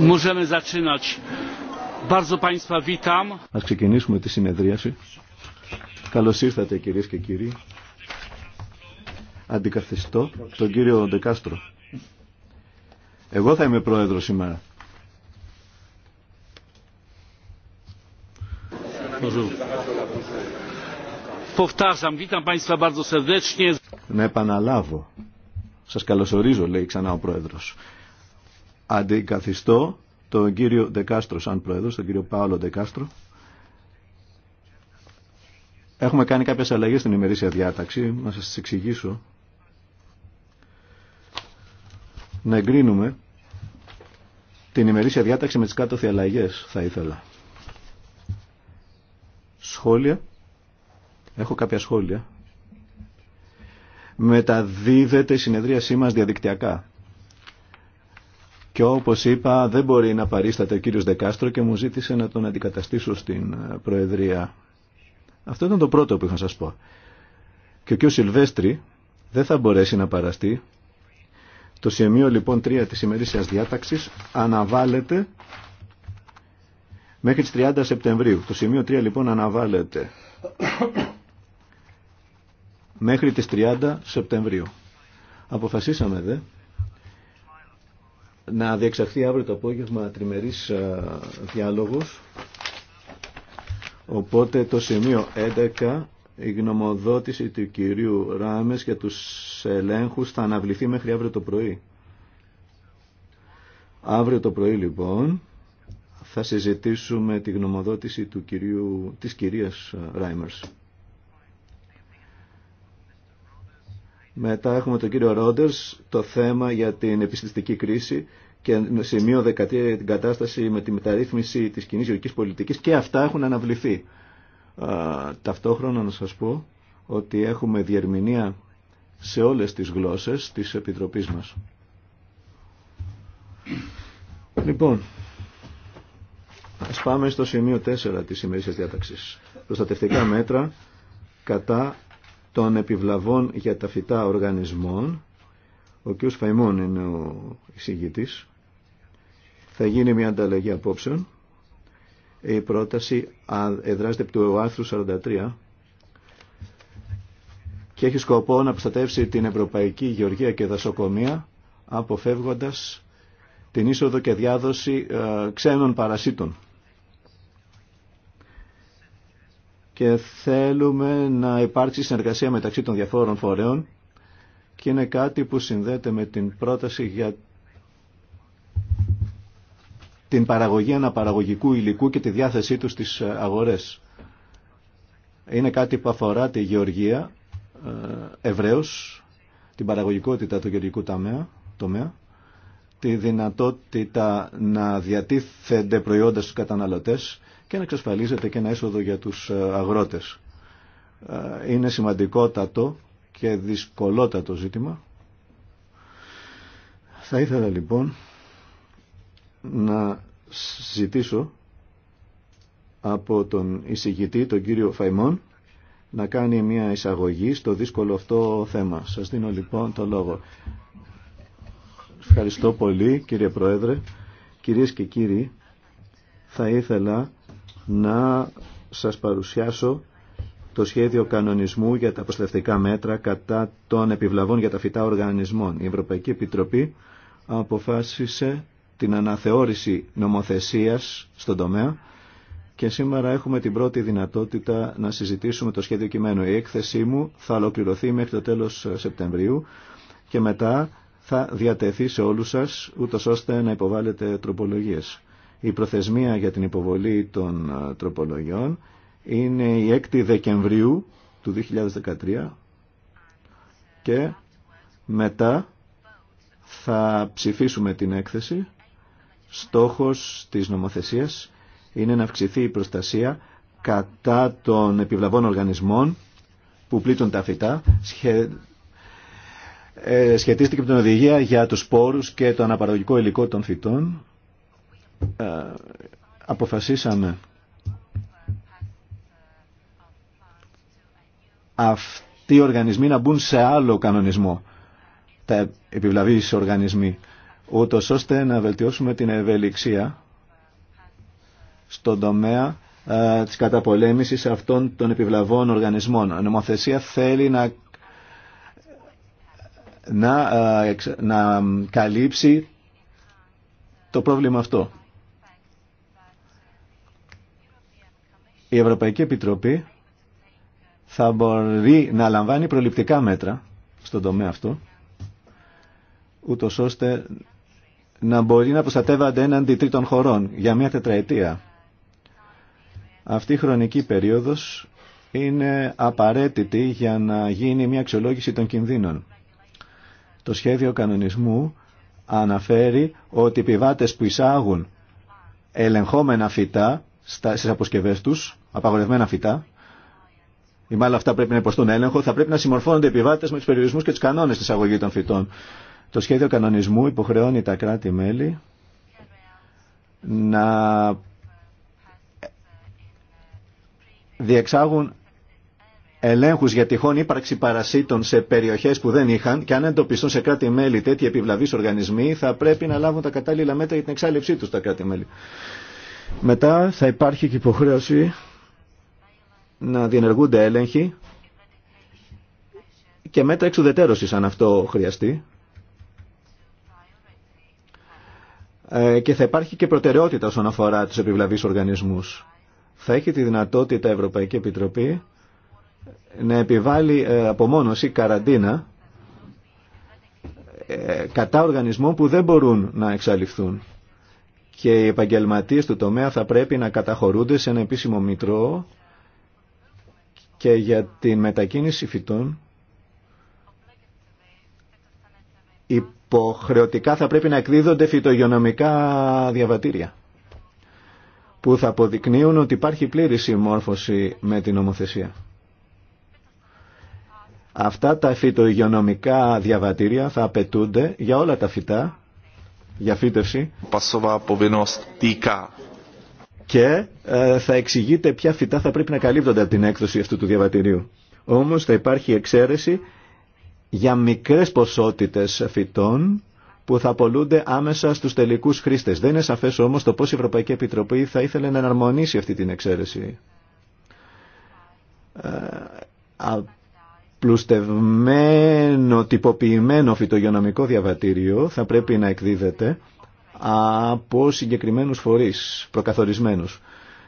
Możemy ξεκινήσουμε τη συνεδρίαση. Καλώς ήρθατε κυρίες και κύριοι. Αντικαθιστώ τον κύριο Ντεκάστρο. Εγώ θα είμαι πρόεδρο σήμερα. Να επαναλάβω. Σας καλωσορίζω, λέει ξανά ο Πρόεδρος αντικαθιστώ τον κύριο Δεκάστρο σαν πρόεδρο, τον κύριο Πάολο Δεκάστρο. Έχουμε κάνει κάποιες αλλαγές στην ημερήσια διάταξη, να σας τις εξηγήσω. Να εγκρίνουμε την ημερήσια διάταξη με τις κάτωθι αλλαγές, θα ήθελα. Σχόλια. Έχω κάποια σχόλια. Μεταδίδεται η συνεδρίασή μας διαδικτυακά. Και όπως είπα δεν μπορεί να παρίσταται ο κύριος Δεκάστρο και μου ζήτησε να τον αντικαταστήσω στην ε, Προεδρία. Αυτό ήταν το πρώτο που είχα να σας πω. Και ο κύριος Σιλβέστρη δεν θα μπορέσει να παραστεί. Το σημείο λοιπόν 3 της ημερήσιας διάταξης αναβάλλεται μέχρι τις 30 Σεπτεμβρίου. Το σημείο 3 λοιπόν αναβάλλεται μέχρι τις 30 Σεπτεμβρίου. Αποφασίσαμε δε να διεξαχθεί αύριο το απόγευμα τριμερής ε, διάλογος. Οπότε το σημείο 11, η γνωμοδότηση του κυρίου Ράμες για τους ελέγχους θα αναβληθεί μέχρι αύριο το πρωί. Αύριο το πρωί λοιπόν θα συζητήσουμε τη γνωμοδότηση του κυρίου, της κυρίας Ράιμερς. Μετά έχουμε τον κύριο Ρόντερς, το θέμα για την επιστημιστική κρίση και σημείο 13 την κατάσταση με τη μεταρρύθμιση της κοινή γεωργικής πολιτικής και αυτά έχουν αναβληθεί. ταυτόχρονα να σας πω ότι έχουμε διερμηνία σε όλες τις γλώσσες της Επιτροπής μας. Λοιπόν, ας πάμε στο σημείο 4 της σημερινής διάταξης. Προστατευτικά μέτρα κατά των επιβλαβών για τα φυτά οργανισμών. Ο κ. Φαϊμών είναι ο εισηγητής. Θα γίνει μια ανταλλαγή απόψεων. Η πρόταση εδράζεται από το άρθρο 43 και έχει σκοπό να προστατεύσει την Ευρωπαϊκή Γεωργία και Δασοκομεία αποφεύγοντας την είσοδο και διάδοση ε, ξένων παρασίτων. και θέλουμε να υπάρξει συνεργασία μεταξύ των διαφόρων φορέων και είναι κάτι που συνδέεται με την πρόταση για την παραγωγή αναπαραγωγικού υλικού και τη διάθεσή του στις αγορές. Είναι κάτι που αφορά τη γεωργία ε, ευρέως, την παραγωγικότητα του γεωργικού τομέα, τη δυνατότητα να διατίθενται προϊόντα στους καταναλωτές και να εξασφαλίζεται και ένα έσοδο για τους ε, αγρότες. Ε, είναι σημαντικότατο και δυσκολότατο ζήτημα. Θα ήθελα λοιπόν να ζητήσω από τον εισηγητή, τον κύριο Φαϊμόν, να κάνει μια εισαγωγή στο δύσκολο αυτό θέμα. Σας δίνω λοιπόν το λόγο. Ευχαριστώ πολύ κύριε Πρόεδρε. Κυρίες και κύριοι, θα ήθελα να σας παρουσιάσω το σχέδιο κανονισμού για τα προστατευτικά μέτρα κατά των επιβλαβών για τα φυτά οργανισμών. Η Ευρωπαϊκή Επιτροπή αποφάσισε την αναθεώρηση νομοθεσίας στον τομέα και σήμερα έχουμε την πρώτη δυνατότητα να συζητήσουμε το σχέδιο κειμένου. Η έκθεσή μου θα ολοκληρωθεί μέχρι το τέλος Σεπτεμβρίου και μετά θα διατεθεί σε όλους σας ούτως ώστε να υποβάλλετε τροπολογίες. Η προθεσμία για την υποβολή των ε, τροπολογιών είναι η 6η Δεκεμβρίου του 2013 και μετά θα ψηφίσουμε την έκθεση. Στόχος της νομοθεσίας είναι να αυξηθεί η προστασία κατά των επιβλαβών οργανισμών που πλήττουν τα φυτά σχε... Ε, σχετίστηκε με την οδηγία για τους σπόρους και το αναπαραγωγικό υλικό των φυτών ε, αποφασίσαμε αυτοί οι οργανισμοί να μπουν σε άλλο κανονισμό, τα επιβλαβείς οργανισμοί, ούτω ώστε να βελτιώσουμε την ευελιξία στον τομέα τη ε, της καταπολέμησης αυτών των επιβλαβών οργανισμών. Η νομοθεσία θέλει να, να ε, καλύψει το πρόβλημα αυτό. η Ευρωπαϊκή Επιτροπή θα μπορεί να λαμβάνει προληπτικά μέτρα στον τομέα αυτό, ούτω ώστε να μπορεί να προστατεύονται έναντι τρίτων χωρών για μια τετραετία. Αυτή η χρονική περίοδος είναι απαραίτητη για να γίνει μια αξιολόγηση των κινδύνων. Το σχέδιο κανονισμού αναφέρει ότι οι πιβάτες που εισάγουν ελεγχόμενα φυτά στις αποσκευές τους απαγορευμένα φυτά, ή μάλλον αυτά πρέπει να υποστούν έλεγχο, θα πρέπει να συμμορφώνονται οι επιβάτε με του περιορισμού και του κανόνε τη αγωγή των φυτών. Το σχέδιο κανονισμού υποχρεώνει τα κράτη-μέλη να διεξάγουν ελέγχους για τυχόν ύπαρξη παρασίτων σε περιοχές που δεν είχαν και αν εντοπιστούν σε κράτη-μέλη τέτοιοι επιβλαβείς οργανισμοί θα πρέπει να λάβουν τα κατάλληλα μέτρα για την εξάλληψή τους τα κράτη-μέλη. Μετά θα υπάρχει και υποχρέωση να διενεργούνται έλεγχοι και μέτρα εξουδετέρωσης αν αυτό χρειαστεί. Ε, και θα υπάρχει και προτεραιότητα όσον αφορά τους επιβλαβείς οργανισμούς. Θα έχει τη δυνατότητα η Ευρωπαϊκή Επιτροπή να επιβάλλει ε, απομόνωση, καραντίνα, ε, κατά οργανισμών που δεν μπορούν να εξαλειφθούν. Και οι επαγγελματίες του τομέα θα πρέπει να καταχωρούνται σε ένα επίσημο μητρό και για την μετακίνηση φυτών υποχρεωτικά θα πρέπει να εκδίδονται φυτογειονομικά διαβατήρια που θα αποδεικνύουν ότι υπάρχει πλήρη συμμόρφωση με την νομοθεσία. Αυτά τα φυτογειονομικά διαβατήρια θα απαιτούνται για όλα τα φυτά για φύτευση και ε, θα εξηγείται ποια φυτά θα πρέπει να καλύπτονται από την έκδοση αυτού του διαβατηρίου. Όμως θα υπάρχει εξαίρεση για μικρές ποσότητες φυτών που θα απολούνται άμεσα στους τελικούς χρήστες. Δεν είναι σαφές όμως το πώς η Ευρωπαϊκή Επιτροπή θα ήθελε να εναρμονίσει αυτή την εξαίρεση. Ε, Πλουστευμένο, τυποποιημένο φυτογειονομικό διαβατήριο θα πρέπει να εκδίδεται από συγκεκριμένου φορείς προκαθορισμένους.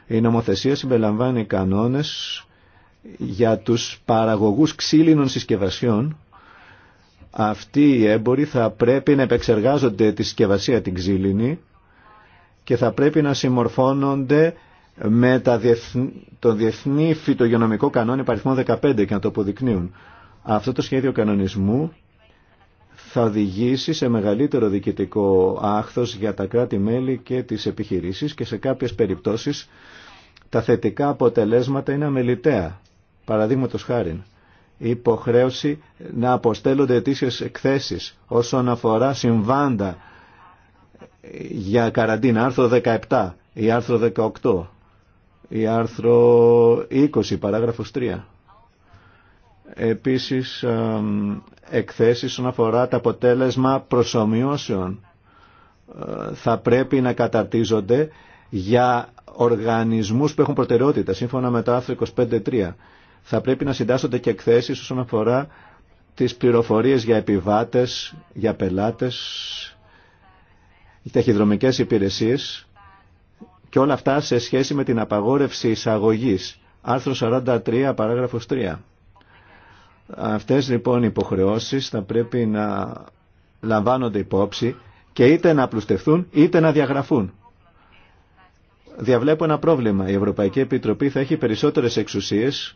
Η νομοθεσία συμπεριλαμβάνει κανόνες για τους παραγωγούς ξύλινων συσκευασιών. Αυτοί οι έμποροι θα πρέπει να επεξεργάζονται τη συσκευασία την ξύλινη και θα πρέπει να συμμορφώνονται με τα διεθν... το Διεθνή Φυτογενομικό Κανόνι παριθμό 15 και να το αποδεικνύουν. Αυτό το σχέδιο κανονισμού θα οδηγήσει σε μεγαλύτερο διοικητικό άχθος για τα κράτη-μέλη και τις επιχειρήσεις και σε κάποιες περιπτώσεις τα θετικά αποτελέσματα είναι αμεληταία. Παραδείγματο χάρη, η υποχρέωση να αποστέλλονται αιτήσιες εκθέσεις όσον αφορά συμβάντα για καραντίνα, άρθρο 17 ή άρθρο 18 ή άρθρο 20 παράγραφος 3. Επίσης, εκθέσεις όσον αφορά τα αποτέλεσμα προσωμιώσεων ε, θα πρέπει να καταρτίζονται για οργανισμούς που έχουν προτεραιότητα, σύμφωνα με το άρθρο 25.3. Θα πρέπει να συντάσσονται και εκθέσεις όσον αφορά τις πληροφορίες για επιβάτες, για πελάτες, ταχυδρομικές υπηρεσίες και όλα αυτά σε σχέση με την απαγόρευση εισαγωγής. Άρθρο 43, παράγραφος 3. Αυτές λοιπόν οι υποχρεώσεις θα πρέπει να λαμβάνονται υπόψη και είτε να απλουστευτούν είτε να διαγραφούν. Διαβλέπω ένα πρόβλημα. Η Ευρωπαϊκή Επιτροπή θα έχει περισσότερες εξουσίες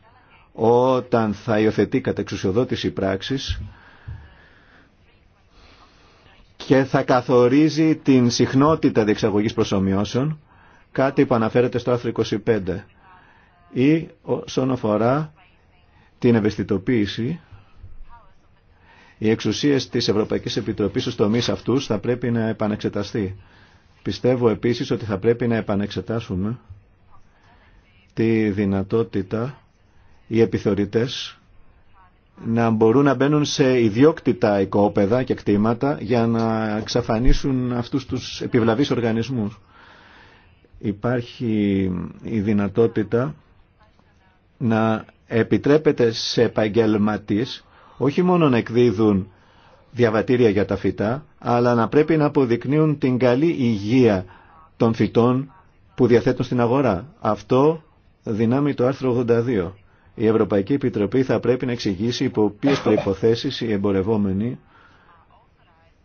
όταν θα υιοθετεί κατά εξουσιοδότηση πράξης και θα καθορίζει την συχνότητα διεξαγωγής προσωμιώσεων, κάτι που αναφέρεται στο άρθρο 25 ή όσον αφορά την ευαισθητοποίηση, οι εξουσίες της Ευρωπαϊκής Επιτροπής στους τομείς αυτούς θα πρέπει να επανεξεταστεί. Πιστεύω επίσης ότι θα πρέπει να επανεξετάσουμε τη δυνατότητα οι επιθεωρητές να μπορούν να μπαίνουν σε ιδιόκτητα οικόπεδα και κτήματα για να εξαφανίσουν αυτούς τους επιβλαβείς οργανισμούς. Υπάρχει η δυνατότητα να επιτρέπεται σε επαγγελματίες όχι μόνο να εκδίδουν διαβατήρια για τα φυτά, αλλά να πρέπει να αποδεικνύουν την καλή υγεία των φυτών που διαθέτουν στην αγορά. Αυτό δυνάμει το άρθρο 82. Η Ευρωπαϊκή Επιτροπή θα πρέπει να εξηγήσει υπό ποιε προποθέσει οι εμπορευόμενοι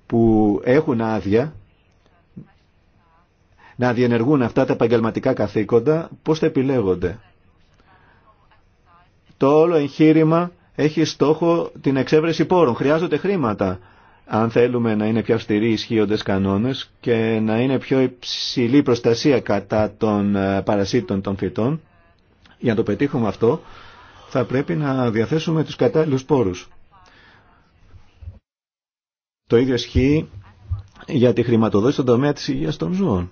που έχουν άδεια να διενεργούν αυτά τα επαγγελματικά καθήκοντα, πώς θα επιλέγονται. Το όλο εγχείρημα έχει στόχο την εξέβρεση πόρων. Χρειάζονται χρήματα αν θέλουμε να είναι πιο αυστηροί οι ισχύοντες κανόνες και να είναι πιο υψηλή προστασία κατά των ε, παρασίτων των φυτών. Για να το πετύχουμε αυτό θα πρέπει να διαθέσουμε τους κατάλληλους πόρους. Το ίδιο ισχύει για τη χρηματοδότηση στον τομέα της υγείας των ζώων.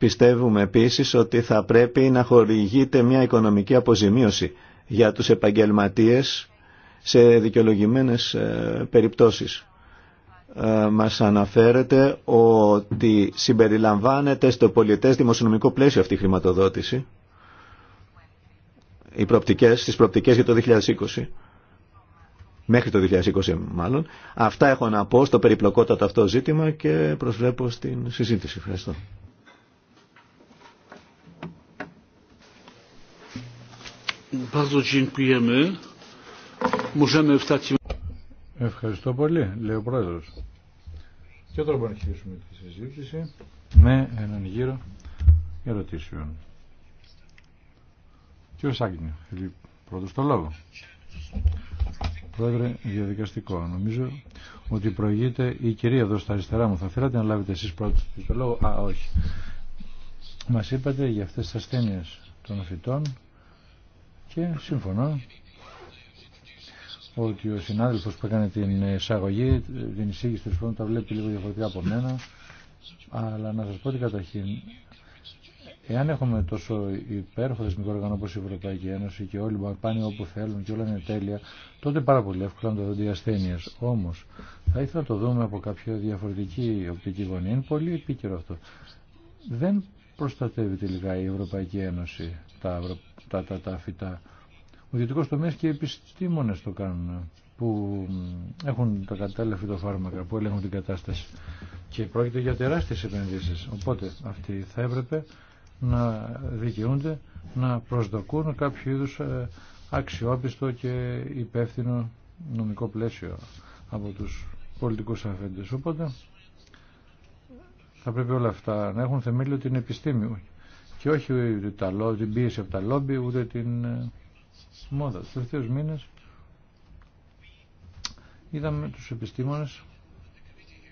Πιστεύουμε επίσης ότι θα πρέπει να χορηγείται μια οικονομική αποζημίωση για τους επαγγελματίες σε δικαιολογημένες ε, περιπτώσεις. Ε, μας αναφέρεται ότι συμπεριλαμβάνεται στο πολιτές δημοσιονομικό πλαίσιο αυτή η χρηματοδότηση οι προπτικές, τις προπτικές για το 2020 μέχρι το 2020 μάλλον. Αυτά έχω να πω στο περιπλοκότατο αυτό ζήτημα και προσβλέπω στην συζήτηση. Ευχαριστώ. Ευχαριστώ πολύ, λέει ο πρόεδρο, Και τώρα μπορούμε να αρχίσουμε τη συζήτηση με έναν γύρο ερωτήσεων. Κύριο Σάγκνιο, θέλει πρώτο το λόγο. Πρόεδρε, διαδικαστικό. Νομίζω ότι προηγείται η κυρία εδώ στα αριστερά μου. Θα θέλατε να λάβετε εσείς πρώτο το λόγο. Α, όχι. Μας είπατε για αυτές τις ασθένειε των φυτών και συμφωνώ ότι ο συνάδελφος που έκανε την εισαγωγή, την εισήγηση του τα βλέπει λίγο διαφορετικά από μένα, αλλά να σας πω ότι καταρχήν, εάν έχουμε τόσο υπέροχο θεσμικό όργανο όπως η Ευρωπαϊκή Ένωση και όλοι πάνε όπου θέλουν και όλα είναι τέλεια, τότε πάρα πολύ εύκολα να το δουν οι ασθένειε. Όμως, θα ήθελα να το δούμε από κάποια διαφορετική οπτική γωνία. Είναι πολύ επίκαιρο αυτό. Δεν προστατεύει τελικά η Ευρωπαϊκή Ένωση τα, τα, τα, τα φυτά. Ο ιδιωτικός τομέας και οι επιστήμονες το κάνουν που έχουν τα κατάλληλα φυτοφάρμακα που έλεγχουν την κατάσταση και πρόκειται για τεράστιες επενδύσεις οπότε αυτοί θα έπρεπε να δικαιούνται να προσδοκούν κάποιο είδους ε, αξιόπιστο και υπεύθυνο νομικό πλαίσιο από τους πολιτικούς αφέντες οπότε θα πρέπει όλα αυτά να έχουν θεμέλιο την επιστήμη και όχι την πίεση από τα λόμπι ούτε την ε, μόδα. Τους τελευταίους μήνες είδαμε τους επιστήμονες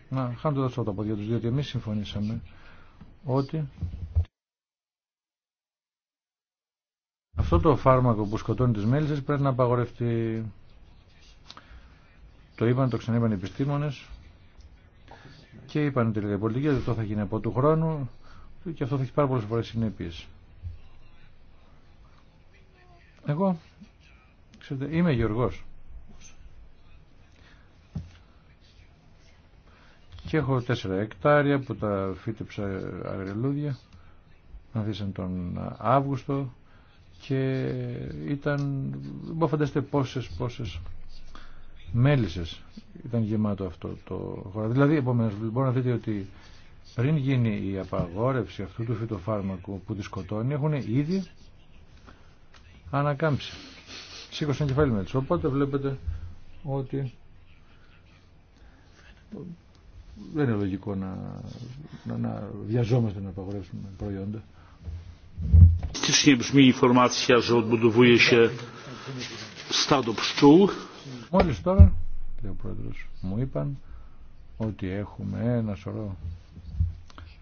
να χάνουν το δάσο τα πόδια τους διότι εμείς συμφωνήσαμε ότι αυτό το φάρμακο που σκοτώνει τις μέλισσες πρέπει να απαγορευτεί το είπαν, το είπαν οι επιστήμονες και είπαν τελικά οι ότι αυτό θα γίνει από του χρόνου και αυτό θα έχει πάρα πολλές φορές συνέπειες. Εγώ, ξέρετε, είμαι γεωργός. Και έχω τέσσερα εκτάρια που τα φύτεψα να Ανθίσαν τον Αύγουστο και ήταν, μπορείτε να φανταστείτε πόσες, πόσες μέλισσες ήταν γεμάτο αυτό το χώρο. Δηλαδή, επόμενα μπορεί να δείτε ότι πριν γίνει η απαγόρευση αυτού του φυτοφάρμακου που τη σκοτώνει έχουν ήδη ανακάμψει. Σήκωσαν κεφάλι με τους. Οπότε βλέπετε ότι δεν είναι λογικό να, να, να βιαζόμαστε να απαγορεύσουμε προϊόντα. Μόλις τώρα, λέει ο πρόεδρος, μου είπαν ότι έχουμε ένα σωρό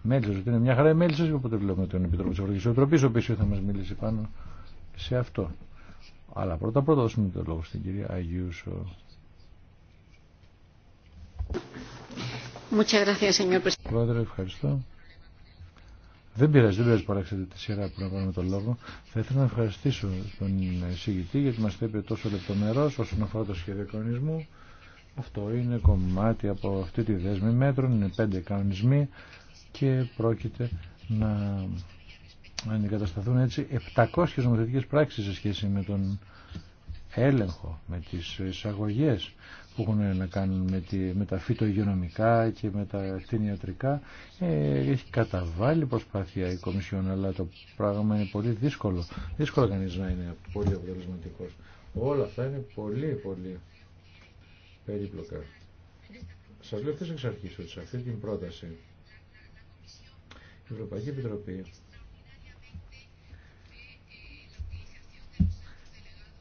Μέλισσα, ότι είναι μια χαρά η ή οπότε βλέπουμε τον Επιτρόπο τη Ευρωπαϊκή Επιτροπής, ο οποίο θα μα μιλήσει πάνω σε αυτό. Αλλά πρώτα πρώτα δώσουμε το λόγο στην κυρία Αγίουσο. Πρόεδρε, ευχαριστώ. Δεν πειράζει, δεν πειράζει που τη σειρά που να πάρουμε τον λόγο. Θα ήθελα να ευχαριστήσω τον εισηγητή γιατί μα είπε τόσο λεπτομερό όσον αφορά το σχέδιο κανονισμού. Αυτό είναι κομμάτι από αυτή τη δέσμη μέτρων. Είναι πέντε κανονισμοί και πρόκειται να αντικατασταθούν έτσι 700 νομοθετικές πράξεις σε σχέση με τον έλεγχο, με τις εισαγωγέ που έχουν να κάνουν με, τη, με τα φυτογειονομικά και με τα κτηνιατρικά. Ε, έχει καταβάλει προσπάθεια η Κομισιόν, αλλά το πράγμα είναι πολύ δύσκολο. Δύσκολο κανείς να είναι πολύ αποτελεσματικό. Όλα αυτά είναι πολύ πολύ περίπλοκα. Σας λέω αυτές εξ αρχής ότι σε αυτή την πρόταση η Ευρωπαϊκή Επιτροπή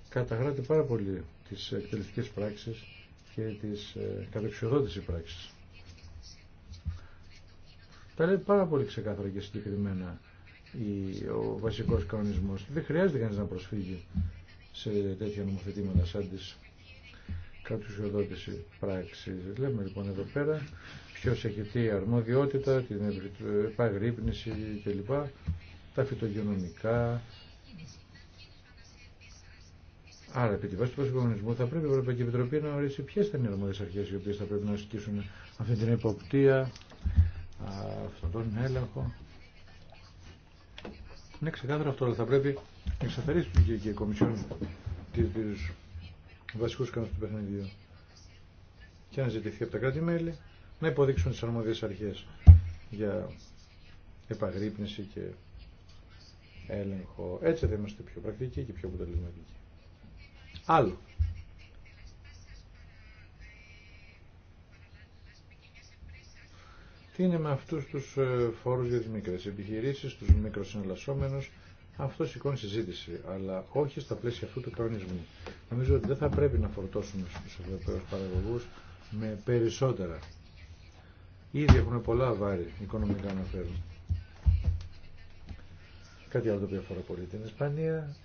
καταγράφει πάρα πολύ τις εκτελεστικές πράξεις και τις ε, κατεξιοδότηση πράξεις. Τα λέει πάρα πολύ ξεκάθαρα και συγκεκριμένα ο βασικός κανονισμός. Δεν χρειάζεται κανείς να προσφύγει σε τέτοια νομοθετήματα σαν τις κατουσιοδότηση πράξης. Λέμε λοιπόν εδώ πέρα Ποιο έχει τι αρμοδιότητα, την επαγρύπνηση κλπ. Τα φυτογενομικά. Άρα, επί τη βάση του προσυγχρονισμού, θα πρέπει η Ευρωπαϊκή Επιτροπή να ορίσει ποιε θα είναι οι αρμόδιε αρχέ οι οποίε θα πρέπει να ασκήσουν αυτή την υποπτία, αυτόν τον έλεγχο. Είναι ξεκάθαρο αυτό, αλλά θα πρέπει να εξαθαρίσει και η Κομισιόν του βασικού κανόνε του παιχνιδιού. Και να ζητηθεί από τα κράτη-μέλη να υποδείξουν τις αρμόδιες αρχές για επαγρύπνηση και έλεγχο. Έτσι θα είμαστε πιο πρακτικοί και πιο αποτελεσματικοί. Άλλο. Τι είναι με αυτούς τους ε, φόρους για τις μικρές επιχειρήσεις, τους μικροσυναλλασσόμενους, αυτό σηκώνει συζήτηση, αλλά όχι στα πλαίσια αυτού του κανονισμού. Νομίζω ότι δεν θα πρέπει να φορτώσουμε στους ευρωπαίους παραγωγούς με περισσότερα. Ήδη έχουν πολλά βάρη οικονομικά να φέρουν. Κάτι άλλο το οποίο αφορά πολύ την Ισπανία.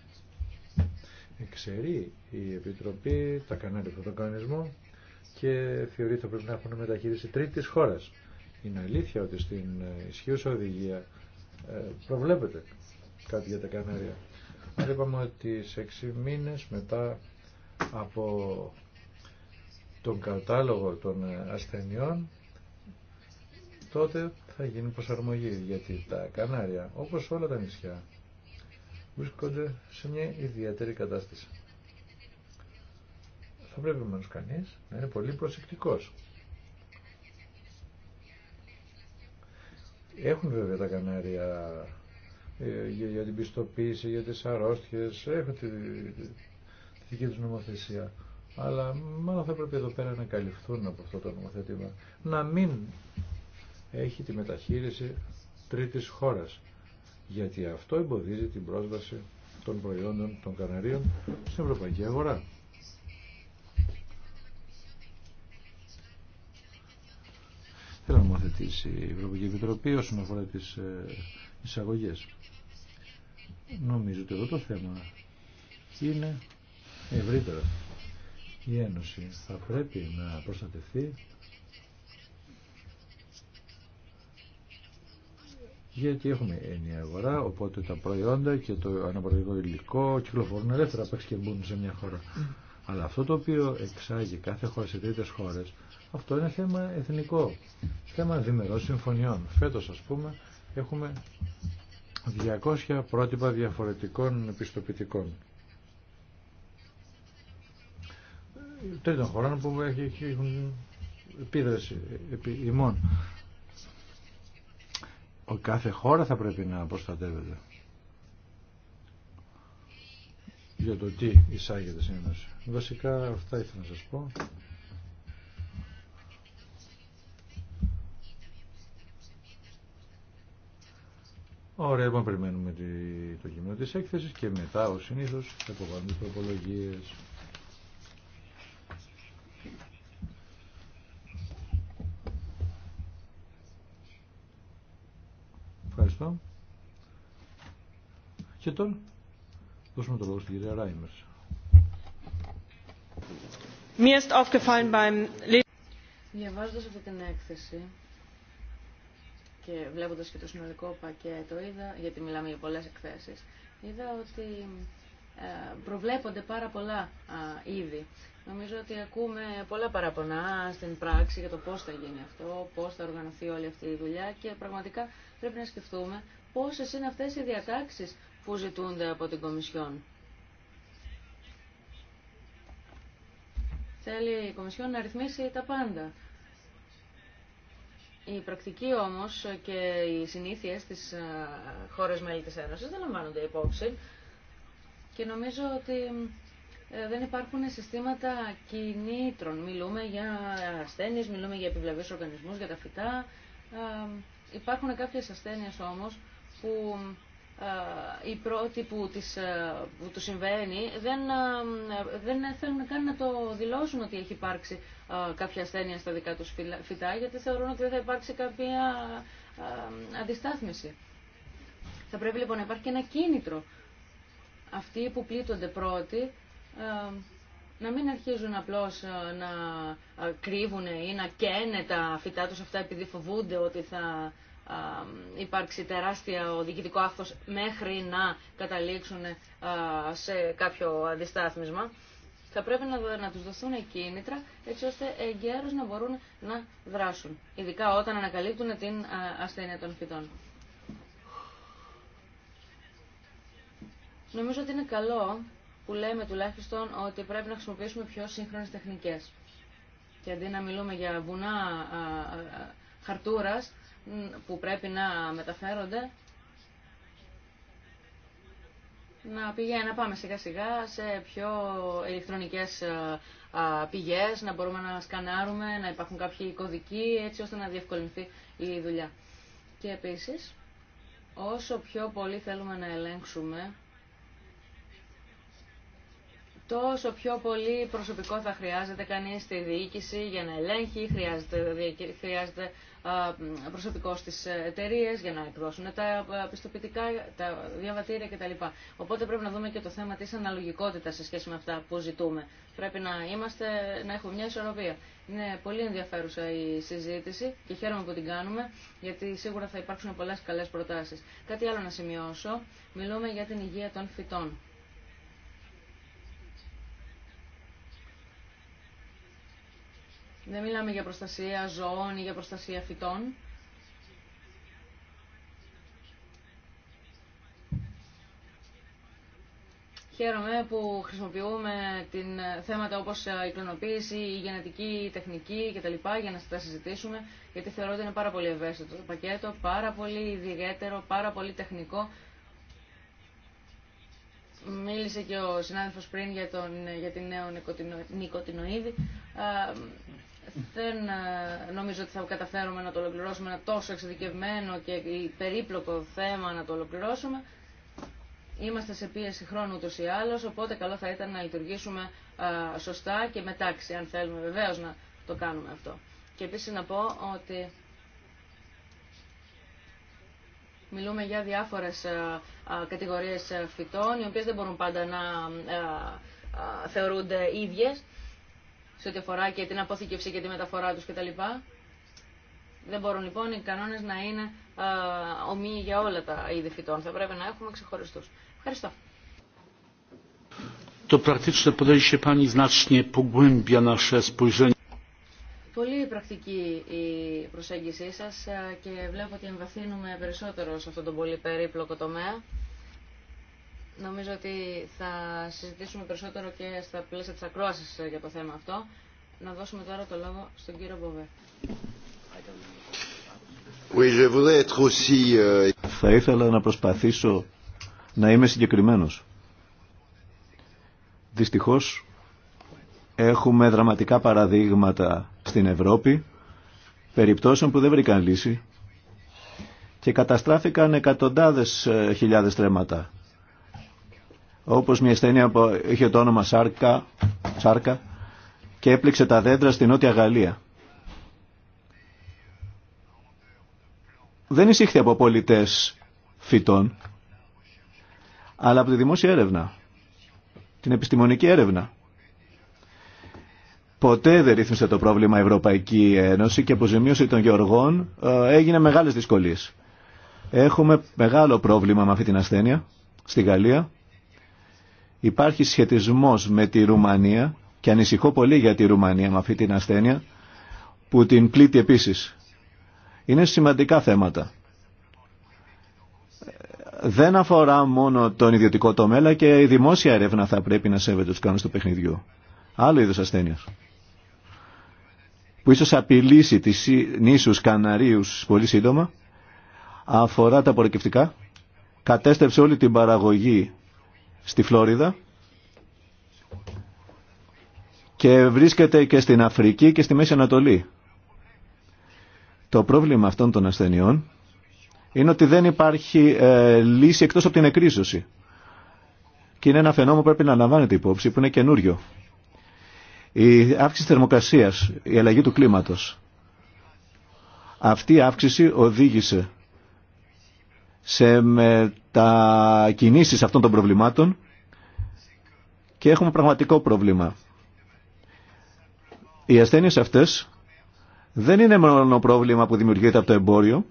Εξαιρεί η Επιτροπή τα κανάλια τον κανονισμό και θεωρεί ότι πρέπει να έχουν μεταχείριση τρίτης χώρας. Είναι αλήθεια ότι στην ισχύουσα οδηγία ε, προβλέπεται κάτι για τα Κανάρια. Αλλά είπαμε ότι σε έξι μήνες μετά από τον κατάλογο των ε, ασθενειών τότε θα γίνει προσαρμογή γιατί τα Κανάρια όπως όλα τα νησιά βρίσκονται σε μια ιδιαίτερη κατάσταση. Θα πρέπει μόνος κανείς να είναι πολύ προσεκτικός. Έχουν βέβαια τα Κανάρια ε, για την πιστοποίηση, για τις αρρώστιες, έχουν τη, τη δική τους νομοθεσία. Αλλά μάλλον θα πρέπει εδώ πέρα να καλυφθούν από αυτό το νομοθέτημα. Να μην έχει τη μεταχείριση τρίτης χώρας γιατί αυτό εμποδίζει την πρόσβαση των προϊόντων των Καναρίων στην ευρωπαϊκή αγορά. Θέλω να νομοθετήσει η Ευρωπαϊκή Επιτροπή όσον αφορά τις ε, εισαγωγές. Νομίζω ότι εδώ το θέμα είναι ευρύτερο. Η Ένωση θα πρέπει να προστατευτεί γιατί έχουμε ενιαία αγορά, οπότε τα προϊόντα και το αναπαραγωγικό υλικό κυκλοφορούν ελεύθερα απ' και μπουν σε μια χώρα. Αλλά αυτό το οποίο εξάγει κάθε χώρα σε τρίτε χώρε, αυτό είναι θέμα εθνικό. Θέμα διμερών συμφωνιών. Φέτο, α πούμε, έχουμε 200 πρότυπα διαφορετικών πιστοποιητικών. Τρίτων χωρών που έχουν επίδραση επί ημών. Ο κάθε χώρα θα πρέπει να προστατεύεται για το τι εισάγεται στην Ένωση. Βασικά αυτά ήθελα να σας πω. Ωραία, λοιπόν περιμένουμε το κείμενο της έκθεσης και μετά, ως συνήθως, θα υποβάλουμε προπολογίες. Και τώρα δώσουμε το λόγο στην κυρία Ράιμερς. Διαβάζοντας αυτή την έκθεση και βλέποντας και το συνολικό πακέτο, είδα, γιατί μιλάμε για πολλές εκθέσεις, είδα ότι ε, προβλέπονται πάρα πολλά είδη. Νομίζω ότι ακούμε πολλά παραπονά στην πράξη για το πώς θα γίνει αυτό, πώς θα οργανωθεί όλη αυτή η δουλειά και πραγματικά πρέπει να σκεφτούμε πόσες είναι αυτές οι διατάξεις που ζητούνται από την Κομισιόν. Θέλει η Κομισιόν να ρυθμίσει τα πάντα. Η πρακτική όμως και οι συνήθειες της ε, χώρες μέλη της Ένωσης δεν λαμβάνονται υπόψη και νομίζω ότι ε, δεν υπάρχουν συστήματα κινήτρων. Μιλούμε για ασθένειες, μιλούμε για επιβλαβείς οργανισμούς, για τα φυτά. Ε, Υπάρχουν κάποιες ασθένειες όμως που η ε, πρώτη που, ε, που του συμβαίνει δεν, ε, δεν θέλουν καν να το δηλώσουν ότι έχει υπάρξει κάποια ασθένεια στα δικά τους φυτά γιατί θεωρούν ότι δεν θα υπάρξει κάποια αντιστάθμιση. Θα πρέπει λοιπόν να υπάρχει και ένα κίνητρο. Αυτοί που πλήττονται πρώτοι να μην αρχίζουν απλώς ε, να ε, κρύβουν ή να καίνε τα φυτά τους αυτά επειδή φοβούνται ότι θα ε, υπάρξει τεράστια οδηγητικό άφθος μέχρι να καταλήξουν σε κάποιο αντιστάθμισμα. Θα πρέπει να, να τους δοθούν κίνητρα έτσι ώστε εγκαίρως να μπορούν να δράσουν, ειδικά όταν ανακαλύπτουν την ασθένεια των φυτών. Νομίζω ότι είναι καλό που λέμε τουλάχιστον ότι πρέπει να χρησιμοποιήσουμε πιο σύγχρονε τεχνικέ. Και αντί να μιλούμε για βουνά χαρτούρας που πρέπει να μεταφέρονται, να, πηγαίνει, να πάμε σιγά σιγά σε πιο ηλεκτρονικέ πηγές, να μπορούμε να σκανάρουμε, να υπάρχουν κάποιοι κωδικοί, έτσι ώστε να διευκολυνθεί η δουλειά. Και επίσης, όσο πιο πολύ θέλουμε να ελέγξουμε τόσο πιο πολύ προσωπικό θα χρειάζεται κανεί στη διοίκηση για να ελέγχει, χρειάζεται, χρειάζεται προσωπικό στι εταιρείε για να εκδώσουν τα πιστοποιητικά, τα διαβατήρια κτλ. Οπότε πρέπει να δούμε και το θέμα τη αναλογικότητα σε σχέση με αυτά που ζητούμε. Πρέπει να, είμαστε, να έχουμε μια ισορροπία. Είναι πολύ ενδιαφέρουσα η συζήτηση και χαίρομαι που την κάνουμε, γιατί σίγουρα θα υπάρξουν πολλέ καλέ προτάσει. Κάτι άλλο να σημειώσω. Μιλούμε για την υγεία των φυτών. Δεν μιλάμε για προστασία ζώων ή για προστασία φυτών. Χαίρομαι που χρησιμοποιούμε την, θέματα όπως ε, η κλωνοποίηση, η γενετική, η τεχνική κτλ. για να τα συζητήσουμε, γιατί θεωρώ ότι είναι πάρα πολύ ευαίσθητο το πακέτο, πάρα πολύ ιδιαίτερο, πάρα πολύ τεχνικό. Μίλησε και ο συνάδελφος πριν για, τον, για την νέο νοικοτινοίδη δεν ε, νομίζω ότι θα καταφέρουμε να το ολοκληρώσουμε ένα τόσο εξειδικευμένο και περίπλοκο θέμα να το ολοκληρώσουμε. Είμαστε σε πίεση χρόνου ούτως ή άλλως, οπότε καλό θα ήταν να λειτουργήσουμε ε, σωστά και με αν θέλουμε βεβαίως να το κάνουμε αυτό. Και επίσης να πω ότι μιλούμε για διάφορες ε, κατηγορίες φυτών, οι οποίες δεν μπορούν πάντα να θεωρούνται ίδιες σε ό,τι αφορά και την αποθήκευση και τη μεταφορά τους κτλ. Δεν μπορούν λοιπόν οι κανόνες να είναι ομοίοι για όλα τα είδη φυτών. Θα πρέπει να έχουμε ξεχωριστούς. Ευχαριστώ. Το Πολύ πρακτική η προσέγγιση σας και βλέπω ότι εμβαθύνουμε περισσότερο σε αυτόν τον πολύ περίπλοκο τομέα. Νομίζω ότι θα συζητήσουμε περισσότερο και στα πλαίσια της ακρόασης για το θέμα αυτό. Να δώσουμε τώρα το λόγο στον κύριο Μποβέ. Euh, θα ήθελα να προσπαθήσω να είμαι συγκεκριμένος. Δυστυχώς έχουμε δραματικά παραδείγματα στην Ευρώπη περιπτώσεων που δεν βρήκαν λύση και καταστράφηκαν εκατοντάδες ε, χιλιάδες τρέματα όπως μια ασθένεια που είχε το όνομα Σάρκα, Σάρκα και έπληξε τα δέντρα στην Νότια Γαλλία. Δεν εισήχθη από πολιτές φυτών, αλλά από τη δημόσια έρευνα, την επιστημονική έρευνα. Ποτέ δεν ρύθμισε το πρόβλημα η Ευρωπαϊκή Ένωση και αποζημίωση των γεωργών ε, έγινε μεγάλες δυσκολίες. Έχουμε μεγάλο πρόβλημα με αυτή την ασθένεια στη Γαλλία Υπάρχει σχετισμός με τη Ρουμανία και ανησυχώ πολύ για τη Ρουμανία με αυτή την ασθένεια που την πλήττει επίσης. Είναι σημαντικά θέματα. Δεν αφορά μόνο τον ιδιωτικό τομέα, αλλά και η δημόσια έρευνα θα πρέπει να σέβεται τους κανόνες του παιχνιδιού. Άλλο είδος ασθένειας που ίσως απειλήσει τις νήσους Καναρίους πολύ σύντομα, αφορά τα απορροκευτικά, κατέστρεψε όλη την παραγωγή στη Φλόριδα και βρίσκεται και στην Αφρική και στη Μέση Ανατολή. Το πρόβλημα αυτών των ασθενειών είναι ότι δεν υπάρχει ε, λύση εκτός από την εκρίζωση. Και είναι ένα φαινόμενο που πρέπει να λαμβάνετε υπόψη, που είναι καινούριο. Η αύξηση θερμοκρασίας, η αλλαγή του κλίματος. Αυτή η αύξηση οδήγησε σε μετακινήσεις αυτών των προβλημάτων και έχουμε πραγματικό πρόβλημα. Οι ασθένειες αυτές δεν είναι μόνο πρόβλημα που δημιουργείται από το εμπόριο,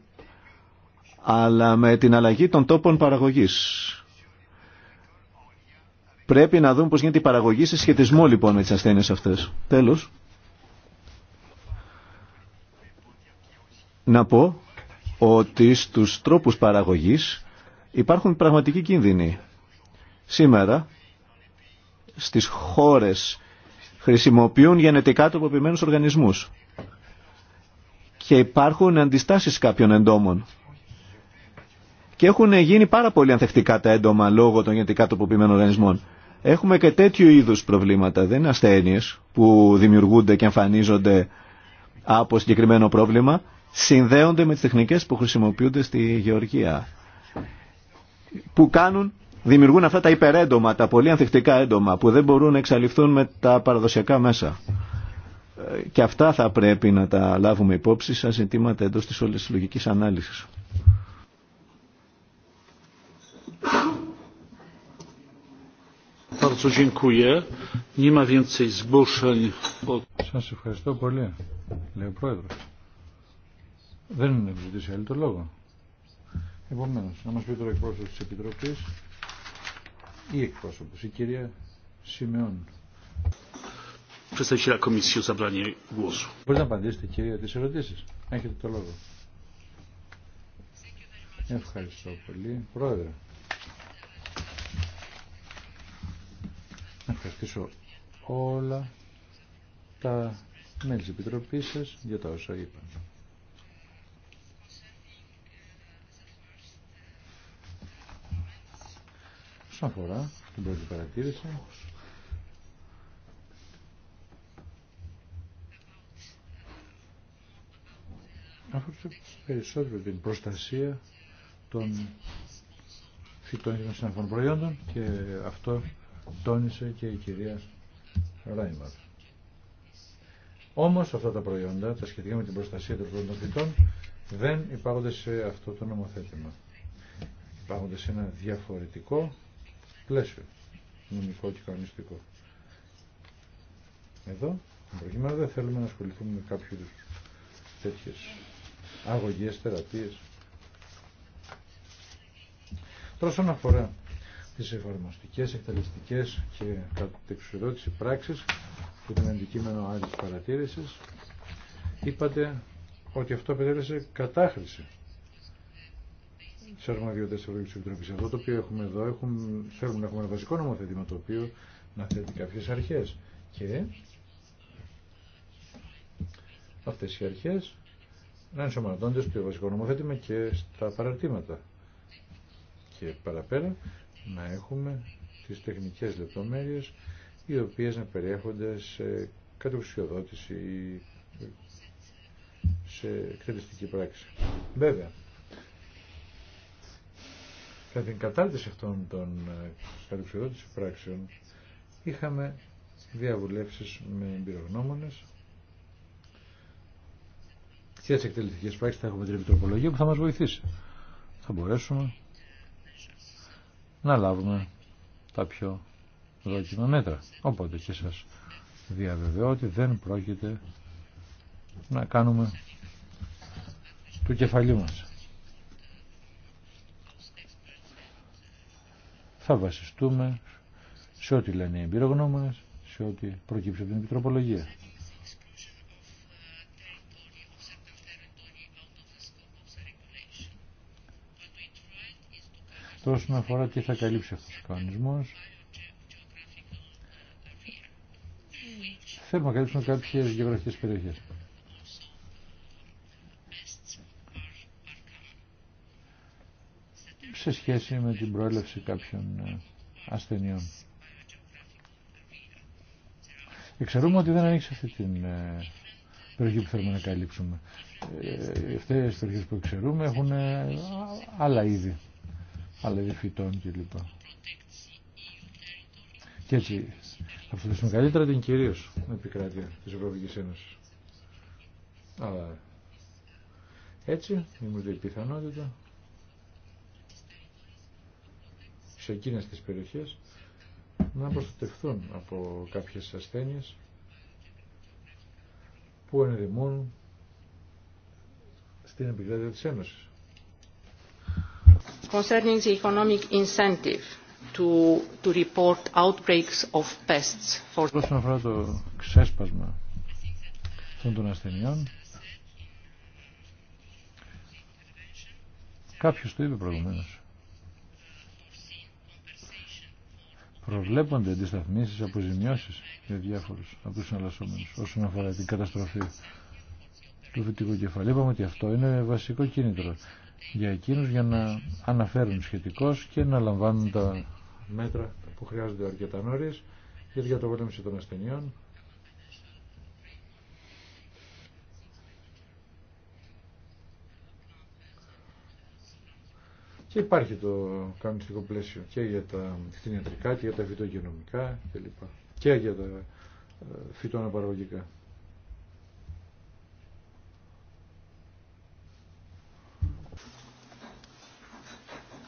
αλλά με την αλλαγή των τόπων παραγωγής. Πρέπει να δούμε πώς γίνεται η παραγωγή σε σχετισμό λοιπόν με τις ασθένειες αυτές. Τέλος, να πω ότι στους τρόπους παραγωγής υπάρχουν πραγματικοί κίνδυνοι. Σήμερα στις χώρες χρησιμοποιούν γενετικά τροποποιημένους οργανισμούς και υπάρχουν αντιστάσεις κάποιων εντόμων. Και έχουν γίνει πάρα πολύ ανθεκτικά τα έντομα λόγω των γενετικά τοποποιημένων οργανισμών. Έχουμε και τέτοιου είδους προβλήματα, δεν είναι ασθένειες που δημιουργούνται και εμφανίζονται από συγκεκριμένο πρόβλημα συνδέονται με τις τεχνικές που χρησιμοποιούνται στη γεωργία. Που κάνουν, δημιουργούν αυτά τα υπερέντομα, τα πολύ ανθεκτικά έντομα που δεν μπορούν να εξαλειφθούν με τα παραδοσιακά μέσα. Ε, και αυτά θα πρέπει να τα λάβουμε υπόψη σαν ζητήματα εντός της όλης της λογικής ανάλυσης. Σας ευχαριστώ πολύ, λέει ο Πρόεδρος. Δεν είναι ζητήσει άλλη το λόγο. Επομένως, να μας πει τώρα εκπρόσωπος της Επιτροπής ή εκπρόσωπος, η κυρία Σιμεών. Μπορείτε να απαντήσετε κυρία τις ερωτήσεις. Έχετε το λόγο. Ευχαριστώ πολύ. Πρόεδρε. Να ευχαριστήσω όλα τα μέλη της Επιτροπής σας για τα όσα είπαν. Όσον αφορά την πρώτη παρατήρηση, αφορούσε περισσότερο την προστασία των φυτών και των συναφών προϊόντων και αυτό τόνισε και η κυρία Ράιμαρ. Όμως αυτά τα προϊόντα, τα σχετικά με την προστασία των φυτών, δεν υπάρχουν σε αυτό το νομοθέτημα. Υπάρχονται σε ένα διαφορετικό πλαίσιο νομικό και κανονιστικό. Εδώ, προκειμένου δεν θέλουμε να ασχοληθούμε με κάποιου τέτοιε αγωγέ, θεραπείε. Τώρα, όσον αφορά τι εφαρμοστικέ, εκτελεστικέ και κατεξουδότηση πράξη που ήταν αντικείμενο άλλη παρατήρηση, είπατε ότι αυτό απαιτέρεσε κατάχρηση σε αρμοδιότητε τη Ευρωπαϊκή Επιτροπή. Αυτό το οποίο έχουμε εδώ, έχουν, θέλουμε να έχουμε ένα βασικό νομοθέτημα το οποίο να θέτει κάποιε αρχέ. Και αυτέ οι αρχέ να ενσωματώνται στο βασικό νομοθέτημα και στα παραρτήματα. Και παραπέρα να έχουμε τις τεχνικές λεπτομέρειες οι οποίες να περιέχονται σε κατοξιοδότηση ή σε εκτελεστική πράξη. Βέβαια, κατά την κατάρτιση αυτών των κατεξοδότηση πράξεων είχαμε διαβουλεύσεις με εμπειρογνώμονες και τις εκτελεστικές πράξεις θα έχουμε την επιτροπολογία που θα μας βοηθήσει. Θα μπορέσουμε να λάβουμε τα πιο δόκιμα μέτρα. Οπότε και σας διαβεβαιώ ότι δεν πρόκειται να κάνουμε του κεφαλιού μας. θα βασιστούμε σε ό,τι λένε οι εμπειρογνώμονες, σε ό,τι προκύψει από την επιτροπολογία. Τώρα όσον αφορά τι θα καλύψει αυτός ο κανονισμός, θέλουμε να καλύψουμε κάποιες γεωγραφικές περιοχές. σε σχέση με την προέλευση κάποιων ε, ασθενειών. Εξαιρούμε ότι δεν ανοίξει αυτή την ε, περιοχή που θέλουμε να καλύψουμε. Ε, αυτές οι περιοχές που ξέρουμε έχουν άλλα είδη, άλλα είδη φυτών κλπ. Και έτσι θα φροντίσουμε καλύτερα την κυρίω επικράτεια της Ευρωπαϊκής Ένωσης. Αλλά έτσι, δημιουργείται η πιθανότητα σε εκείνες τις περιοχές να προστατευθούν από κάποιες ασθένειες που ενδημούν στην επικράτεια της Ένωσης. Concerning the economic incentive to, to report outbreaks of pests for... Όσον αφορά το ξέσπασμα αυτών των ασθενειών, κάποιος το είπε προηγουμένως. προβλέπονται αντισταθμίσεις, αποζημιώσει για διάφορου από του συναλλασσόμενου όσον αφορά την καταστροφή του φυτικού κεφαλαίου. Είπαμε ότι αυτό είναι βασικό κίνητρο για εκείνου για να αναφέρουν σχετικώ και να λαμβάνουν τα μέτρα που χρειάζονται αρκετά νωρίς για την καταπολέμηση των ασθενειών Και υπάρχει το κανονιστικό πλαίσιο και για τα κτηνιατρικά και για τα φυτογενομικά κλπ. Και για τα ε, φυτοαναπαραγωγικά.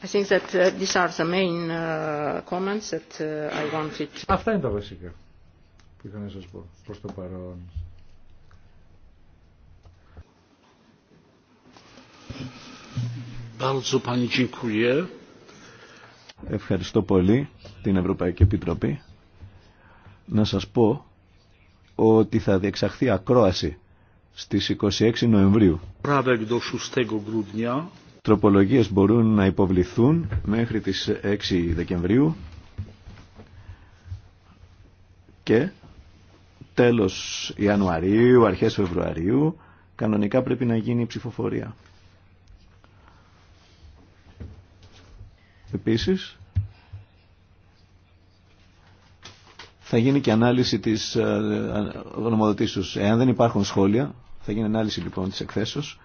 I think that uh, these are the main uh, comments that uh, I wanted. Αυτά είναι τα βασικά που είχα να σας πω προς το παρόν. Ευχαριστώ πολύ την Ευρωπαϊκή Επιτροπή. Να σας πω ότι θα διεξαχθεί ακρόαση στις 26 Νοεμβρίου. Τροπολογίες μπορούν να υποβληθούν μέχρι τις 6 Δεκεμβρίου και τέλος Ιανουαρίου, αρχές Φεβρουαρίου κανονικά πρέπει να γίνει η ψηφοφορία. Επίσης, θα γίνει και ανάλυση της ε, γνωμοδοτήσεως. Εάν δεν υπάρχουν σχόλια, θα γίνει ανάλυση λοιπόν της εκθέσεως.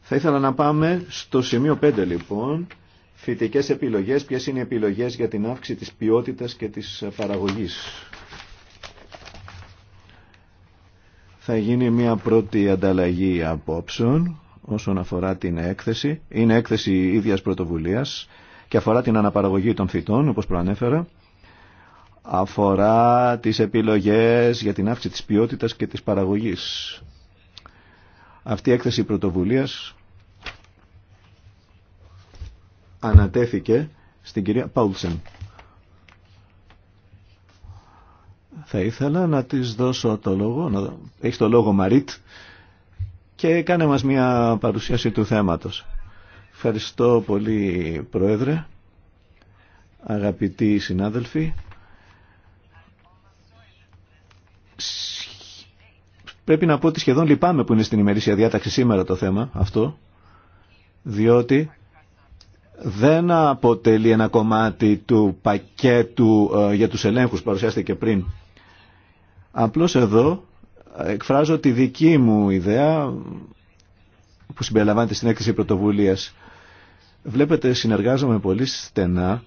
Θα ήθελα να πάμε στο σημείο 5 λοιπόν. Φυτικές επιλογές. Ποιες είναι οι επιλογές για την αύξηση της ποιότητας και της παραγωγής. Θα γίνει μια πρώτη ανταλλαγή απόψεων όσον αφορά την έκθεση. Είναι έκθεση ίδιας πρωτοβουλίας και αφορά την αναπαραγωγή των φυτών, όπως προανέφερα, αφορά τις επιλογές για την αύξηση της ποιότητας και της παραγωγής. Αυτή η έκθεση πρωτοβουλίας ανατέθηκε στην κυρία Πάουλσεν. Θα ήθελα να της δώσω το λόγο, να... έχει το λόγο Μαρίτ και κάνε μας μια παρουσίαση του θέματος. Ευχαριστώ πολύ Πρόεδρε, αγαπητοί συνάδελφοι. Πρέπει να πω ότι σχεδόν λυπάμαι που είναι στην ημερήσια διάταξη σήμερα το θέμα αυτό, διότι δεν αποτελεί ένα κομμάτι του πακέτου ε, για τους ελέγχους που παρουσιάστηκε πριν. Απλώς εδώ ε, εκφράζω τη δική μου ιδέα που συμπεριλαμβάνεται στην έκθεση πρωτοβουλίας Βλέπετε, συνεργάζομαι πολύ στενά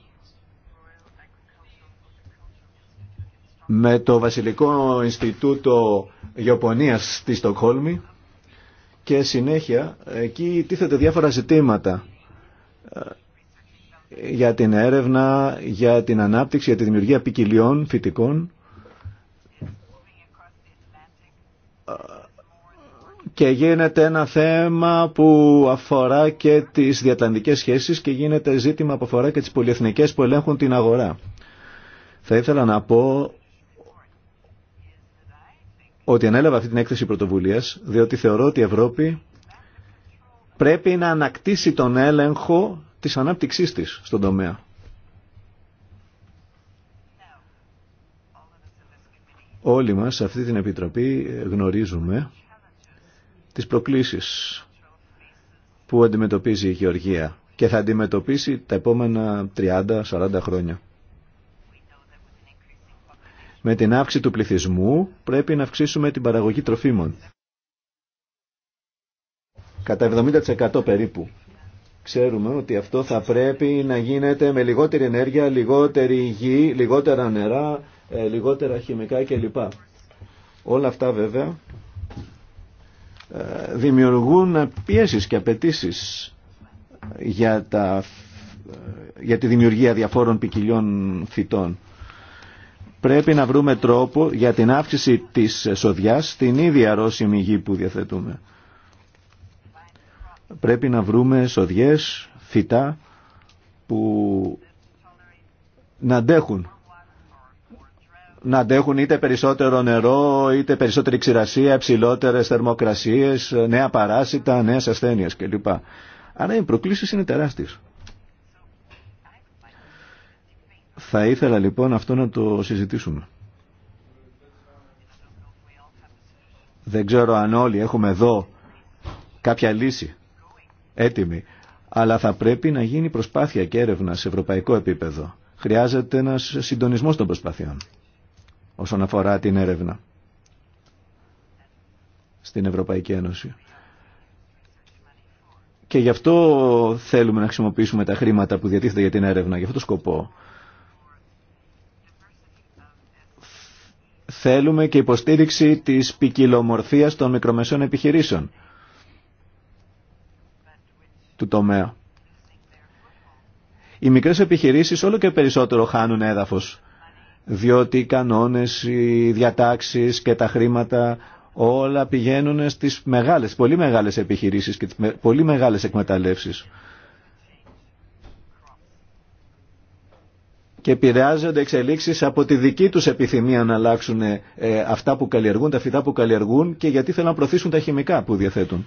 με το Βασιλικό Ινστιτούτο Γεωπονίας στη Στοκχόλμη και συνέχεια εκεί τίθεται διάφορα ζητήματα ε, για την έρευνα, για την ανάπτυξη, για τη δημιουργία ποικιλιών φυτικών και γίνεται ένα θέμα που αφορά και τις διατλαντικές σχέσεις και γίνεται ζήτημα που αφορά και τις πολυεθνικές που ελέγχουν την αγορά. Θα ήθελα να πω ότι ανέλαβα αυτή την έκθεση πρωτοβουλίας διότι θεωρώ ότι η Ευρώπη πρέπει να ανακτήσει τον έλεγχο της ανάπτυξής της στον τομέα. Όλοι μας σε αυτή την Επιτροπή γνωρίζουμε τις προκλήσεις που αντιμετωπίζει η Γεωργία και θα αντιμετωπίσει τα επόμενα 30-40 χρόνια. Με την αύξηση του πληθυσμού πρέπει να αυξήσουμε την παραγωγή τροφίμων. Κατά 70% περίπου. Ξέρουμε ότι αυτό θα πρέπει να γίνεται με λιγότερη ενέργεια, λιγότερη γη, λιγότερα νερά, ε, λιγότερα χημικά κλπ. Όλα αυτά βέβαια ε, δημιουργούν πιέσεις και απαιτήσει ε, για, τη δημιουργία διαφόρων ποικιλιών φυτών. Πρέπει να βρούμε τρόπο για την αύξηση της σοδιάς στην ίδια αρρώσιμη γη που διαθετούμε. Πρέπει να βρούμε σοδιές, φυτά που να αντέχουν να αντέχουν είτε περισσότερο νερό, είτε περισσότερη ξηρασία, υψηλότερες θερμοκρασίες, νέα παράσιτα, νέες ασθένειες κλπ. Άρα οι προκλήση είναι τεράστια. Θα ήθελα λοιπόν αυτό να το συζητήσουμε. Δεν ξέρω αν όλοι έχουμε εδώ κάποια λύση έτοιμη, αλλά θα πρέπει να γίνει προσπάθεια και έρευνα σε ευρωπαϊκό επίπεδο. Χρειάζεται ένας συντονισμός των προσπαθειών όσον αφορά την έρευνα στην Ευρωπαϊκή Ένωση. Και γι' αυτό θέλουμε να χρησιμοποιήσουμε τα χρήματα που διατίθεται για την έρευνα, για αυτό το σκοπό. Θέλουμε και υποστήριξη της ποικιλομορφία των μικρομεσαίων επιχειρήσεων του τομέα. Οι μικρές επιχειρήσεις όλο και περισσότερο χάνουν έδαφος διότι οι κανόνες, οι διατάξεις και τα χρήματα όλα πηγαίνουν στις μεγάλες, πολύ μεγάλες επιχειρήσεις και τις πολύ μεγάλες εκμεταλλεύσεις. Και επηρεάζονται εξελίξεις από τη δική τους επιθυμία να αλλάξουν ε, αυτά που καλλιεργούν, τα φυτά που καλλιεργούν και γιατί θέλουν να προωθήσουν τα χημικά που διαθέτουν.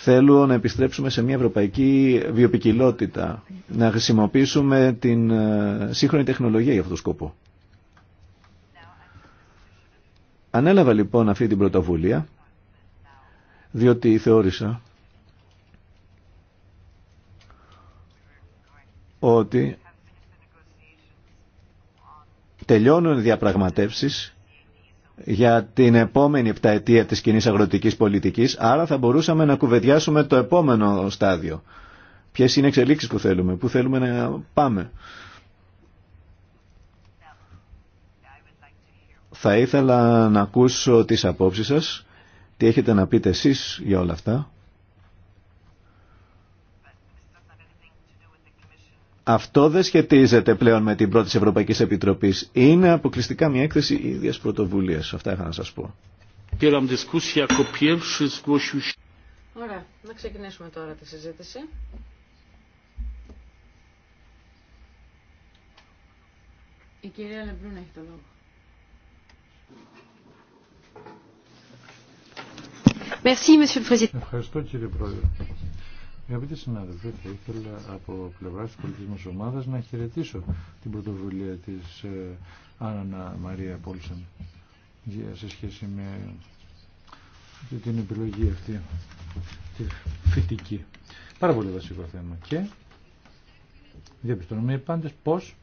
Θέλω να επιστρέψουμε σε μια ευρωπαϊκή βιοπικιλότητα, να χρησιμοποιήσουμε την ε, σύγχρονη τεχνολογία για αυτόν τον σκοπό. Ανέλαβα λοιπόν αυτή την πρωτοβουλία, διότι θεώρησα ότι τελειώνουν διαπραγματεύσεις για την επόμενη επταετία της κοινή αγροτικής πολιτικής, άρα θα μπορούσαμε να κουβεντιάσουμε το επόμενο στάδιο. Ποιες είναι οι εξελίξεις που θέλουμε, που θέλουμε να πάμε. Θα ήθελα να ακούσω τις απόψεις σας, τι έχετε να πείτε εσείς για όλα αυτά. Αυτό δεν σχετίζεται πλέον με την πρώτη ευρωπαϊκή Επιτροπή. Είναι αποκλειστικά μια έκθεση ίδια πρωτοβουλία. Αυτά είχα να σα πω. Ωραία, να ξεκινήσουμε τώρα τη συζήτηση. Η κυρία Λεμπρούν έχει το λόγο. Ευχαριστώ κύριε Πρόεδρε. Αγαπητοί συνάδελφοι, θα ήθελα από πλευρά τη πολιτική μα ομάδα να χαιρετήσω την πρωτοβουλία τη ε, Άννα Μαρία Πόλσεν σε σχέση με την επιλογή αυτή, τη φυτική. Πάρα πολύ βασικό θέμα. Και διαπιστώνουμε πάντες πώς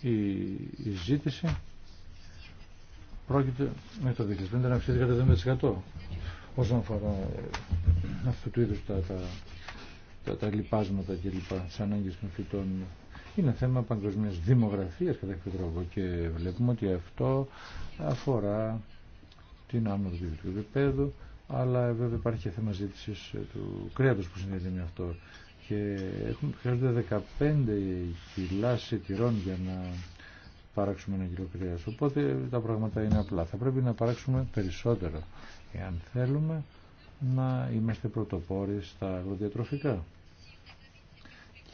η, ζήτηση πρόκειται με το 2050 να αυξηθεί κατά 70% όσον αφορά ε, αυτού του είδου τα, τα, και λοιπά, τι ανάγκε των φυτών. Είναι θέμα παγκοσμίας δημογραφίας κατά κάποιο τρόπο και βλέπουμε ότι αυτό αφορά την άνοδο του επίπεδου, αλλά βέβαια υπάρχει και θέμα ζήτηση ε, του κρέατος που συνδέεται με αυτό. Και έχουμε χρειάζονται 15 κιλά σιτηρών για να παράξουμε ένα κιλό κρέας. Οπότε τα πράγματα είναι απλά. Θα πρέπει να παράξουμε περισσότερο. Εάν θέλουμε να είμαστε πρωτοπόροι στα αγροδιατροφικά.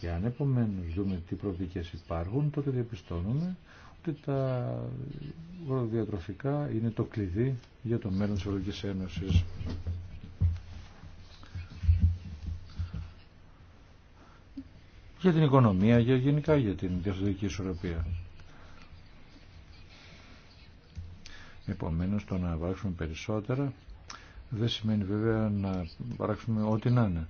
Και αν επομένω δούμε τι προοπτικές υπάρχουν, τότε διαπιστώνουμε ότι τα αγροδιατροφικά είναι το κλειδί για το μέλλον της Ευρωπαϊκής Ένωσης. Για την οικονομία, για γενικά για την διαστατική ισορροπία. Επομένως το να βράξουμε περισσότερα δεν σημαίνει βέβαια να παράξουμε ό,τι να είναι.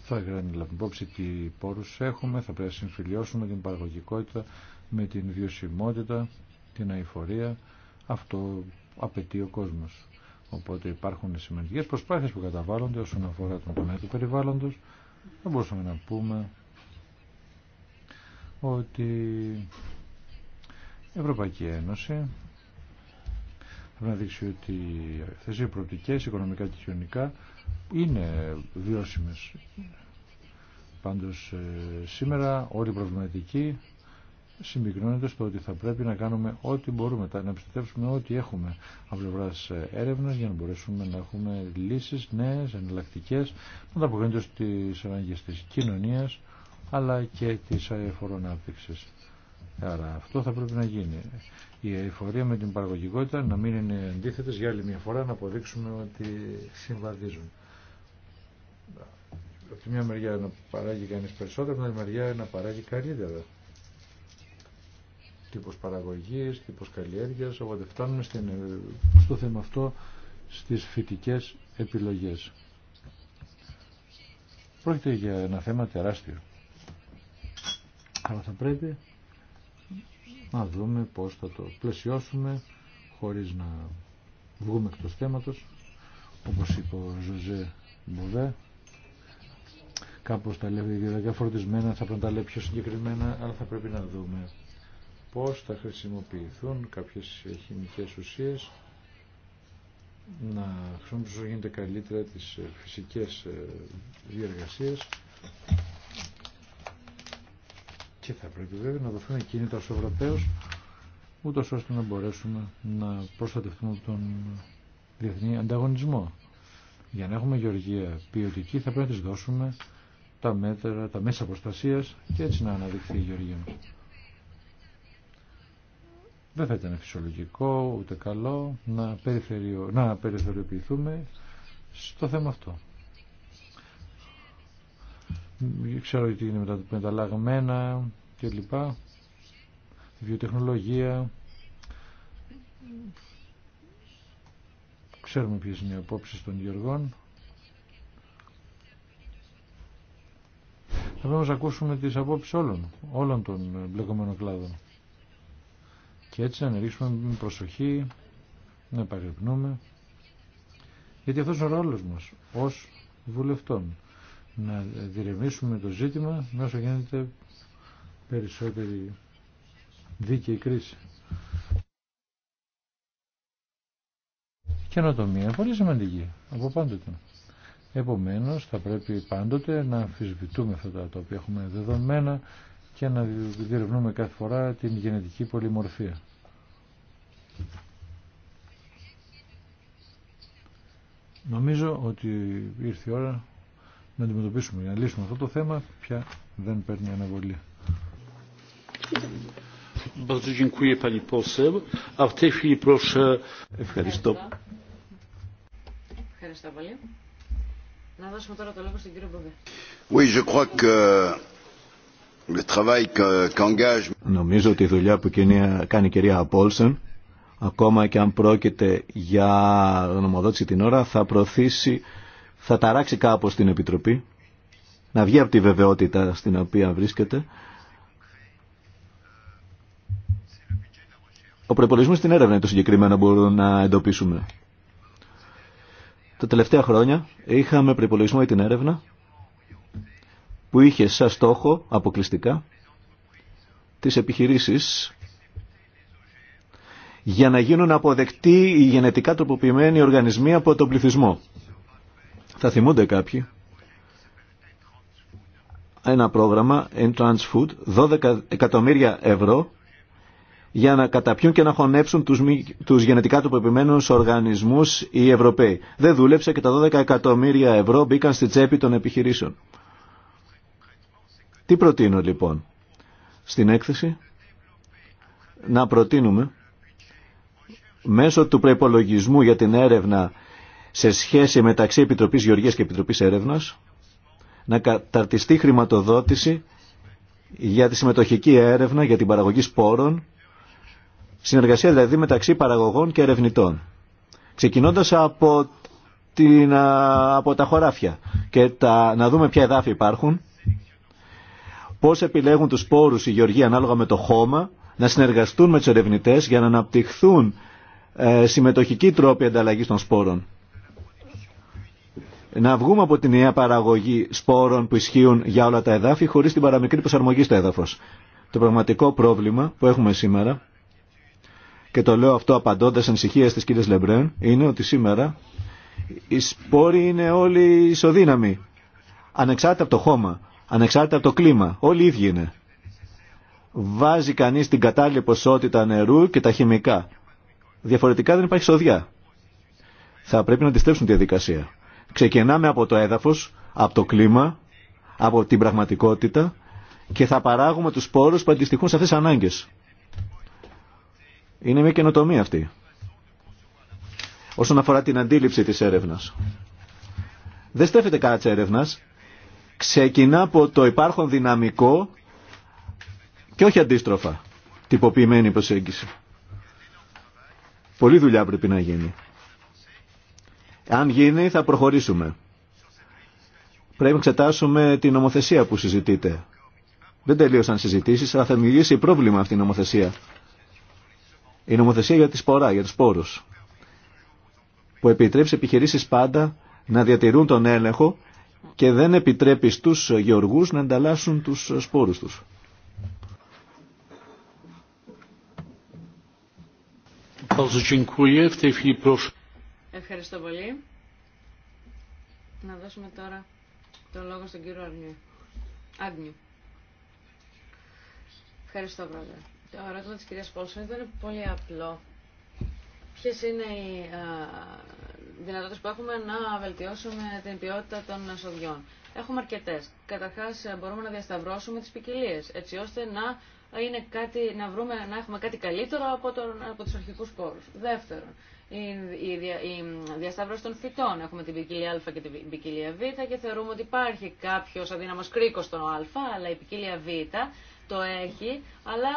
Θα γράψουμε την λοιπόν, υπόψη τι πόρους έχουμε, θα πρέπει να συμφιλιώσουμε την παραγωγικότητα με την βιωσιμότητα, την αηφορία. Αυτό απαιτεί ο κόσμος. Οπότε υπάρχουν σημαντικέ προσπάθειες που καταβάλλονται όσον αφορά τον τομέα του περιβάλλοντος. Θα μπορούσαμε να πούμε ότι η Ευρωπαϊκή Ένωση πρέπει να δείξει ότι αυτέ οι προοπτικέ οικονομικά και κοινωνικά είναι βιώσιμε. Πάντως ε, σήμερα όλοι η προβληματική συμπυκνώνεται στο ότι θα πρέπει να κάνουμε ό,τι μπορούμε, να επιστρέψουμε ό,τι έχουμε από πλευρά ε, έρευνα για να μπορέσουμε να έχουμε λύσεις νέε, εναλλακτικέ, να τα αποκρίνονται τις ανάγκε τη κοινωνία, αλλά και τη αεφορονάπτυξη. Άρα αυτό θα πρέπει να γίνει. Η εφορία με την παραγωγικότητα να μην είναι αντίθετε για άλλη μια φορά να αποδείξουμε ότι συμβαδίζουν. Από τη μια μεριά να παράγει κανεί περισσότερο, από την άλλη μεριά να παράγει καλύτερα. Τύπος παραγωγής, τύπος καλλιέργεια, οπότε φτάνουμε στην, στο θέμα αυτό στις φυτικές επιλογέ. Πρόκειται για ένα θέμα τεράστιο. Αλλά θα πρέπει να δούμε πώς θα το πλαισιώσουμε χωρίς να βγούμε εκτός θέματος όπως είπε ο Ζωζέ Μποβέ κάπως τα λέει διαφορετισμένα, θα πρέπει να τα λέει πιο συγκεκριμένα αλλά θα πρέπει να δούμε πώς θα χρησιμοποιηθούν κάποιες χημικές ουσίες να χρησιμοποιήσουν όσο γίνεται καλύτερα τις φυσικές ε, διεργασίες και θα πρέπει βέβαια να δοθούν κίνητρα στους Ευρωπαίους ούτως ώστε να μπορέσουμε να προστατευτούμε τον διεθνή ανταγωνισμό. Για να έχουμε γεωργία ποιοτική θα πρέπει να της δώσουμε τα μέτρα, τα μέσα προστασίας και έτσι να αναδειχθεί η γεωργία μας. Δεν θα ήταν φυσιολογικό ούτε καλό να, περιθωριοποιηθούμε στο θέμα αυτό ξέρω τι είναι με τα μεταλλαγμένα κλπ. Τη βιοτεχνολογία. Ξέρουμε ποιες είναι οι απόψεις των Γεωργών. Θα πρέπει να ακούσουμε τις απόψεις όλων, όλων των μπλεκομένων κλάδων. Και έτσι να με προσοχή, να επαγρυπνούμε. Γιατί αυτός είναι ο ρόλος μας ως βουλευτών να διρεμήσουμε το ζήτημα μέσω γίνεται περισσότερη δίκαιη κρίση. Καινοτομία, πολύ σημαντική, από πάντοτε. Επομένως, θα πρέπει πάντοτε να αμφισβητούμε αυτά τα οποία έχουμε δεδομένα και να διερευνούμε κάθε φορά την γενετική πολυμορφία. Νομίζω ότι ήρθε η ώρα να αντιμετωπίσουμε να λύσουμε αυτό το θέμα πια δεν παίρνει αναβολή. Ευχαριστώ. πολύ. Να δώσουμε τώρα το λόγο στην Μποβέ. Νομίζω ότι η δουλειά που κάνει η κυρία Απόλσεν, ακόμα και αν πρόκειται για νομοδότηση την ώρα, θα προωθήσει θα ταράξει κάπως την Επιτροπή, να βγει από τη βεβαιότητα στην οποία βρίσκεται. Ο προπολογισμό στην έρευνα είναι το συγκεκριμένο μπορούμε να εντοπίσουμε. Τα τελευταία χρόνια είχαμε προπολογισμό ή την έρευνα που είχε σαν στόχο αποκλειστικά τις επιχειρήσεις για να γίνουν αποδεκτοί οι γενετικά τροποποιημένοι οργανισμοί από τον πληθυσμό. Θα θυμούνται κάποιοι ένα πρόγραμμα trans Food 12 εκατομμύρια ευρώ για να καταπιούν και να χωνέψουν τους, τους γενετικά τροποποιημένους οργανισμούς οι Ευρωπαίοι. Δεν δούλεψε και τα 12 εκατομμύρια ευρώ μπήκαν στη τσέπη των επιχειρήσεων. Τι προτείνω λοιπόν στην έκθεση να προτείνουμε μέσω του προπολογισμού για την έρευνα σε σχέση μεταξύ Επιτροπής Γεωργίας και Επιτροπής Έρευνας να καταρτιστεί χρηματοδότηση για τη συμμετοχική έρευνα για την παραγωγή σπόρων, συνεργασία δηλαδή μεταξύ παραγωγών και ερευνητών. Ξεκινώντας από, την, από τα χωράφια και τα, να δούμε ποια εδάφη υπάρχουν, πώς επιλέγουν τους σπόρους οι γεωργοί ανάλογα με το χώμα, να συνεργαστούν με τους ερευνητές για να αναπτυχθούν ε, συμμετοχικοί τρόποι ανταλλαγής των σπόρων να βγούμε από την νέα παραγωγή σπόρων που ισχύουν για όλα τα εδάφη χωρίς την παραμικρή προσαρμογή στο έδαφος. Το πραγματικό πρόβλημα που έχουμε σήμερα και το λέω αυτό απαντώντας ανησυχία της κυρίας Λεμπρέν είναι ότι σήμερα οι σπόροι είναι όλοι ισοδύναμοι ανεξάρτητα από το χώμα, ανεξάρτητα από το κλίμα, όλοι οι ίδιοι είναι. Βάζει κανείς την κατάλληλη ποσότητα νερού και τα χημικά. Διαφορετικά δεν υπάρχει σοδιά. Θα πρέπει να αντιστρέψουν τη διαδικασία. Ξεκινάμε από το έδαφος, από το κλίμα, από την πραγματικότητα και θα παράγουμε τους πόρους που αντιστοιχούν σε αυτές τις ανάγκες. Είναι μια καινοτομία αυτή. Όσον αφορά την αντίληψη της έρευνας. Δεν στρέφεται κατά της έρευνας. Ξεκινά από το υπάρχον δυναμικό και όχι αντίστροφα. Τυποποιημένη προσέγγιση. Πολύ δουλειά πρέπει να γίνει. Αν γίνει θα προχωρήσουμε. Πρέπει να εξετάσουμε την νομοθεσία που συζητείτε. Δεν τελείωσαν συζητήσεις, αλλά θα δημιουργήσει πρόβλημα αυτή η νομοθεσία. Η νομοθεσία για τη σπορά, για τους σπόρους. Που επιτρέπει επιχειρήσεις πάντα να διατηρούν τον έλεγχο και δεν επιτρέπει στους γεωργούς να ανταλλάσσουν τους σπόρους τους. Ευχαριστώ πολύ. Να δώσουμε τώρα το λόγο στον κύριο Αρνιού. Άγνιου. Ευχαριστώ, πρόεδρε. Το ερώτημα της κυρίας Πόλσον ήταν πολύ απλό. Ποιε είναι οι δυνατότητε που έχουμε να βελτιώσουμε την ποιότητα των εσοδιών. Έχουμε αρκετέ. Καταρχά, μπορούμε να διασταυρώσουμε τι ποικιλίε, έτσι ώστε να, είναι βρούμε, να έχουμε κάτι καλύτερο από, από τους Δεύτερον, η, διασταύρωση των φυτών. Έχουμε την ποικιλία Α και την ποικιλία Β και θεωρούμε ότι υπάρχει κάποιο αδύναμο κρίκο στον Α, αλλά η ποικιλία Β το έχει, αλλά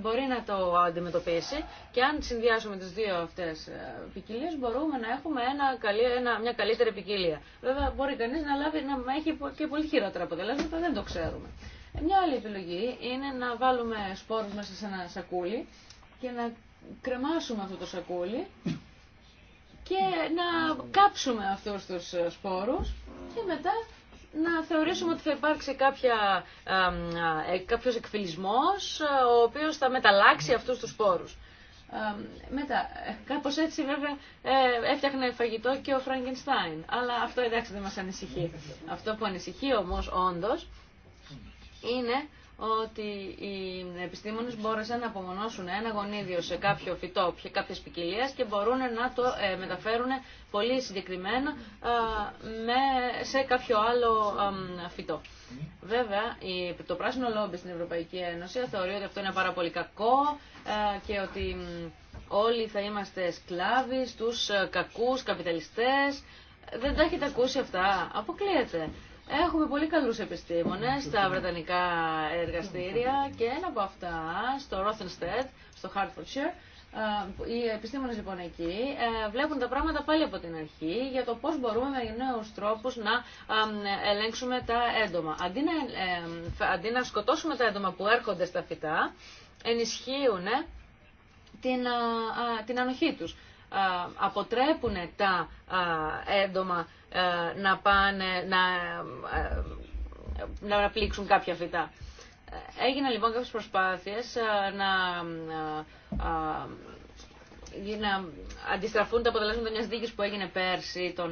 μπορεί να το αντιμετωπίσει και αν συνδυάσουμε τις δύο αυτές ε, ποικιλίε μπορούμε να έχουμε ένα, ένα μια καλύτερη ποικιλία. Βέβαια μπορεί κανείς να, λάβει, να έχει και πολύ χειρότερα αποτελέσματα, δεν το ξέρουμε. Ε, μια άλλη επιλογή είναι να βάλουμε σπόρους μέσα σε ένα σακούλι και να κρεμάσουμε αυτό το σακούλι και να κάψουμε αυτούς τους ε, σπόρους και μετά να θεωρήσουμε ότι θα υπάρξει κάποια, ε, κάποιος εκφυλισμός ε, ο οποίος θα μεταλλάξει αυτούς τους σπόρους. Ε, μετά, κάπως έτσι βέβαια ε, έφτιαχνε φαγητό και ο Φραγκενστάιν. Αλλά αυτό εντάξει δεν μας ανησυχεί. Αυτό που ανησυχεί όμως όντως είναι ότι οι επιστήμονες μπόρεσαν να απομονώσουν ένα γονίδιο σε κάποιο φυτό κάποιες ποικιλία και μπορούν να το ε, μεταφέρουν πολύ συγκεκριμένα ε, σε κάποιο άλλο φυτό. Βέβαια, το πράσινο λόμπι στην Ευρωπαϊκή Ένωση θεωρεί ότι αυτό είναι πάρα πολύ κακό ε, και ότι όλοι θα είμαστε σκλάβοι στους κακούς καπιταλιστές. Δεν τα έχετε ακούσει αυτά. Αποκλείεται. Έχουμε πολύ καλούς επιστήμονες στα βρετανικά εργαστήρια και ένα από αυτά στο Ρόθενστετ, στο Hertfordshire, ε, οι επιστήμονες λοιπόν εκεί ε, βλέπουν τα πράγματα πάλι από την αρχή για το πώς μπορούμε με νέους τρόπους να ελέγξουμε τα έντομα. Ε, αντί να, σκοτώσουμε τα έντομα που έρχονται στα φυτά, ενισχύουν την, την ανοχή τους. Ε, αποτρέπουν τα ε, έντομα ε, να πάνε να, να πλήξουν κάποια φυτά. Έγιναν λοιπόν κάποιες προσπάθειες να να αντιστραφούν τα αποτελέσματα μια δίκη που έγινε πέρσι τον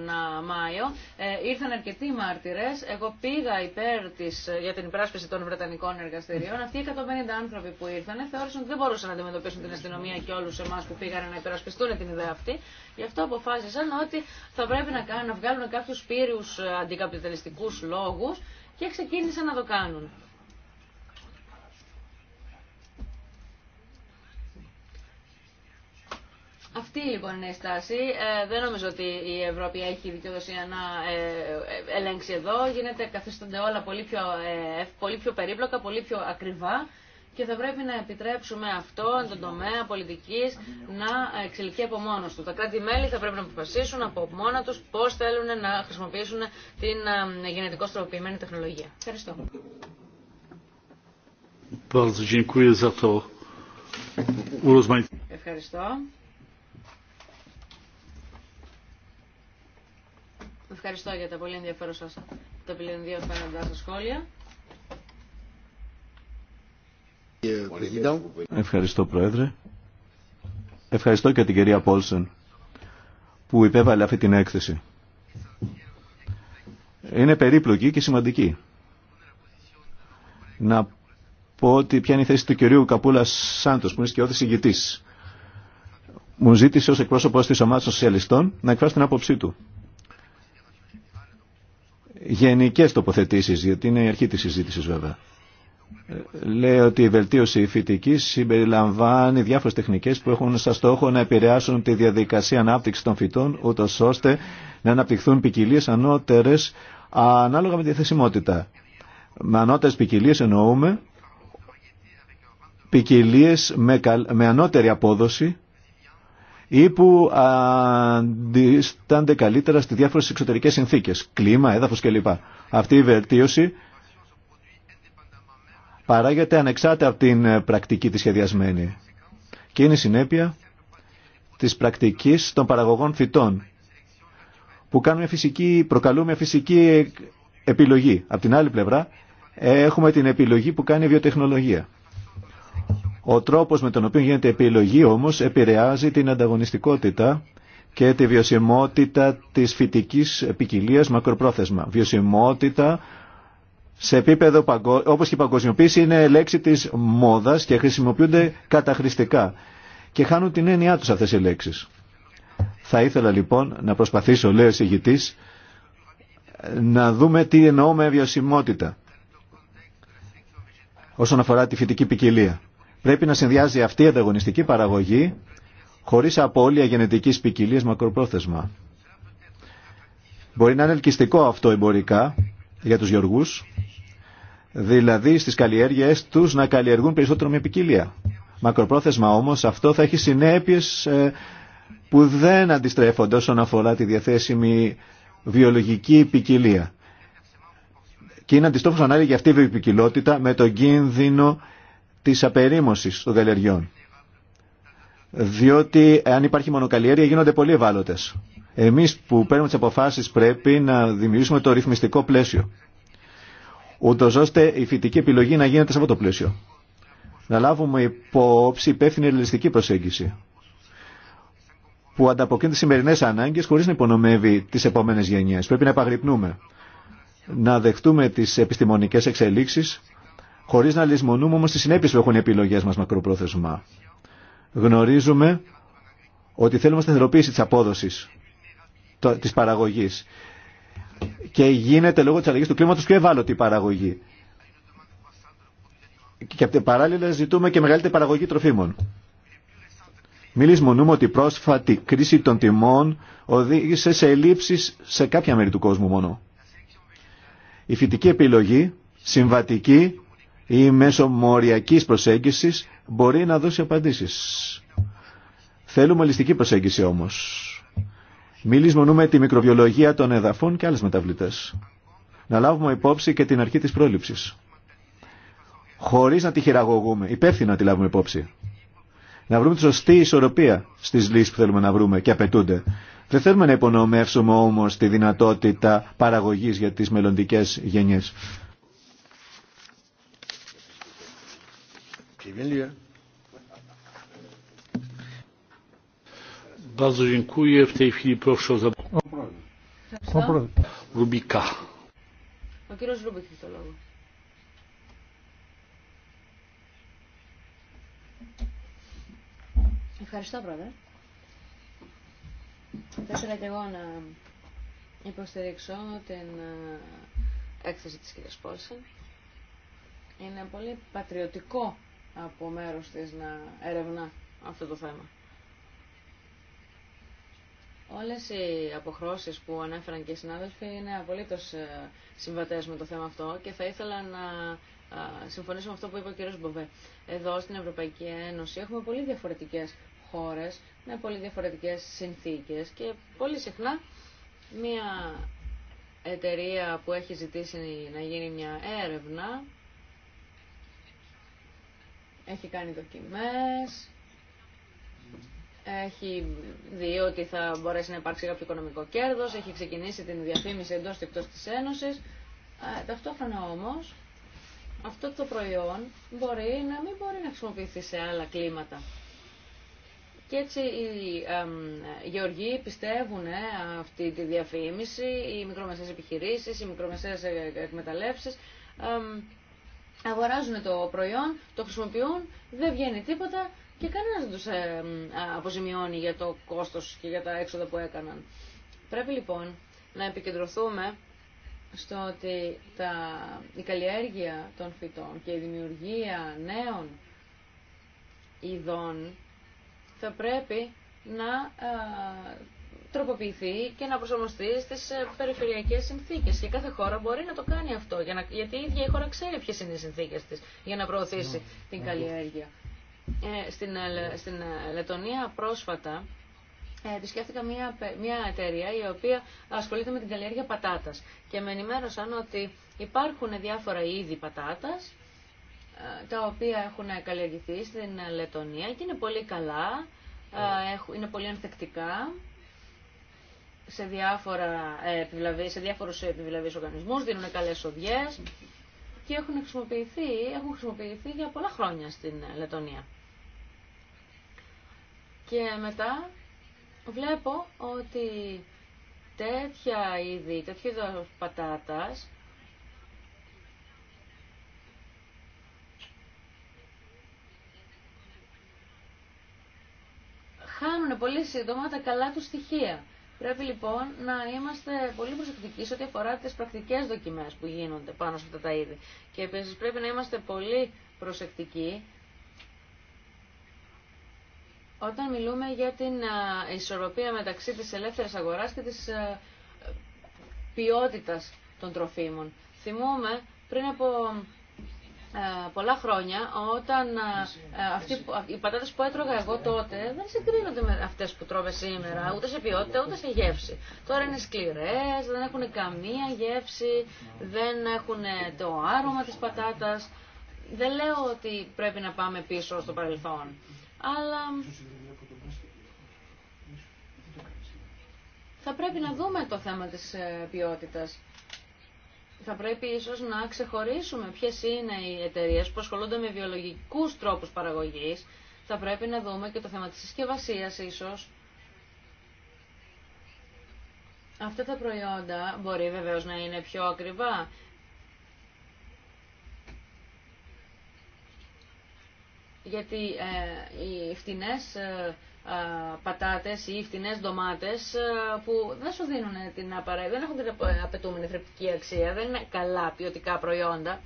Μάιο. Ε, ήρθαν αρκετοί μάρτυρε, Εγώ πήγα υπέρ τη ε, για την υπεράσπιση των Βρετανικών εργαστηρίων. Αυτοί οι 150 άνθρωποι που ήρθαν θεώρησαν ότι δεν μπορούσαν να αντιμετωπίσουν την αστυνομία και όλου εμά που πήγαν να υπερασπιστούν την ιδέα αυτή. Γι' αυτό αποφάσισαν ότι θα πρέπει να, κάνουν, να βγάλουν κάποιου πύριου ε, αντικαπιταλιστικού λόγου και ξεκίνησαν να το κάνουν. Αυτή λοιπόν είναι η στάση. Ε, δεν νομίζω ότι η Ευρώπη έχει δικαιοδοσία να ε, ε ελέγξει εδώ. Γίνεται, καθίστανται όλα πολύ πιο, ε, πολύ πιο περίπλοκα, πολύ πιο ακριβά και θα πρέπει να επιτρέψουμε αυτό τον τομέα πολιτική να εξελιχθεί από μόνο του. Τα κράτη-μέλη θα πρέπει να αποφασίσουν από μόνα του πώ θέλουν να χρησιμοποιήσουν την γενετικώ τροποποιημένη τεχνολογία. Ευχαριστώ. Ευχαριστώ. Ευχαριστώ για τα πολύ ενδιαφέροντα τα πολύ ενδιαφέροντα σας σχόλια. Ευχαριστώ Πρόεδρε. Ευχαριστώ και την κυρία Πόλσεν που υπέβαλε αυτή την έκθεση. Είναι περίπλοκη και σημαντική. Να πω ότι ποια είναι η θέση του κυρίου Καπούλα Σάντο, που είναι σκιώδη ηγητή. Μου ζήτησε ω εκπρόσωπο τη ομάδα των Σοσιαλιστών να εκφράσει την άποψή του γενικές τοποθετήσει, γιατί είναι η αρχή τη συζήτηση, βέβαια. Λέει ότι η βελτίωση φυτική συμπεριλαμβάνει διάφορες τεχνικές που έχουν σαν στόχο να επηρεάσουν τη διαδικασία ανάπτυξης των φυτών, ούτω ώστε να αναπτυχθούν ποικιλίε ανώτερες ανάλογα με τη θεσιμότητα. Με ανώτερες ποικιλίε εννοούμε ποικιλίε με, με ανώτερη απόδοση ή που αντιστάνται καλύτερα στις διάφορες εξωτερικές συνθήκες, κλίμα, έδαφος κλπ. Αυτή η βελτίωση παράγεται ανεξάρτητα από την πρακτική τη σχεδιασμένη και είναι συνέπεια της πρακτικής των παραγωγών φυτών που κάνουν φυσική, προκαλούν μια φυσική επιλογή. Από την άλλη πλευρά έχουμε την επιλογή που κάνει η βελτιωση παραγεται ανεξαρτητα απο την πρακτικη τη σχεδιασμενη και ειναι συνεπεια της πρακτικης των παραγωγων φυτων που κανουμε φυσικη προκαλούμε φυσικη επιλογη απο την αλλη πλευρα εχουμε την επιλογη που κανει η βιοτεχνολογια ο τρόπος με τον οποίο γίνεται επιλογή όμως επηρεάζει την ανταγωνιστικότητα και τη βιωσιμότητα της φυτικής ποικιλία μακροπρόθεσμα. Βιωσιμότητα σε επίπεδο, όπως και η παγκοσμιοποίηση, είναι λέξη της μόδας και χρησιμοποιούνται καταχρηστικά. Και χάνουν την έννοιά τους αυτές οι λέξεις. Θα ήθελα λοιπόν να προσπαθήσω, λέει ο συγητής, να δούμε τι εννοούμε βιωσιμότητα όσον αφορά τη φυτική ποικιλία. Πρέπει να συνδυάζει αυτή η ανταγωνιστική παραγωγή χωρίς απώλεια γενετικής ποικιλία μακροπρόθεσμα. Μπορεί να είναι ελκυστικό αυτό εμπορικά για τους γεωργούς, δηλαδή στις καλλιέργειές τους να καλλιεργούν περισσότερο με ποικιλία. Μακροπρόθεσμα όμως αυτό θα έχει συνέπειες ε, που δεν αντιστρέφονται όσον αφορά τη διαθέσιμη βιολογική ποικιλία. Και είναι αντιστόφως ανάλογη αυτή η βιοποικιλότητα με τον κίνδυνο της απερίμωσης των καλλιεργιών. Διότι αν υπάρχει μονοκαλλιέργεια γίνονται πολύ ευάλωτε. Εμείς που παίρνουμε τις αποφάσεις πρέπει να δημιουργήσουμε το ρυθμιστικό πλαίσιο. Ούτω ώστε η φοιτική επιλογή να γίνεται σε αυτό το πλαίσιο. Να λάβουμε υπόψη υπεύθυνη ρεαλιστική προσέγγιση που ανταποκρίνεται τι σημερινέ ανάγκε χωρί να υπονομεύει τι επόμενε γενιέ. Πρέπει να επαγρυπνούμε. Να δεχτούμε τι επιστημονικέ εξελίξει Χωρί να λησμονούμε όμω τι συνέπειε που έχουν οι επιλογές μας μακροπρόθεσμα. Γνωρίζουμε ότι θέλουμε σταθεροποίηση τη απόδοση τη παραγωγή και γίνεται λόγω τη αλλαγή του κλίματο πιο ευάλωτη η παραγωγή. Και από παράλληλα ζητούμε και μεγαλύτερη παραγωγή τροφίμων. Μην λησμονούμε ότι η πρόσφατη κρίση των τιμών οδήγησε σε ελλείψει σε κάποια μέρη του κόσμου μόνο. Η φυτική επιλογή, συμβατική ή μέσω μοριακής προσέγγισης μπορεί να δώσει απαντήσεις. Θέλουμε ληστική προσέγγιση όμως. μονούμε τη μικροβιολογία των εδαφών και άλλες μεταβλητές. Να λάβουμε υπόψη και την αρχή της πρόληψης. Χωρίς να τη χειραγωγούμε, υπεύθυνα να τη λάβουμε υπόψη. Να βρούμε τη σωστή ισορροπία στις λύσεις που θέλουμε να βρούμε και απαιτούνται. Δεν θέλουμε να υπονομεύσουμε όμως τη δυνατότητα παραγωγής για τις μελλοντικέ γενιές. Ευχαριστώ, πρόεδρε. Θα ήθελα και εγώ να υποστηρίξω την έκθεση της κυρίας Πόλσεν. Είναι πολύ πατριωτικό από μέρους της να ερευνά αυτό το θέμα. Όλες οι αποχρώσεις που ανέφεραν και οι συνάδελφοι είναι απολύτως ε, συμβατές με το θέμα αυτό και θα ήθελα να ε, συμφωνήσω με αυτό που είπε ο κ. Μποβέ. Εδώ στην Ευρωπαϊκή Ένωση έχουμε πολύ διαφορετικές χώρες με πολύ διαφορετικές συνθήκες και πολύ συχνά μια εταιρεία που έχει ζητήσει να γίνει μια έρευνα έχει κάνει δοκιμές, έχει δει ότι θα μπορέσει να υπάρξει κάποιο οικονομικό κέρδος, έχει ξεκινήσει την διαφήμιση εντός και της Ένωσης. Ε, ταυτόχρονα όμως, αυτό το προϊόν μπορεί να μην μπορεί να χρησιμοποιηθεί σε άλλα κλίματα. Και έτσι οι γεωργοί πιστεύουν ε, αυτή τη διαφήμιση, οι μικρομεσαίες επιχειρήσεις, οι μικρομεσαίες ε, εκμεταλλεύσεις, αγοράζουν το προϊόν, το χρησιμοποιούν, δεν βγαίνει τίποτα και κανένα δεν τους ε, αποζημιώνει για το κόστος και για τα έξοδα που έκαναν. Πρέπει λοιπόν να επικεντρωθούμε στο ότι τα, η καλλιέργεια των φυτών και η δημιουργία νέων ειδών θα πρέπει να ε, τροποποιηθεί και να προσαρμοστεί στι ε, περιφερειακέ συνθήκε. Και κάθε χώρα μπορεί να το κάνει αυτό, για να, γιατί η ίδια η χώρα ξέρει ποιε είναι οι συνθήκε τη για να προωθήσει ναι, την ναι. καλλιέργεια. Ε, στην, ε, στην ε, Λετωνία πρόσφατα ε, μια, μια εταιρεία η οποία ασχολείται με την καλλιέργεια πατάτας και με ενημέρωσαν ότι υπάρχουν διάφορα είδη πατάτας τα οποία έχουν καλλιεργηθεί στην Λετωνία και είναι πολύ καλά, ναι. είναι πολύ ανθεκτικά σε, διάφορα, ε, σε διάφορους επιβλαβείς οργανισμούς, δίνουν καλές οδιές και έχουν χρησιμοποιηθεί, έχουν χρησιμοποιηθεί για πολλά χρόνια στην Λετωνία. Και μετά βλέπω ότι τέτοια είδη, τέτοιο είδο πατάτας χάνουν πολύ σύντομα τα καλά του στοιχεία. Πρέπει λοιπόν να είμαστε πολύ προσεκτικοί σε ό,τι αφορά τι πρακτικές δοκιμές που γίνονται πάνω σε αυτά τα είδη. Και επίση πρέπει να είμαστε πολύ προσεκτικοί όταν μιλούμε για την ισορροπία μεταξύ της ελεύθερης αγοράς και της ποιότητας των τροφίμων. Θυμούμε πριν από ε, πολλά χρόνια όταν ε, ε, αυτοί, οι πατάτες που έτρωγα εγώ τότε δεν συγκρίνονται με αυτές που τρώμε σήμερα, ούτε σε ποιότητα ούτε σε γεύση. Τώρα είναι σκληρέ, δεν έχουν καμία γεύση, δεν έχουν το άρωμα της πατάτας. Δεν λέω ότι πρέπει να πάμε πίσω στο παρελθόν, αλλά θα πρέπει να δούμε το θέμα της ποιότητας θα πρέπει ίσως να ξεχωρίσουμε ποιες είναι οι εταιρείες που ασχολούνται με βιολογικούς τρόπους παραγωγής. Θα πρέπει να δούμε και το θέμα της συσκευασία ίσως. Αυτά τα προϊόντα μπορεί βεβαίως να είναι πιο ακριβά. Γιατί ε, οι φτηνές ε, πατάτες ή φτηνές ντομάτες που δεν σου δίνουν την απαραίτητη, δεν έχουν την απαιτούμενη θρεπτική αξία, δεν είναι καλά ποιοτικά προϊόντα.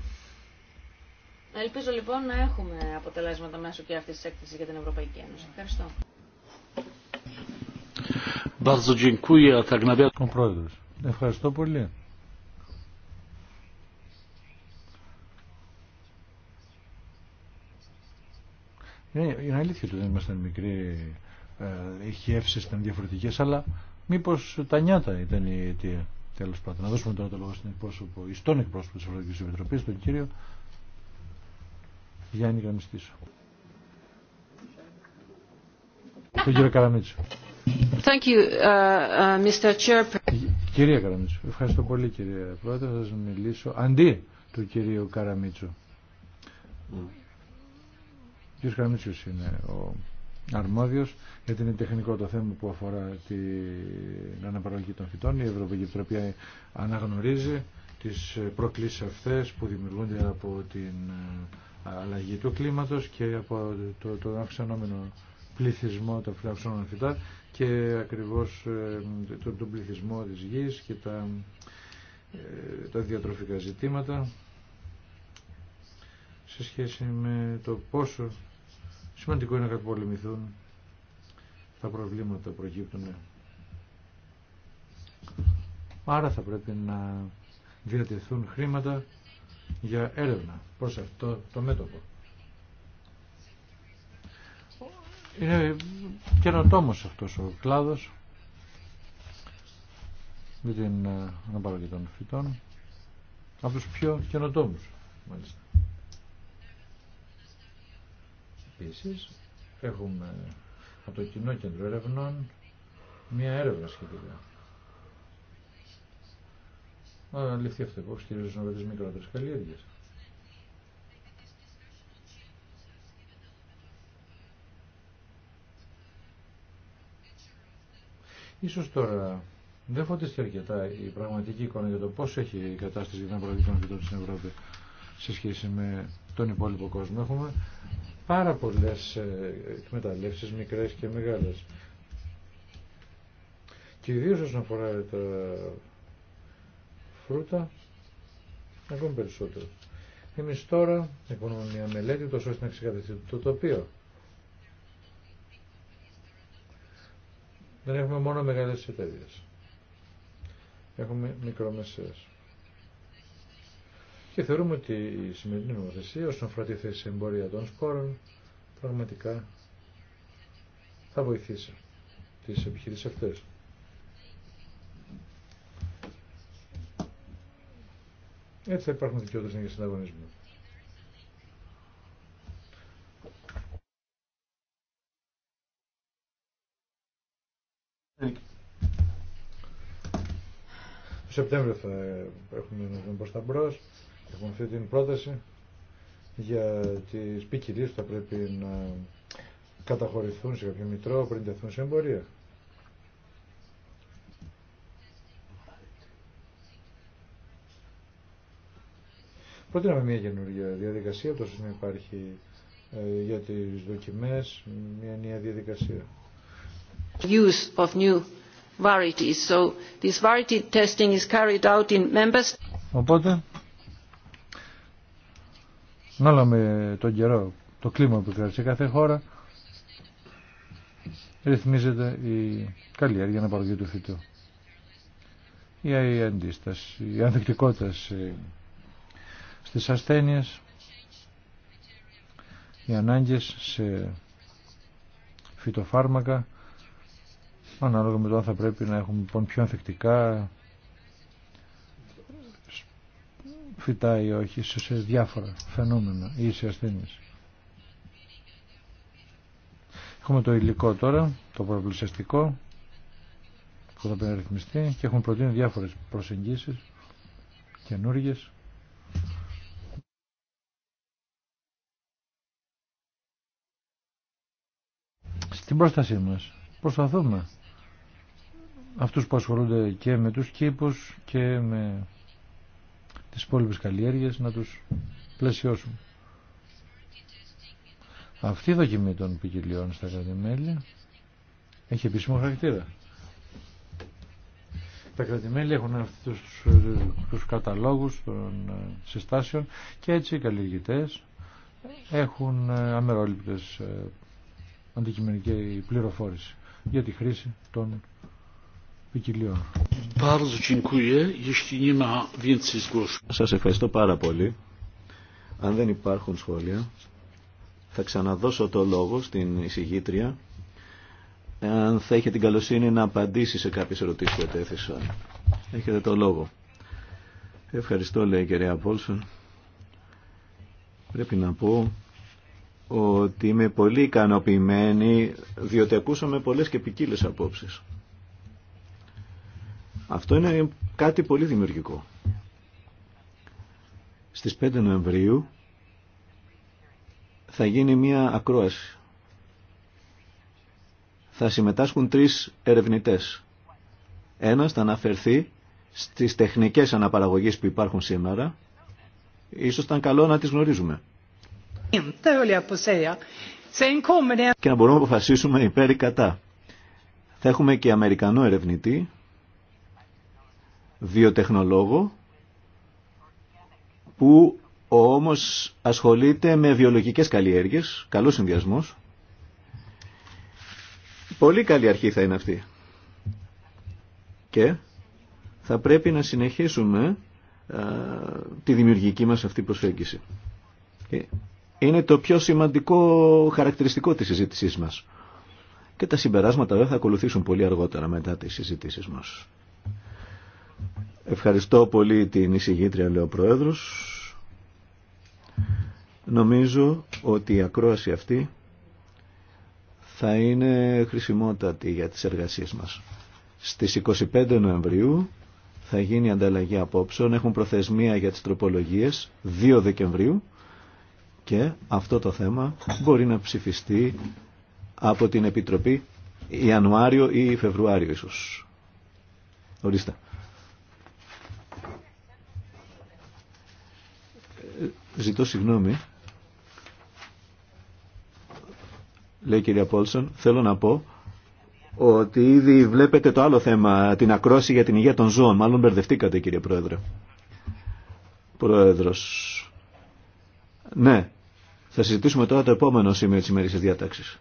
Ελπίζω λοιπόν να έχουμε αποτελέσματα μέσω και αυτής της έκθεσης για την Ευρωπαϊκή Ένωση. Ευχαριστώ. Ευχαριστώ πολύ. Είναι, είναι αλήθεια ότι δεν ήμασταν μικροί οι ε, εύσεις ήταν διαφορετικές, αλλά μήπως τα νιάτα ήταν η αιτία. Τέλος πάντων, να δώσουμε τώρα το λόγο στην εκπρόσωπο, στον εκπρόσωπο της Ευρωπαϊκής Επιτροπής, τον κύριο Γιάννη Καμιστήσο. Τον κύριο Καραμίτσο. Thank you, uh, uh, Mr. Chair. Κυρία Καραμίτσο, ευχαριστώ πολύ κύριε Πρόεδρε, θα σας μιλήσω αντί του κυρίου Καραμίτσου. Mm. Ο κύριος Καραμίτσος είναι ο αρμόδιος γιατί είναι τεχνικό το θέμα που αφορά την αναπαραγωγή των φυτών. Η Ευρωπαϊκή Επιτροπή αναγνωρίζει τις προκλήσεις αυτές που δημιουργούνται από την ε, αλλαγή του κλίματος και από το, το αυξανόμενο πληθυσμό των φυτών φυτά και ακριβώς ε, τον, τον πληθυσμό της γης και τα, ε, τα διατροφικά ζητήματα σε σχέση με το πόσο Σημαντικό είναι να καταπολεμηθούν τα προβλήματα που προκύπτουν. Άρα θα πρέπει να διατηθούν χρήματα για έρευνα προς αυτό το μέτωπο. Είναι καινοτόμος αυτός ο κλάδος με την αναπαραγωγή ε, των φυτών από τους πιο καινοτόμους μάλιστα. Επίση. έχουμε από το Κοινό Κέντρο Ερευνών μία έρευνα σχετικά. Μα ληφθεί αυτό υπόψη κυρίως να βρει μικρότερες καλλιέργειες. Ίσως τώρα δεν φωτίστηκε αρκετά η πραγματική εικόνα για το πώς έχει η κατάσταση για την αγροτική στην Ευρώπη σε σχέση με τον υπόλοιπο κόσμο. Έχουμε πάρα πολλές ε, εκμεταλλεύσεις μικρές και μεγάλες. Και ιδίως όσον αφορά τα φρούτα, ακόμη περισσότερο. Εμείς τώρα έχουμε μια μελέτη τόσο ώστε να ξεκαθαριστεί το τοπίο. Δεν έχουμε μόνο μεγάλες εταιρείε. Έχουμε μικρομεσαίες. Και θεωρούμε ότι η σημερινή νομοθεσία όσον αφορά τη θέση εμπορία των σπόρων πραγματικά θα βοηθήσει τις επιχειρήσεις αυτές. Έτσι θα υπάρχουν δικαιότητες για συνταγωνισμό. Το Σεπτέμβριο θα έχουμε να δούμε προς τα μπρος έχουμε λοιπόν, αυτή την πρόταση για τι ποικιλίε που θα πρέπει να καταχωρηθούν σε κάποιο μητρό πριν τεθούν σε εμπορία. Προτείναμε μια καινούργια διαδικασία, τόσο να υπάρχει ε, για τις δοκιμές, μια νέα διαδικασία. Use of new So this testing is out in members. Οπότε να με τον καιρό, το κλίμα που κρατεί σε κάθε χώρα, ρυθμίζεται η καλλιέργεια να παραγωγή του φυτού. Η αντίσταση, η ανθεκτικότητα στις ασθένειες, οι ανάγκες σε φυτοφάρμακα, ανάλογα με το αν θα πρέπει να έχουμε λοιπόν, πιο ανθεκτικά φυτά ή όχι σε διάφορα φαινόμενα ή σε ασθένειες. Έχουμε το υλικό τώρα, το προπλησιαστικό που θα ρυθμιστεί και έχουμε προτείνει διάφορες προσεγγίσεις καινούργιε. Στην πρόστασή μας προσπαθούμε αυτούς που ασχολούνται και με τους κήπους και με τις υπόλοιπες καλλιέργειες να τους πλαισιώσουν. Αυτή η δοκιμή των ποικιλιών στα κρατημέλια έχει επίσημο χαρακτήρα. Τα κρατημέλια έχουν αυτούς τους, τους καταλόγους των ε, συστάσεων και έτσι οι καλλιεργητές έχουν ε, αμερόληπτες ε, αντικειμενική πληροφόρηση για τη χρήση των ποικιλιών. ευχαριστώ πάρα πολύ. Αν δεν υπάρχουν σχόλια, θα ξαναδώσω το λόγο στην εισηγήτρια αν θα έχει την καλοσύνη να απαντήσει σε κάποιες ερωτήσεις που ετέθησαν. Έχετε το λόγο. Ευχαριστώ, λέει η κυρία Πόλσον. Πρέπει να πω ότι είμαι πολύ ικανοποιημένη διότι ακούσαμε πολλές και ποικίλε απόψεις. Αυτό είναι κάτι πολύ δημιουργικό. Στις 5 Νοεμβρίου θα γίνει μία ακρόαση. Θα συμμετάσχουν τρεις ερευνητές. Ένας θα αναφερθεί στις τεχνικές αναπαραγωγής που υπάρχουν σήμερα. Ίσως ήταν καλό να τις γνωρίζουμε. Και να μπορούμε να αποφασίσουμε υπέρ ή κατά. Θα έχουμε και Αμερικανό ερευνητή βιοτεχνολόγο που όμως ασχολείται με βιολογικές καλλιέργειες, καλός συνδυασμός. Πολύ καλή αρχή θα είναι αυτή. Και θα πρέπει να συνεχίσουμε τη δημιουργική μας αυτή προσέγγιση. Είναι το πιο σημαντικό χαρακτηριστικό της συζήτησής μας. Και τα συμπεράσματα θα ακολουθήσουν πολύ αργότερα μετά τις συζήτησεις μας. Ευχαριστώ πολύ την εισηγήτρια, λέει ο Πρόεδρος. Νομίζω ότι η ακρόαση αυτή θα είναι χρησιμότατη για τις εργασίες μας. Στις 25 Νοεμβρίου θα γίνει ανταλλαγή απόψεων. Έχουν προθεσμία για τις τροπολογίες 2 Δεκεμβρίου και αυτό το θέμα μπορεί να ψηφιστεί από την Επιτροπή Ιανουάριο ή Φεβρουάριο ίσως. Ορίστε. Ζητώ συγγνώμη. Λέει κυρία Πόλσον, θέλω να πω ότι ήδη βλέπετε το άλλο θέμα, την ακρόση για την υγεία των ζώων. Μάλλον μπερδευτήκατε κύριε Πρόεδρε. Πρόεδρος. Ναι, θα συζητήσουμε τώρα το επόμενο σημείο της ημερήσιας διάταξης.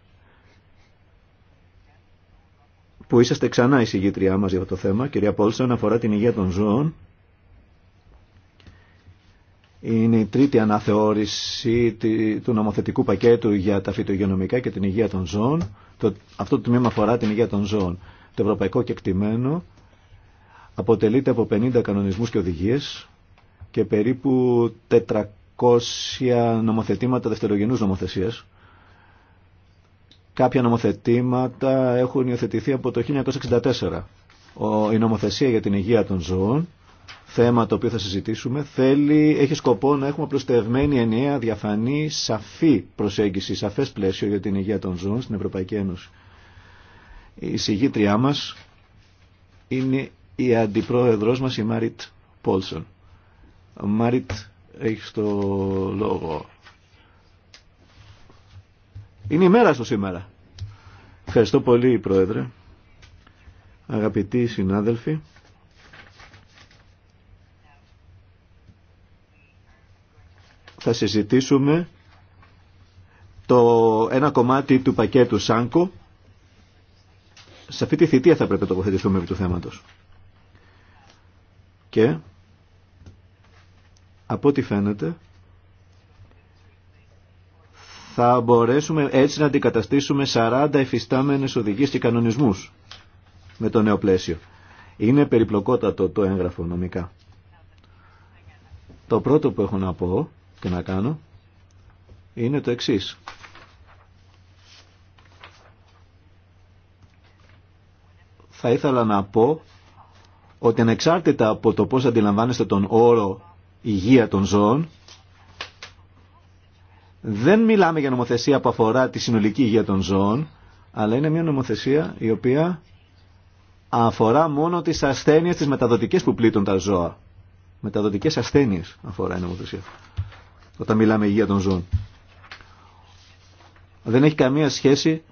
Που είσαστε ξανά η μας για αυτό το θέμα, κυρία Πόλσον, αφορά την υγεία των ζώων είναι η τρίτη αναθεώρηση του νομοθετικού πακέτου για τα φυτογενομικά και την υγεία των ζώων. Το, αυτό το τμήμα αφορά την υγεία των ζώων. Το ευρωπαϊκό κεκτημένο αποτελείται από 50 κανονισμούς και οδηγίες και περίπου 400 νομοθετήματα δευτερογενούς νομοθεσίας. Κάποια νομοθετήματα έχουν υιοθετηθεί από το 1964. η νομοθεσία για την υγεία των ζώων θέμα το οποίο θα συζητήσουμε θέλει, έχει σκοπό να έχουμε προστευμένη ενιαία διαφανή σαφή προσέγγιση, σαφές πλαίσιο για την υγεία των ζώων στην Ευρωπαϊκή Ένωση. Η συγγήτριά μας είναι η αντιπρόεδρος μας η Μάριτ Πόλσον. Μάριτ, έχει το λόγο. Είναι η μέρα στο σήμερα. Ευχαριστώ πολύ, Πρόεδρε. Αγαπητοί συνάδελφοι, θα συζητήσουμε το ένα κομμάτι του πακέτου ΣΑΝΚΟ. Σε αυτή τη θητεία θα πρέπει να τοποθετηθούμε επί του θέματος. Και από ό,τι φαίνεται θα μπορέσουμε έτσι να αντικαταστήσουμε 40 εφιστάμενες οδηγίες και κανονισμούς με το νέο πλαίσιο. Είναι περιπλοκότατο το έγγραφο νομικά. Το πρώτο που έχω να πω και να κάνω είναι το εξής. Θα ήθελα να πω ότι ανεξάρτητα από το πώς αντιλαμβάνεστε τον όρο υγεία των ζώων, δεν μιλάμε για νομοθεσία που αφορά τη συνολική υγεία των ζώων, αλλά είναι μια νομοθεσία η οποία αφορά μόνο τις ασθένειες, τις μεταδοτικές που πλήττουν τα ζώα. Μεταδοτικές ασθένειες αφορά η νομοθεσία όταν μιλάμε υγεία των ζώων. Δεν έχει καμία σχέση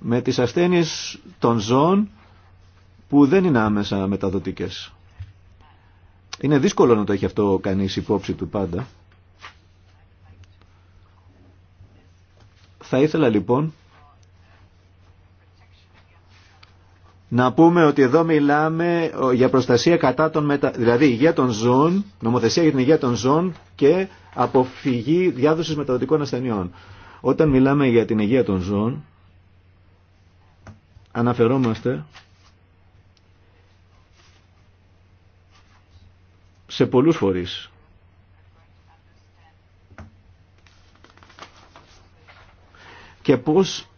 με τις ασθένειες των ζώων που δεν είναι άμεσα μεταδοτικές. Είναι δύσκολο να το έχει αυτό κανείς υπόψη του πάντα. Θα ήθελα λοιπόν να πούμε ότι εδώ μιλάμε για προστασία κατά των μετα... δηλαδή υγεία των ζώων, νομοθεσία για την υγεία των ζώων και αποφυγή διάδοσης μεταδοτικών ασθενειών. Όταν μιλάμε για την υγεία των ζώων, αναφερόμαστε σε πολλούς φορείς. Και πώς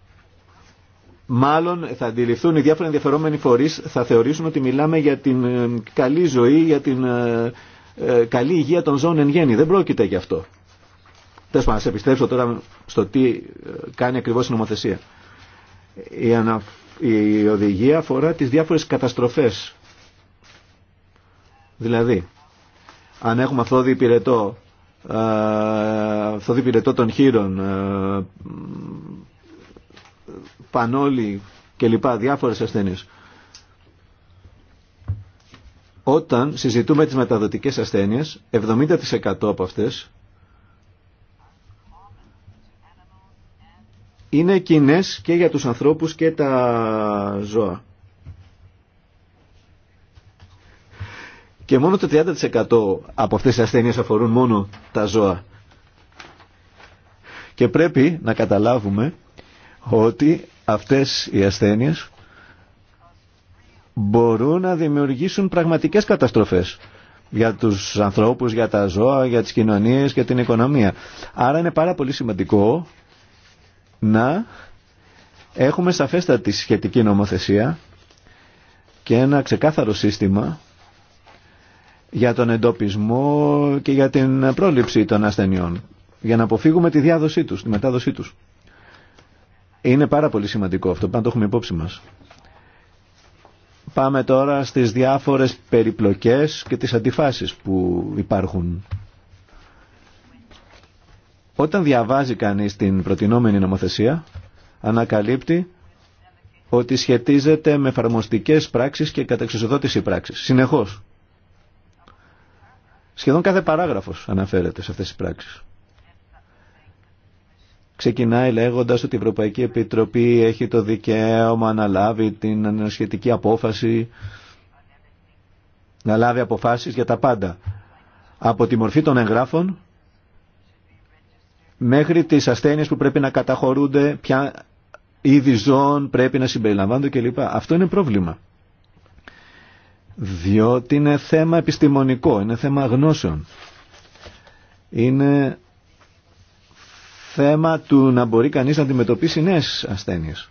μάλλον θα αντιληφθούν οι διάφοροι ενδιαφερόμενοι φορείς, θα θεωρήσουν ότι μιλάμε για την ε, καλή ζωή, για την ε, ε, καλή υγεία των ζώων εν γέννη. Δεν πρόκειται γι' αυτό. Τέλος πάντων, σε επιστρέψω τώρα στο τι κάνει ακριβώς η νομοθεσία. Η, ανα... οδηγία αφορά τις διάφορες καταστροφές. Δηλαδή, αν έχουμε αυτό πυρετό, πυρετό των χείρων, και λοιπά διάφορες ασθένειες. Όταν συζητούμε τις μεταδοτικές ασθένειες, 70% από αυτές είναι κοινέ και για τους ανθρώπους και τα ζώα. Και μόνο το 30% από αυτές τις ασθένειες αφορούν μόνο τα ζώα. Και πρέπει να καταλάβουμε ότι αυτές οι ασθένειες μπορούν να δημιουργήσουν πραγματικές καταστροφές για τους ανθρώπους, για τα ζώα, για τις κοινωνίες και την οικονομία. Άρα είναι πάρα πολύ σημαντικό να έχουμε σαφέστατη σχετική νομοθεσία και ένα ξεκάθαρο σύστημα για τον εντοπισμό και για την πρόληψη των ασθενειών για να αποφύγουμε τη διάδοσή τους, τη μετάδοσή τους. Είναι πάρα πολύ σημαντικό αυτό, πάντα το έχουμε υπόψη μας. Πάμε τώρα στις διάφορες περιπλοκές και τις αντιφάσεις που υπάρχουν. Όταν διαβάζει κανείς την προτινόμενη νομοθεσία, ανακαλύπτει ότι σχετίζεται με εφαρμοστικέ πράξεις και καταξιοδότηση πράξης. Συνεχώς. Σχεδόν κάθε παράγραφος αναφέρεται σε αυτές τις πράξεις. Ξεκινάει λέγοντας ότι η Ευρωπαϊκή Επιτροπή έχει το δικαίωμα να λάβει την ανοσχετική απόφαση, να λάβει αποφάσεις για τα πάντα. Από τη μορφή των εγγράφων μέχρι τις ασθένειες που πρέπει να καταχωρούνται, ποια είδη ζώων πρέπει να συμπεριλαμβάνονται κλπ. Αυτό είναι πρόβλημα. Διότι είναι θέμα επιστημονικό, είναι θέμα γνώσεων. Είναι θέμα του να μπορεί κανείς να αντιμετωπίσει νέες ασθένειες.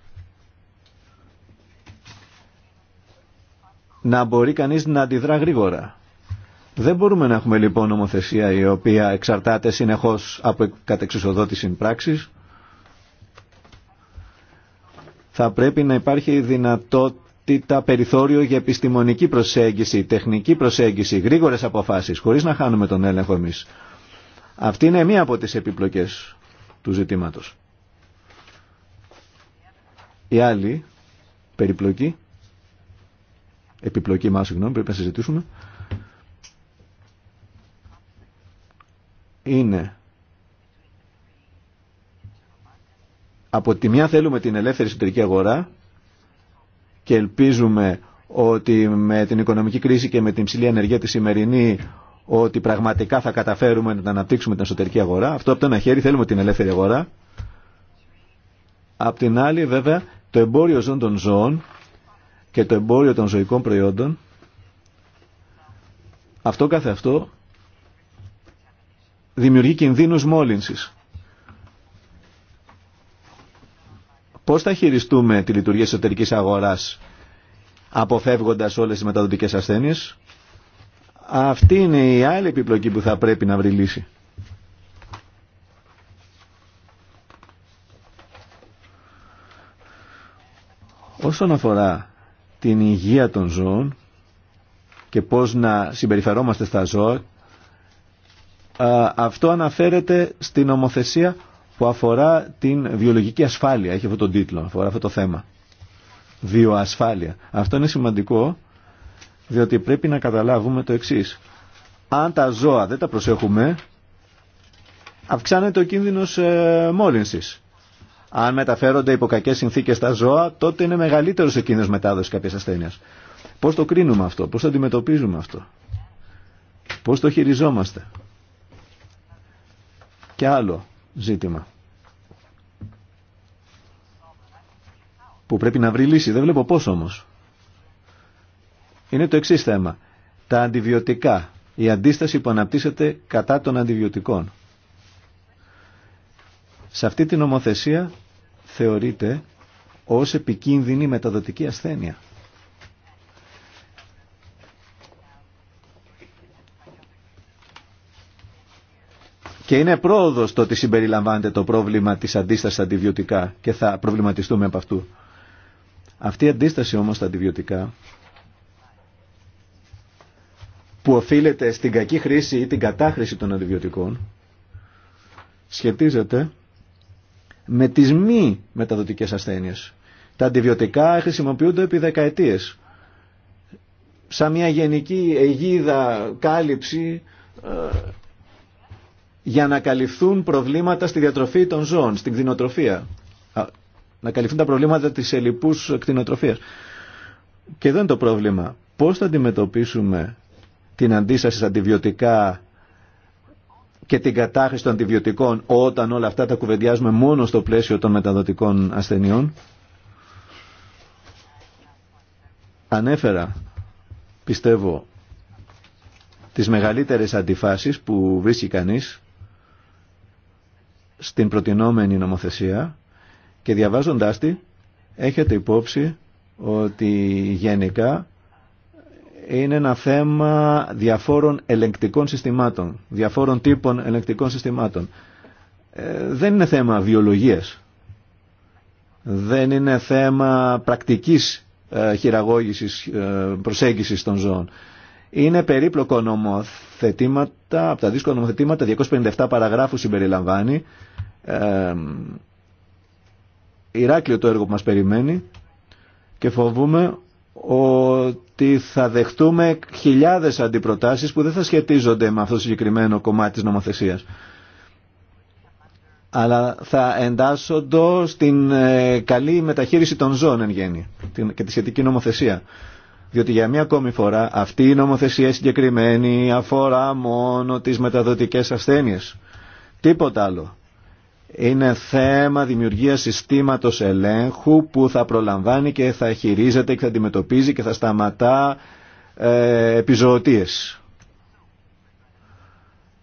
Να μπορεί κανείς να αντιδρά γρήγορα. Δεν μπορούμε να έχουμε λοιπόν νομοθεσία η οποία εξαρτάται συνεχώς από κατεξουσοδότηση πράξης. Θα πρέπει να υπάρχει δυνατότητα περιθώριο για επιστημονική προσέγγιση, τεχνική προσέγγιση, γρήγορες αποφάσεις, χωρίς να χάνουμε τον έλεγχο εμείς. Αυτή είναι μία από τις επιπλοκές του ζητήματος. Η άλλη περιπλοκή, επιπλοκή μας, συγγνώμη, πρέπει να συζητήσουμε, είναι από τη μια θέλουμε την ελεύθερη εσωτερική αγορά και ελπίζουμε ότι με την οικονομική κρίση και με την ψηλή ενέργεια τη σημερινή ότι πραγματικά θα καταφέρουμε να αναπτύξουμε την εσωτερική αγορά. Αυτό από το ένα χέρι θέλουμε την ελεύθερη αγορά. Απ' την άλλη βέβαια το εμπόριο ζών των ζώων και το εμπόριο των ζωικών προϊόντων αυτό κάθε αυτό δημιουργεί κινδύνους μόλυνσης. Πώς θα χειριστούμε τη λειτουργία εσωτερικής αγοράς αποφεύγοντας όλες τις μεταδοτικές ασθένειες αυτή είναι η άλλη επιπλοκή που θα πρέπει να βρει λύση. Όσον αφορά την υγεία των ζώων και πώς να συμπεριφερόμαστε στα ζώα, αυτό αναφέρεται στην νομοθεσία που αφορά την βιολογική ασφάλεια. Έχει αυτό τον τίτλο, αφορά αυτό το θέμα. Βιοασφάλεια. Αυτό είναι σημαντικό διότι πρέπει να καταλάβουμε το εξή. Αν τα ζώα δεν τα προσέχουμε, αυξάνεται ο κίνδυνος ε, μόλυνσης. Αν μεταφέρονται υπό κακέ συνθήκες τα ζώα, τότε είναι μεγαλύτερος ο κίνδυνος μετάδοσης κάποιες ασθένειας. Πώς το κρίνουμε αυτό, πώς το αντιμετωπίζουμε αυτό, πώς το χειριζόμαστε. Και άλλο ζήτημα που πρέπει να βρει λύση. Δεν βλέπω πώ όμω είναι το εξή θέμα. Τα αντιβιωτικά. Η αντίσταση που αναπτύσσεται κατά των αντιβιωτικών. Σε αυτή την νομοθεσία θεωρείται ως επικίνδυνη μεταδοτική ασθένεια. Και είναι πρόοδο το ότι συμπεριλαμβάνεται το πρόβλημα της αντίστασης αντιβιωτικά και θα προβληματιστούμε από αυτού. Αυτή η αντίσταση όμως στα αντιβιωτικά που οφείλεται στην κακή χρήση ή την κατάχρηση των αντιβιωτικών σχετίζεται με τις μη μεταδοτικές ασθένειες. Τα αντιβιωτικά χρησιμοποιούνται επί δεκαετίες. Σαν μια γενική αιγίδα κάλυψη ε, για να καλυφθούν προβλήματα στη διατροφή των ζώων, στην κτηνοτροφία. Να καλυφθούν τα προβλήματα της ελληπούς κτηνοτροφίας. Και εδώ είναι το πρόβλημα. Πώς θα αντιμετωπίσουμε την αντίσταση στα αντιβιωτικά και την κατάχρηση των αντιβιωτικών όταν όλα αυτά τα κουβεντιάζουμε μόνο στο πλαίσιο των μεταδοτικών ασθενειών. Ανέφερα, πιστεύω, τις μεγαλύτερες αντιφάσεις που βρίσκει κανείς στην προτινόμενη νομοθεσία και διαβάζοντάς τη έχετε υπόψη ότι γενικά είναι ένα θέμα διαφόρων ελεγκτικών συστημάτων, διαφόρων τύπων ελεγκτικών συστημάτων. Ε, δεν είναι θέμα βιολογίας. Δεν είναι θέμα πρακτικής ε, χειραγώγησης, ε, προσέγγισης των ζώων. Είναι περίπλοκο νομοθετήματα, από τα δύσκολα νομοθετήματα, 257 παραγράφους συμπεριλαμβάνει. Ηράκλειο το έργο που μας περιμένει και φοβούμε ότι θα δεχτούμε χιλιάδες αντιπροτάσεις που δεν θα σχετίζονται με αυτό το συγκεκριμένο κομμάτι της νομοθεσίας αλλά θα εντάσσονται στην ε, καλή μεταχείριση των ζώων εν γέννη και τη σχετική νομοθεσία. Διότι για μία ακόμη φορά αυτή η νομοθεσία συγκεκριμένη αφορά μόνο τις μεταδοτικές ασθένειες. Τίποτα άλλο. Είναι θέμα δημιουργία συστήματος ελέγχου που θα προλαμβάνει και θα χειρίζεται και θα αντιμετωπίζει και θα σταματά ε,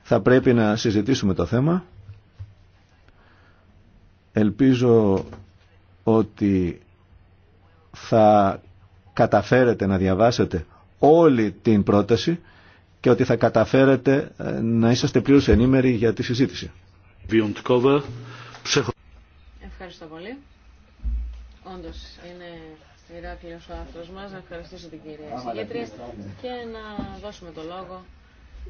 Θα πρέπει να συζητήσουμε το θέμα. Ελπίζω ότι θα καταφέρετε να διαβάσετε όλη την πρόταση και ότι θα καταφέρετε ε, να είσαστε πλήρως ενήμεροι για τη συζήτηση. Ευχαριστώ πολύ. Όντω είναι Ηράκλειο ο άνθρωπο μα. Να ευχαριστήσω την κυρία Συγκέντρια και να δώσουμε το λόγο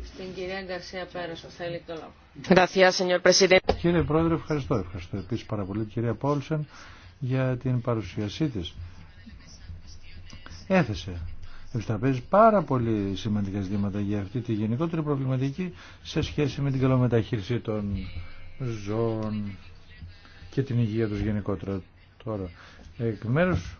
στην κυρία Γκαρσία Πέρο θέλει το λόγο. Κύριε Πρόεδρε, ευχαριστώ. Ευχαριστώ επίση πάρα πολύ την κυρία Πόλσεν για την παρουσίασή τη. Έθεσε επιστραπέζει πάρα πολύ σημαντικά ζητήματα για αυτή τη γενικότερη προβληματική σε σχέση με την καλομεταχείριση των ζώων και την υγεία τους γενικότερα. Τώρα, εκ μέρους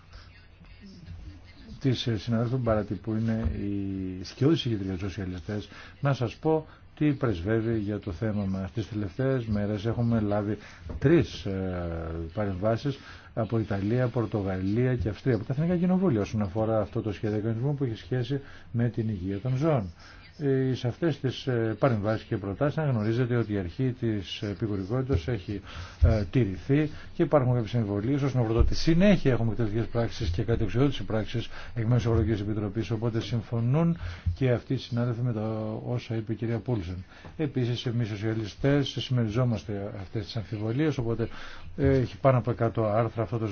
της ε, συναδέλφου Μπαρατή που είναι η σκιώδης των σοσιαλιστές, να σας πω τι πρεσβεύει για το θέμα μας. Τις τελευταίες μέρες έχουμε λάβει τρεις ε, παρεμβάσεις από Ιταλία, Πορτογαλία και Αυστρία από τα Εθνικά Κοινοβούλια όσον αφορά αυτό το σχέδιο που έχει σχέση με την υγεία των ζώων. Ε, σε αυτές τις ε, παρεμβάσεις και προτάσεις να γνωρίζετε ότι η αρχή της επικουρικότητας έχει ε, τηρηθεί και υπάρχουν κάποιες εμβολίες να βρω ότι συνέχεια έχουμε εκτελεστικέ πράξεις και κατεξοδότηση πράξεις εκ μέρους Ευρωπαϊκής Επιτροπής οπότε συμφωνούν και αυτοί οι συνάδελφοι με τα όσα είπε η κυρία Πούλσεν. Επίσης εμείς σοσιαλιστές συμμεριζόμαστε αυτές τις αμφιβολίες οπότε έχει πάνω από 100 άρθρα αυτό το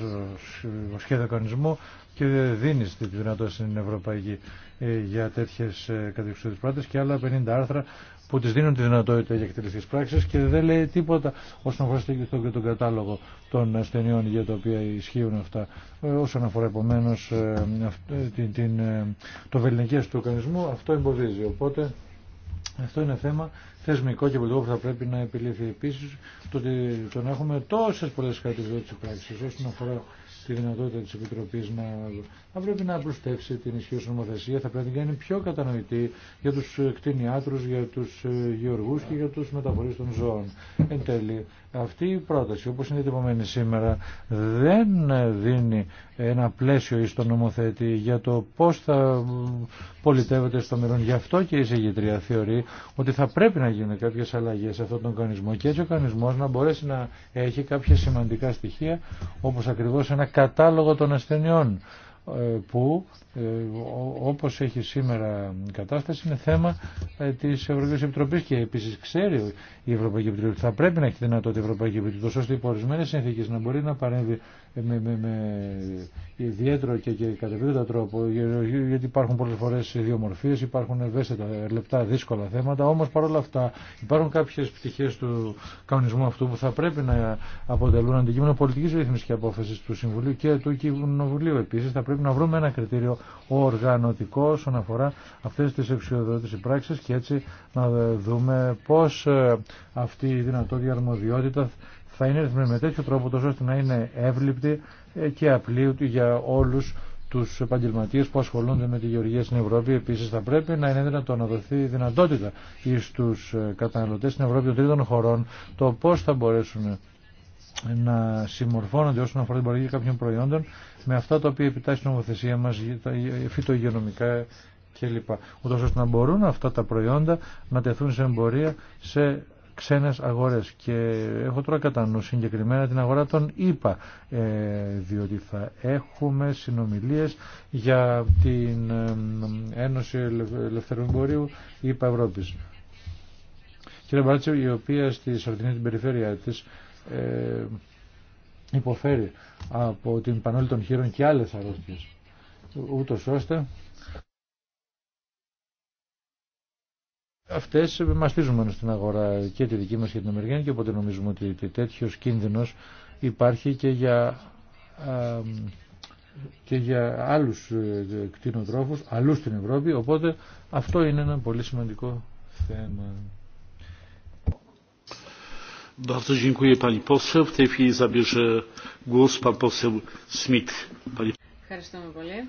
σχέδιο κανονισμού και δίνει τη δυνατότητα στην Ευρωπαϊκή ε, για τέτοιε ε, κατευθύντικέ πράξει και άλλα 50 άρθρα που τη δίνουν τη δυνατότητα για εκτελεστικέ πράξει και δεν λέει τίποτα όσον αφορά και τον κατάλογο των ασθενειών για τα οποία ισχύουν αυτά. Ε, όσον αφορά επομένω το βεληνικέ του οργανισμού, αυτό εμποδίζει. Οπότε αυτό είναι θέμα θεσμικό και πολιτικό που θα πρέπει να επιλύθει επίση το ότι έχουμε τόσε πολλέ κατηγορίε πράξει όσον αφορά στη δυνατότητα της Επιτροπής να, να πρέπει να απλουστεύσει την ισχύουσα νομοθεσία, θα πρέπει να γίνει πιο κατανοητή για τους ε, κτηνιάτρους, για τους ε, γεωργούς και για τους μεταφορείς των ζώων. Εν τέλει, αυτή η πρόταση, όπως είναι τυπωμένη σήμερα, δεν δίνει ένα πλαίσιο εις τον νομοθέτη για το πώς θα πολιτεύεται στο μέλλον. Γι' αυτό και η συγγετρία θεωρεί ότι θα πρέπει να γίνουν κάποιες αλλαγές σε αυτόν τον κανονισμό και έτσι ο κανονισμός να μπορέσει να έχει κάποια σημαντικά στοιχεία όπως ακριβώς ένα κατάλογο των ασθενειών ε, που ε, όπως έχει σήμερα κατάσταση είναι θέμα ε, της Ευρωπαϊκής Επιτροπής και επίσης ξέρει η Ευρωπαϊκή Επιτροπή θα πρέπει να έχει δυνατότητα η Ευρωπαϊκή Επιτροπή τόσο ώστε υπό ορισμένες συνθήκες να μπορεί να παρέμβει με, με, με ιδιαίτερο και, και τρόπο, γιατί υπάρχουν πολλές φορές ιδιομορφίες, υπάρχουν ευαίσθητα λεπτά δύσκολα θέματα, όμως παρόλα αυτά υπάρχουν κάποιες πτυχές του κανονισμού αυτού που θα πρέπει να αποτελούν αντικείμενο πολιτικής ρύθμισης και απόφασης του Συμβουλίου και του Κοινοβουλίου επίσης. Θα πρέπει να βρούμε ένα κριτήριο οργανωτικό όσον αφορά αυτές τις εξουσιοδότηση πράξεις και έτσι να δούμε πώς ε, αυτή η δυνατότητα αρμοδιότητα θα είναι ρυθμισμένη με τέτοιο τρόπο τόσο ώστε να είναι εύληπτη και απλή για όλους τους επαγγελματίες που ασχολούνται με τη γεωργία στην Ευρώπη. Επίσης θα πρέπει να είναι δυνατόν να δοθεί δυνατότητα στους ε, καταναλωτές στην Ευρώπη των τρίτων χωρών το πώς θα μπορέσουν να συμμορφώνονται όσον αφορά την παραγωγή κάποιων προϊόντων με αυτά τα οποία επιτάσσει η νομοθεσία μας φυτογενομικά κλπ. Ούτως ώστε να μπορούν αυτά τα προϊόντα να τεθούν σε εμπορία σε ξένες αγορές και έχω τώρα κατά νου συγκεκριμένα την αγορά των ΙΠΑ ε, διότι θα έχουμε συνομιλίες για την ε, Ένωση Ελευθερών Εμπορίου ΙΠΑ Ευρώπης. Κύριε η οποία στη Σαρτινή την περιφέρεια της ε, υποφέρει από την πανόλη των χείρων και άλλες αρρώστιες ούτως ώστε Αυτές μαστίζουν μόνο στην αγορά και τη δική μας και την Αμερικανική, οπότε νομίζουμε ότι τέτοιο κίνδυνο υπάρχει και για, και για άλλους ε, κτηνοτρόφους, αλλού στην Ευρώπη, οπότε αυτό είναι ένα πολύ σημαντικό θέμα. dziękuję pani poseł. tej zabierze głos pan poseł Ευχαριστούμε πολύ.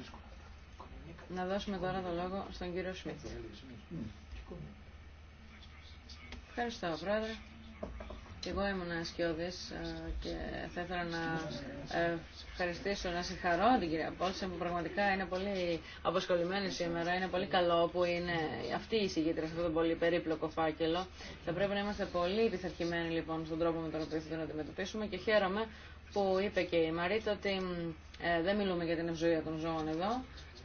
Να δώσουμε τώρα το λόγο στον κύριο Σμιτ. Ευχαριστώ, Πρόεδρε. Και εγώ ήμουν ασκιώδη ε, και θα ήθελα να ευχαριστήσω, να συγχαρώ την κυρία Πόλσεν που πραγματικά είναι πολύ αποσχολημένη σήμερα. Είναι πολύ καλό που είναι αυτή η συγκέντρωση, σε αυτόν τον πολύ περίπλοκο φάκελο. Θα πρέπει να είμαστε πολύ πειθαρχημένοι λοιπόν στον τρόπο με τον οποίο θα τον αντιμετωπίσουμε και χαίρομαι που είπε και η Μαρίτα ότι ε, δεν μιλούμε για την ευζοία των ζώων εδώ,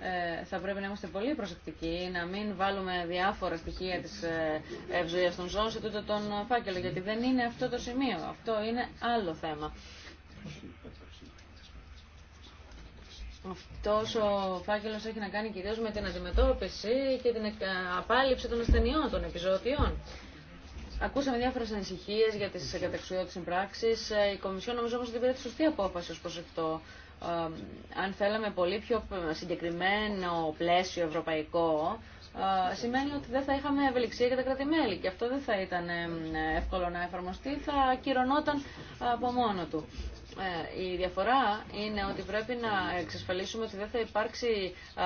ε, θα πρέπει να είμαστε πολύ προσεκτικοί, να μην βάλουμε διάφορα στοιχεία της ε, ευζοίας των ζώων σε τούτο τον φάκελο, γιατί δεν είναι αυτό το σημείο. Αυτό είναι άλλο θέμα. Αυτός ο φάκελο έχει να κάνει κυρίως με την αντιμετώπιση και την απάλληψη των ασθενειών, των επιζωτιών. Ακούσαμε διάφορε ανησυχίε για τι καταξιότητε συμπράξει. Ε, η Κομισιόν νομίζω όμω ότι πήρε τη σωστή απόφαση ω προ αυτό αν θέλαμε πολύ πιο συγκεκριμένο πλαίσιο ευρωπαϊκό, ε, σημαίνει ότι δεν θα είχαμε ευελιξία για τα κρατημέλη και αυτό δεν θα ήταν εύκολο να εφαρμοστεί, θα κυρωνόταν από μόνο του. Ε, η διαφορά είναι ότι πρέπει να εξασφαλίσουμε ότι δεν θα υπάρξει ε,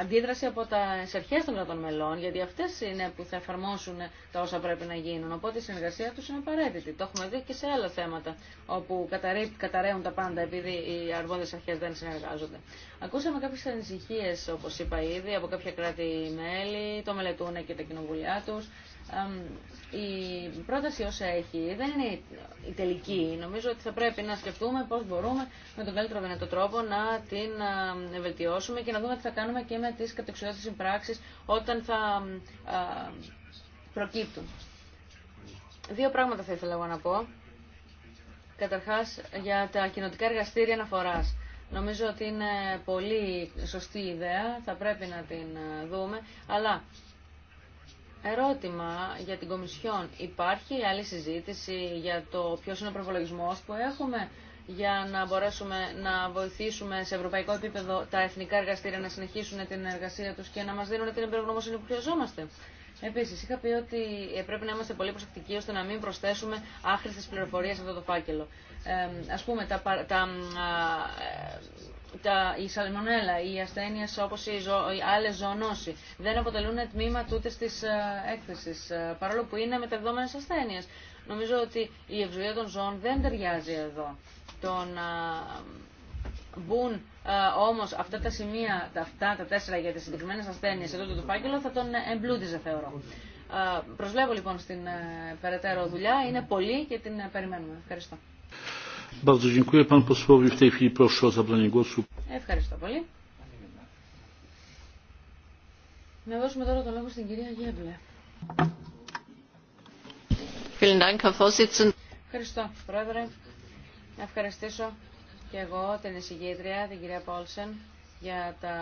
αντίδραση από τα αρχέ των κρατών μελών, γιατί αυτέ είναι που θα εφαρμόσουν τα όσα πρέπει να γίνουν. Οπότε η συνεργασία του είναι απαραίτητη. Το έχουμε δει και σε άλλα θέματα, όπου καταραίουν τα πάντα επειδή οι αρμόδιε αρχέ δεν συνεργάζονται. Ακούσαμε κάποιε ανησυχίε, όπω είπα ήδη, από κάποια κράτη-μέλη, το μελετούν και τα κοινοβουλιά του η πρόταση όσα έχει δεν είναι η τελική. Νομίζω ότι θα πρέπει να σκεφτούμε πώς μπορούμε με τον καλύτερο δυνατό τρόπο να την βελτιώσουμε και να δούμε τι θα κάνουμε και με τις κατεξοδότητες συμπράξεις όταν θα προκύπτουν. Δύο πράγματα θα ήθελα εγώ να πω. Καταρχάς για τα κοινοτικά εργαστήρια αναφοράς. Νομίζω ότι είναι πολύ σωστή ιδέα, θα πρέπει να την δούμε, αλλά Ερώτημα για την Κομισιόν. Υπάρχει άλλη συζήτηση για το ποιος είναι ο προπολογισμό που έχουμε για να μπορέσουμε να βοηθήσουμε σε ευρωπαϊκό επίπεδο τα εθνικά εργαστήρια να συνεχίσουν την εργασία τους και να μας δίνουν την εμπειρογνωμοσύνη που χρειαζόμαστε. Επίσης, είχα πει ότι πρέπει να είμαστε πολύ προσεκτικοί ώστε να μην προσθέσουμε άχρηστες πληροφορίες σε αυτό το φάκελο. Ε, ας πούμε, τα, τα, ε, η σαλμονέλα, οι ασθένειε όπω οι, ζω, οι άλλε ζωονόσοι δεν αποτελούν τμήμα τούτη τη ε, έκθεση, ε, παρόλο που είναι μεταδόμενε ασθένειε. Νομίζω ότι η ευζοία των ζώων δεν ταιριάζει εδώ. Το να ε, μπουν όμω αυτά τα σημεία, τα αυτά τα τέσσερα για τι συγκεκριμένε ασθένειε. εδώ τούτο το φάκελο θα τον εμπλούτιζε θεωρώ. Προσβλέπω λοιπόν στην περαιτέρω δουλειά, είναι πολύ και την περιμένουμε. Ευχαριστώ. Ευχαριστώ πολύ. Να δώσουμε τώρα το λόγο στην κυρία Γέμπλε. Ευχαριστώ, Πρόεδρε. Να ευχαριστήσω και εγώ την εισηγήτρια, την κυρία Πόλσεν, για τα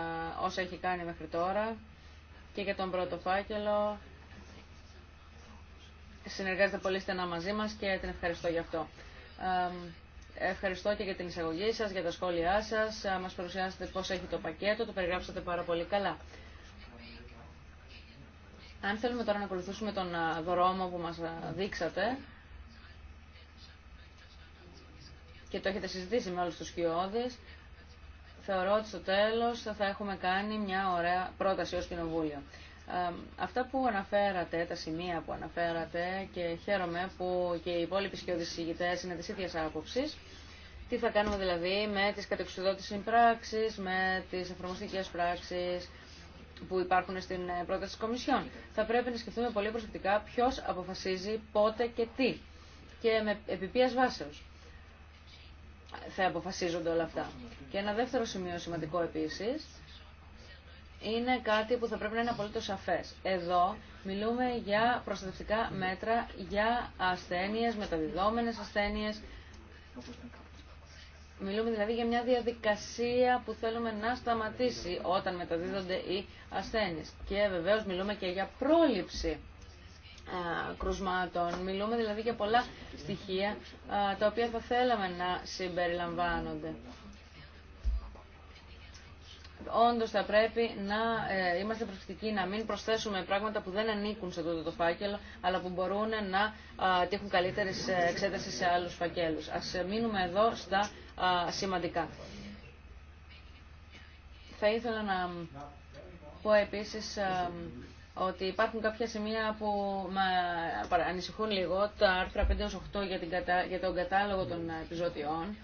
όσα έχει κάνει μέχρι τώρα και για τον πρώτο φάκελο. Συνεργάζεται πολύ στενά μαζί μας και την ευχαριστώ γι' αυτό. Ευχαριστώ και για την εισαγωγή σας, για τα σχόλιά σας. Ε, μας παρουσιάσατε πώς έχει το πακέτο, το περιγράψατε πάρα πολύ καλά. Αν θέλουμε τώρα να ακολουθήσουμε τον ε, δρόμο που μας ε, δείξατε και το έχετε συζητήσει με όλους τους κοιόδες, θεωρώ ότι στο τέλος θα έχουμε κάνει μια ωραία πρόταση ως κοινοβούλιο. Αυτά που αναφέρατε, τα σημεία που αναφέρατε και χαίρομαι που και οι υπόλοιποι σκιώδεις είναι της ίδιας άποψης. Τι θα κάνουμε δηλαδή με τις κατεξουδότητες πράξεις, με τις εφαρμοστικές πράξεις που υπάρχουν στην ε, πρόταση της Κομισιόν. Θα πρέπει να σκεφτούμε πολύ προσεκτικά ποιο αποφασίζει πότε και τι και με επιπίας βάσεως θα αποφασίζονται όλα αυτά. Και ένα δεύτερο σημείο σημαντικό επίσης είναι κάτι που θα πρέπει να είναι απολύτω σαφέ. Εδώ μιλούμε για προστατευτικά μέτρα για ασθένειε, μεταδιδόμενε ασθένειε. Μιλούμε δηλαδή για μια διαδικασία που θέλουμε να σταματήσει όταν μεταδίδονται οι ασθένειε. Και βεβαίω μιλούμε και για πρόληψη κρουσμάτων. Μιλούμε δηλαδή για πολλά στοιχεία τα οποία θα θέλαμε να συμπεριλαμβάνονται όντως θα πρέπει να ε, είμαστε προσεκτικοί, να μην προσθέσουμε πράγματα που δεν ανήκουν σε τούτο το φάκελο, αλλά που μπορούν να τύχουν καλύτερη ε, εξέταση σε άλλους φακέλους. Ας ε, μείνουμε εδώ στα σημαντικά. Θα ήθελα να πω επίσης ότι υπάρχουν κάποια σημεία που με ανησυχούν λίγο, τα άρθρα 5-8 για, για τον κατάλογο των επιζωτιών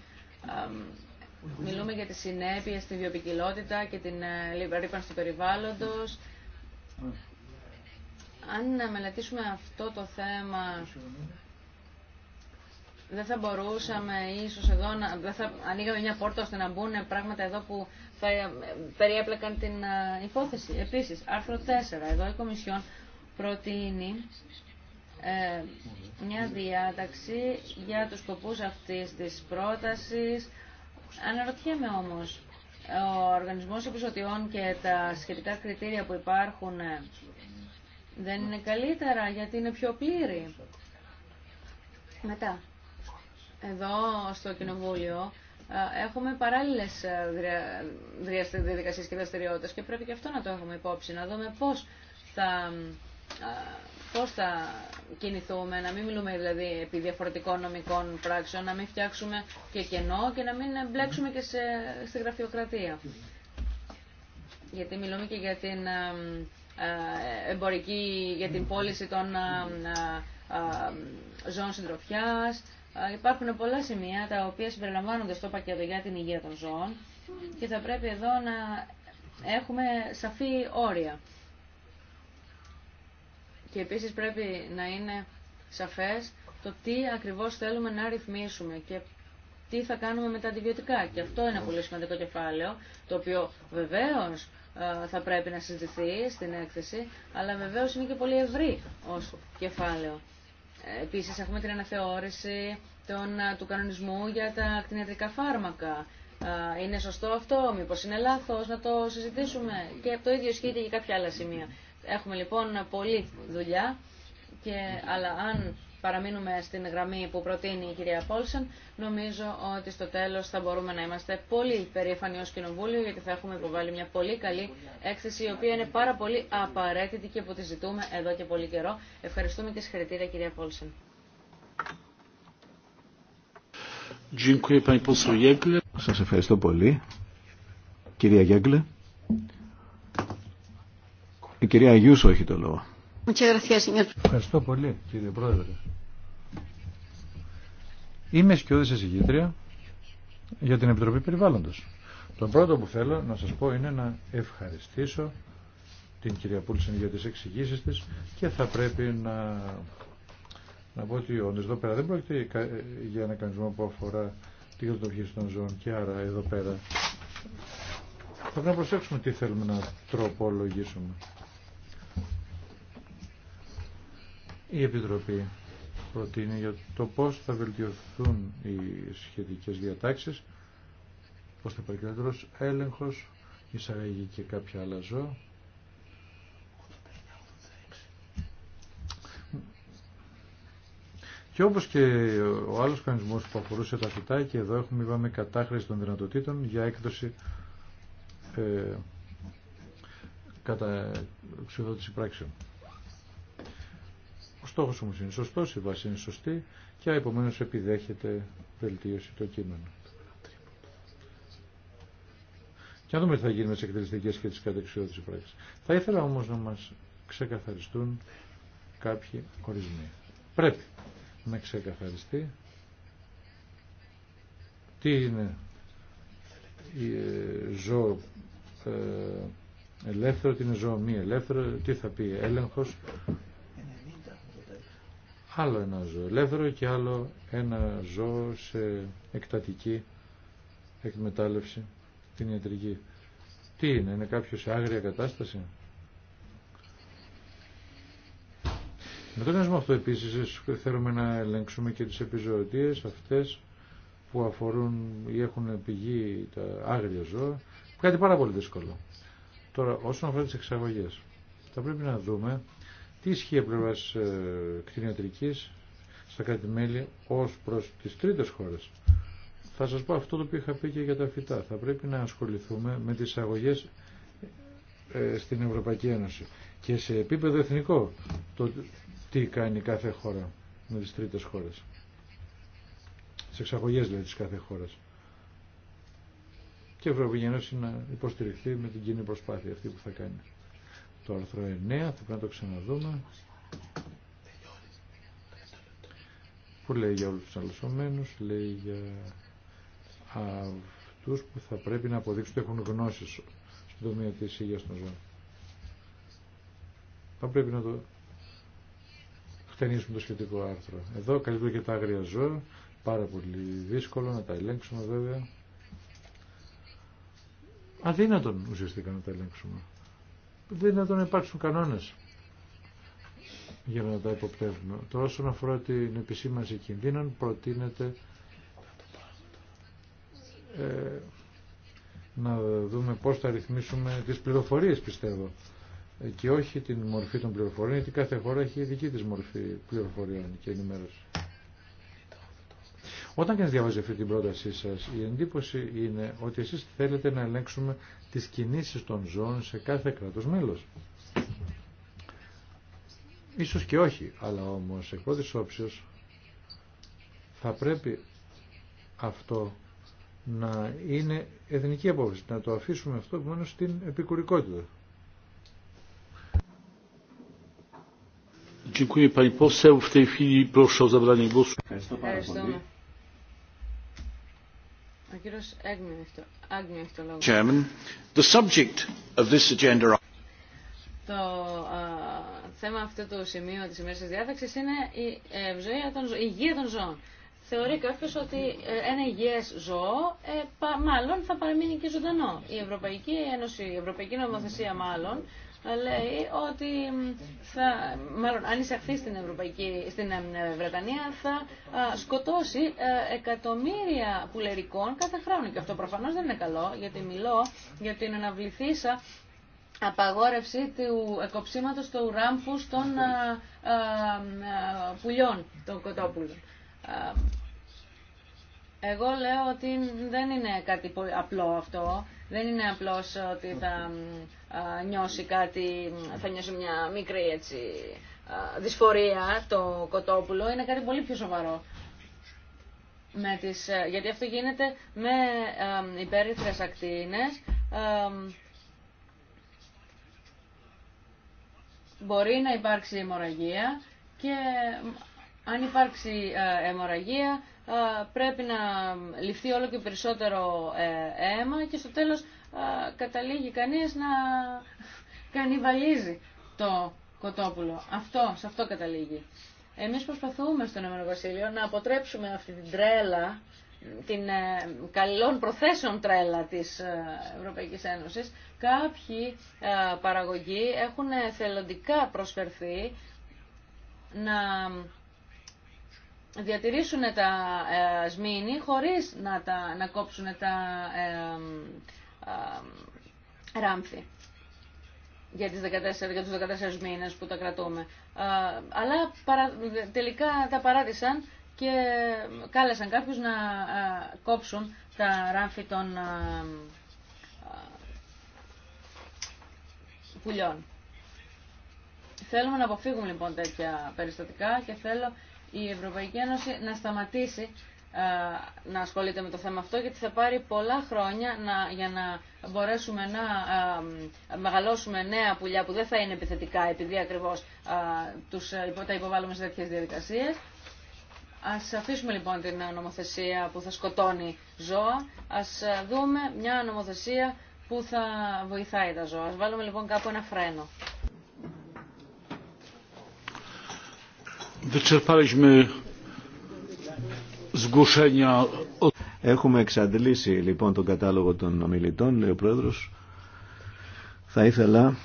Μιλούμε για τις συνέπειες τη βιοπικιλότητα και την ε, ρήπανση του περιβάλλοντος. Αν μελετήσουμε αυτό το θέμα, δεν θα μπορούσαμε ίσως εδώ να... Δεν θα ανοίγαμε μια πόρτα ώστε να μπουν πράγματα εδώ που θα ε, περιέπλεκαν την ε, υπόθεση. Επίσης, άρθρο 4, εδώ η Κομισιόν προτείνει μια διάταξη για τους σκοπούς αυτής της πρότασης, Αναρωτιέμαι όμως, ο οργανισμός επισωτιών και τα σχετικά κριτήρια που υπάρχουν ε, δεν είναι καλύτερα γιατί είναι πιο πλήρη. Μετά, εδώ στο Κοινοβούλιο ε, έχουμε παράλληλες ε, διαδικασίες και δραστηριότητε και πρέπει και αυτό να το έχουμε υπόψη, να δούμε πώς θα Πώ θα κινηθούμε, να μην μιλούμε δηλαδή επί διαφορετικών νομικών πράξεων, να μην φτιάξουμε και κενό και να μην μπλέξουμε και σε, στη γραφειοκρατία. Γιατί μιλούμε και για την ε, εμπορική, για την πώληση των ε, ζώων συντροφιά, ε, Υπάρχουν πολλά σημεία τα οποία συμπεριλαμβάνονται στο πακέτο για την υγεία των ζώων και θα πρέπει εδώ να έχουμε σαφή όρια. Και επίσης πρέπει να είναι σαφές το τι ακριβώς θέλουμε να ρυθμίσουμε και τι θα κάνουμε με τα αντιβιωτικά. Και αυτό είναι ένα πολύ σημαντικό κεφάλαιο, το οποίο βεβαίως ε, θα πρέπει να συζητηθεί στην έκθεση, αλλά βεβαίως είναι και πολύ ευρύ ως κεφάλαιο. Ε, επίσης έχουμε την αναθεώρηση των, ε, του κανονισμού για τα κτηνιατρικά φάρμακα. Είναι σωστό αυτό, μήπως είναι λάθος, να το συζητήσουμε. Και το ίδιο ισχύει και κάποια άλλα σημεία. Έχουμε λοιπόν πολλή δουλειά, και, αλλά αν παραμείνουμε στην γραμμή που προτείνει η κυρία Πόλσεν, νομίζω ότι στο τέλος θα μπορούμε να είμαστε πολύ περήφανοι ως Κοινοβούλιο, γιατί θα έχουμε υποβάλει μια πολύ καλή έκθεση, η οποία είναι πάρα πολύ απαραίτητη και που τη ζητούμε εδώ και πολύ καιρό. Ευχαριστούμε και συγχαρητήρια κυρία Πόλσεν. Σας ευχαριστώ πολύ. Κυρία Γέγκλε. Η κυρία Αγιούσο έχει το λόγο. Ευχαριστώ πολύ κύριε Πρόεδρε. Είμαι σκιώδης εισηγήτρια για την Επιτροπή Περιβάλλοντος. Το πρώτο που θέλω να σας πω είναι να ευχαριστήσω την κυρία Πούλσεν για τις εξηγήσει της και θα πρέπει να, να πω ότι όντως εδώ πέρα δεν πρόκειται για ένα κανονισμό που αφορά την κατατοχή των ζώων και άρα εδώ πέρα θα πρέπει να προσέξουμε τι θέλουμε να τροπολογήσουμε. Η Επιτροπή προτείνει για το πώς θα βελτιωθούν οι σχετικές διατάξεις, πώς θα υπάρχει καλύτερος έλεγχος, εισαγωγή και κάποια άλλα ζώα. Και όπως και ο άλλος κανονισμός που αφορούσε τα φυτά και εδώ έχουμε είπαμε κατάχρηση των δυνατοτήτων για έκδοση ε, κατά εξοδότηση πράξεων στόχος όμως είναι σωστός, η βάση είναι σωστή και επομένω επιδέχεται βελτίωση το κείμενο. Και να δούμε τι θα γίνει με τις εκτελεστικές και τις κατεξιώδει πράξεις. Θα ήθελα όμως να μας ξεκαθαριστούν κάποιοι ορισμοί. Πρέπει να ξεκαθαριστεί τι είναι η ε, ζώο ε, ελεύθερο, τι είναι ζώο μη ελεύθερο, τι θα πει έλεγχος, άλλο ένα ζώο ελεύθερο και άλλο ένα ζώο σε εκτατική εκμετάλλευση την ιατρική. Τι είναι, είναι κάποιο σε άγρια κατάσταση. Με τον κόσμο αυτό επίσης θέλουμε να ελέγξουμε και τις επιζωοτίες αυτές που αφορούν ή έχουν πηγή τα άγρια ζώα. Κάτι πάρα πολύ δύσκολο. Τώρα όσον αφορά τις εξαγωγές θα πρέπει να δούμε τι ισχύει από πλευρά ε, κτηνιατρική στα κράτη-μέλη ω προ τι τρίτε χώρε. Θα σα πω αυτό το οποίο είχα πει και για τα φυτά. Θα πρέπει να ασχοληθούμε με τι αγωγέ ε, στην Ευρωπαϊκή Ένωση και σε επίπεδο εθνικό το τι κάνει κάθε χώρα με τι τρίτες χώρε, Σε εξαγωγέ δηλαδή τη κάθε χώρα. Και η Ευρωπαϊκή Ένωση να υποστηριχθεί με την κοινή προσπάθεια αυτή που θα κάνει το άρθρο 9, θα πρέπει να το ξαναδούμε, που λέει για όλους τους αλωσομένους, λέει για αυτούς που θα πρέπει να αποδείξουν ότι έχουν γνώσεις στον δομή της υγείας των ζώων. Θα πρέπει να το χτενίσουμε το σχετικό άρθρο. Εδώ καλύπτω και τα άγρια ζώα, πάρα πολύ δύσκολο να τα ελέγξουμε βέβαια. Αδύνατον ουσιαστικά να τα ελέγξουμε. Δεν δυνατόν να υπάρξουν κανόνες για να τα υποπτεύουμε. Τώρα όσον αφορά την επισήμανση κινδύνων προτείνεται ε, να δούμε πώς θα ρυθμίσουμε τις πληροφορίες πιστεύω και όχι την μορφή των πληροφοριών γιατί κάθε χώρα έχει δική της μορφή πληροφοριών και ενημέρωση. Όταν κανείς διαβάζει αυτή την πρότασή σας, η εντύπωση είναι ότι εσείς θέλετε να ελέγξουμε τις κινήσεις των ζώων σε κάθε κράτος μέλος. Ίσως και όχι, αλλά όμως εκ πρώτη όψεως θα πρέπει αυτό να είναι εθνική απόφαση, να το αφήσουμε αυτό μόνο στην επικουρικότητα. Dziękuję Pani Poseł. W tej chwili proszę o zabranie głosu το Chairman, the subject of this agenda... Το θέμα αυτού του σημείου της ημέρας της διάταξης είναι η, ε, ζωή των, υγεία των ζώων. Θεωρεί κάποιο ότι ε, ένα υγιέ ζώο ε, μάλλον θα παραμείνει και ζωντανό. Η Ευρωπαϊκή Ένωση, η Ευρωπαϊκή Νομοθεσία μάλλον, λέει ότι θα, μάλλον αν εισαχθεί στην, Ευρωπαϊκή, στην ε, Βρετανία θα σκοτώσει ε, εκατομμύρια πουλερικών κάθε χρόνο. Και αυτό προφανώς δεν είναι καλό, γιατί μιλώ για την αναβληθήσα απαγόρευση του εκοψίματος του ράμπου των πουλιών, των κοτόπουλων. Εγώ λέω ότι δεν είναι κάτι απλό αυτό. Δεν είναι απλώς ότι θα νιώσει κάτι, θα νιώσει μια μικρή έτσι, δυσφορία το κοτόπουλο, είναι κάτι πολύ πιο σοβαρό. Με τις, γιατί αυτό γίνεται με υπέρυθρες ακτίνες. μπορεί να υπάρξει αιμορραγία και αν υπάρξει αιμορραγία πρέπει να ληφθεί όλο και περισσότερο ε, αίμα και στο τέλος καταλήγει κανείς να κανιβαλίζει το κοτόπουλο. Αυτό, σε αυτό καταλήγει. Εμείς προσπαθούμε στον Εμένο Βασίλειο να αποτρέψουμε αυτή την τρέλα, την ε, καλών προθέσεων τρέλα της ε, Ευρωπαϊκής Ένωσης. Κάποιοι ε, παραγωγοί έχουν θελοντικά προσφερθεί να διατηρήσουν τα ε, σμήνη χωρίς να, τα, να κόψουν τα, ε, ε, ράμφη για, τις 14, για τους 14 μήνες που τα κρατούμε. Ε, αλλά τελικά τα παράτησαν και κάλεσαν κάποιους να ε, κόψουν τα ράμφη των πουλιών. Θέλουμε να αποφύγουμε λοιπόν τέτοια περιστατικά και θέλω η Ευρωπαϊκή Ένωση να σταματήσει ε, να ασχολείται με το θέμα αυτό γιατί θα πάρει πολλά χρόνια να, για να μπορέσουμε να ε, μεγαλώσουμε νέα πουλιά που δεν θα είναι επιθετικά επειδή ακριβώ ε, τους, τα υποβάλλουμε σε τέτοιε διαδικασίες. Ας αφήσουμε λοιπόν την νομοθεσία που θα σκοτώνει ζώα. Ας δούμε μια νομοθεσία που θα βοηθάει τα ζώα. Ας βάλουμε λοιπόν κάπου ένα φρένο. Έχουμε εξαντλήσει λοιπόν τον κατάλογο των ομιλητών, λέει ο Πρόεδρος. Θα ήθελα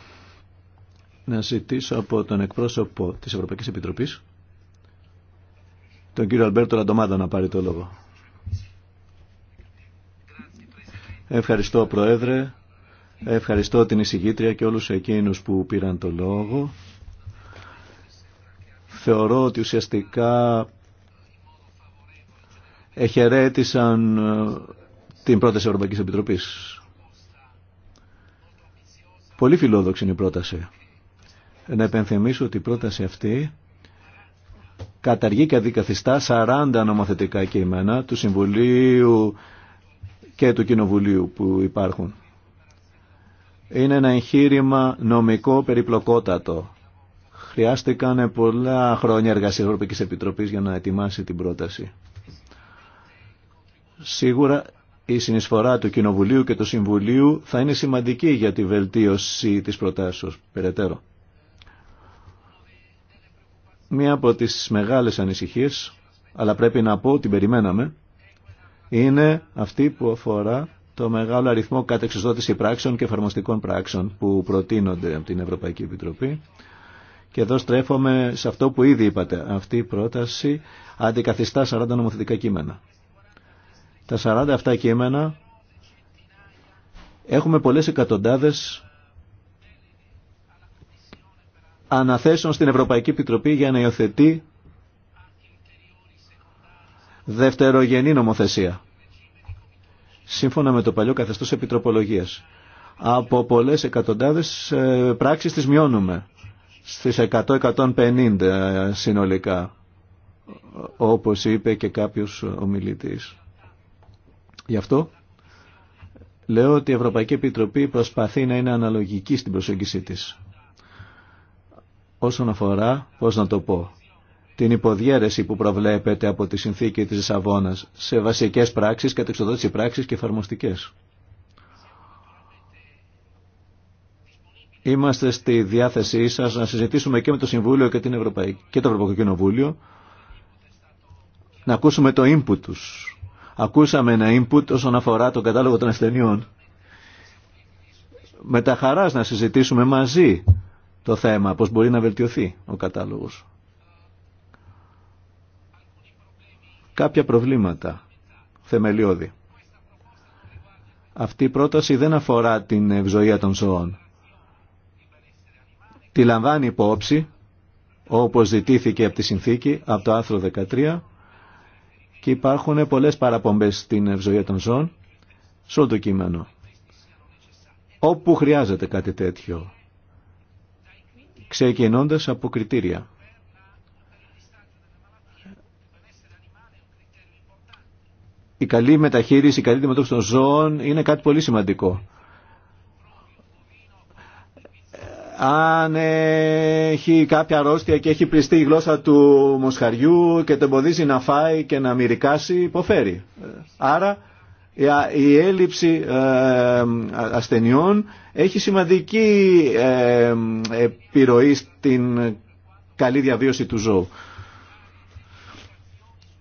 να ζητήσω από τον εκπρόσωπο της Ευρωπαϊκής Επιτροπής, τον κύριο Αλμπέρτο Λαντομάδα, να πάρει το λόγο. Ευχαριστώ Πρόεδρε, ευχαριστώ την εισηγήτρια και όλους εκείνους που πήραν το λόγο. Θεωρώ ότι ουσιαστικά εχαιρέτησαν ε, την πρόταση Ευρωπαϊκής Επιτροπής. Πολύ φιλόδοξη είναι η πρόταση. Να επενθυμίσω ότι η πρόταση αυτή καταργεί και αντικαθιστά 40 νομοθετικά κείμενα του Συμβουλίου και του Κοινοβουλίου που υπάρχουν. Είναι ένα εγχείρημα νομικό περιπλοκότατο. Χρειάστηκαν πολλά χρόνια εργασία Ευρωπαϊκής Επιτροπής για να ετοιμάσει την πρόταση. Σίγουρα η συνεισφορά του Κοινοβουλίου και του Συμβουλίου θα είναι σημαντική για τη βελτίωση της προτάσεως περαιτέρω. Μία από τις μεγάλες ανησυχίες, αλλά πρέπει να πω την περιμέναμε, είναι αυτή που αφορά το μεγάλο αριθμό κατεξοδότηση πράξεων και εφαρμοστικών πράξεων που προτείνονται από την Ευρωπαϊκή Επιτροπή. Και εδώ στρέφομαι σε αυτό που ήδη είπατε. Αυτή η πρόταση αντικαθιστά 40 νομοθετικά κείμενα τα 40 αυτά κείμενα έχουμε πολλές εκατοντάδες αναθέσεων στην Ευρωπαϊκή Επιτροπή για να υιοθετεί δευτερογενή νομοθεσία. Σύμφωνα με το παλιό καθεστώς επιτροπολογίας. Από πολλές εκατοντάδες ε, πράξεις τις μειώνουμε στις 100-150 ε, συνολικά, όπως είπε και κάποιος ομιλητής. Γι' αυτό λέω ότι η Ευρωπαϊκή Επιτροπή προσπαθεί να είναι αναλογική στην προσέγγιση της. Όσον αφορά, πώς να το πω, την υποδιέρεση που προβλέπεται από τη συνθήκη της Εισαβόνα σε βασικές πράξεις, κατεξοδότηση πράξεις και εφαρμοστικές. Είμαστε στη διάθεσή σας να συζητήσουμε και με το Συμβούλιο και, την Ευρωπαϊκή, και το Ευρωπαϊκό Κοινοβούλιο, να ακούσουμε το input τους Ακούσαμε ένα input όσον αφορά τον κατάλογο των ασθενειών. Με τα χαράς να συζητήσουμε μαζί το θέμα, πώς μπορεί να βελτιωθεί ο κατάλογος. Κάποια προβλήματα θεμελιώδη. Αυτή η πρόταση δεν αφορά την ευζοία των ζώων. Τη λαμβάνει υπόψη, όπως ζητήθηκε από τη συνθήκη, από το άρθρο 13, και υπάρχουν πολλές παραπομπές στην ευζοία των ζώων σε όλο το κείμενο. Όπου χρειάζεται κάτι τέτοιο, ξεκινώντας από κριτήρια. Η καλή μεταχείριση, η καλή αντιμετώπιση των ζώων είναι κάτι πολύ σημαντικό. αν έχει κάποια αρρώστια και έχει πληστεί η γλώσσα του μοσχαριού και το εμποδίζει να φάει και να μυρικάσει, υποφέρει. Άρα η έλλειψη ε, ασθενειών έχει σημαντική ε, επιρροή στην καλή διαβίωση του ζώου.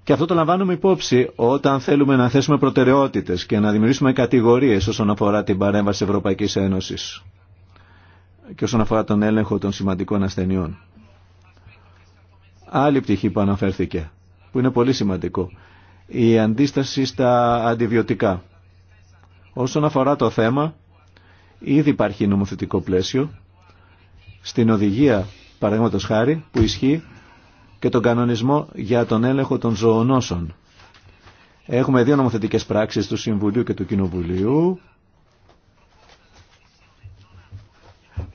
Και αυτό το λαμβάνουμε υπόψη όταν θέλουμε να θέσουμε προτεραιότητες και να δημιουργήσουμε κατηγορίες όσον αφορά την παρέμβαση Ευρωπαϊκής Ένωσης και όσον αφορά τον έλεγχο των σημαντικών ασθενειών. Άλλη πτυχή που αναφέρθηκε, που είναι πολύ σημαντικό, η αντίσταση στα αντιβιωτικά. Όσον αφορά το θέμα, ήδη υπάρχει νομοθετικό πλαίσιο στην οδηγία, παραδείγματο χάρη, που ισχύει και τον κανονισμό για τον έλεγχο των ζωονόσων. Έχουμε δύο νομοθετικές πράξεις του Συμβουλίου και του Κοινοβουλίου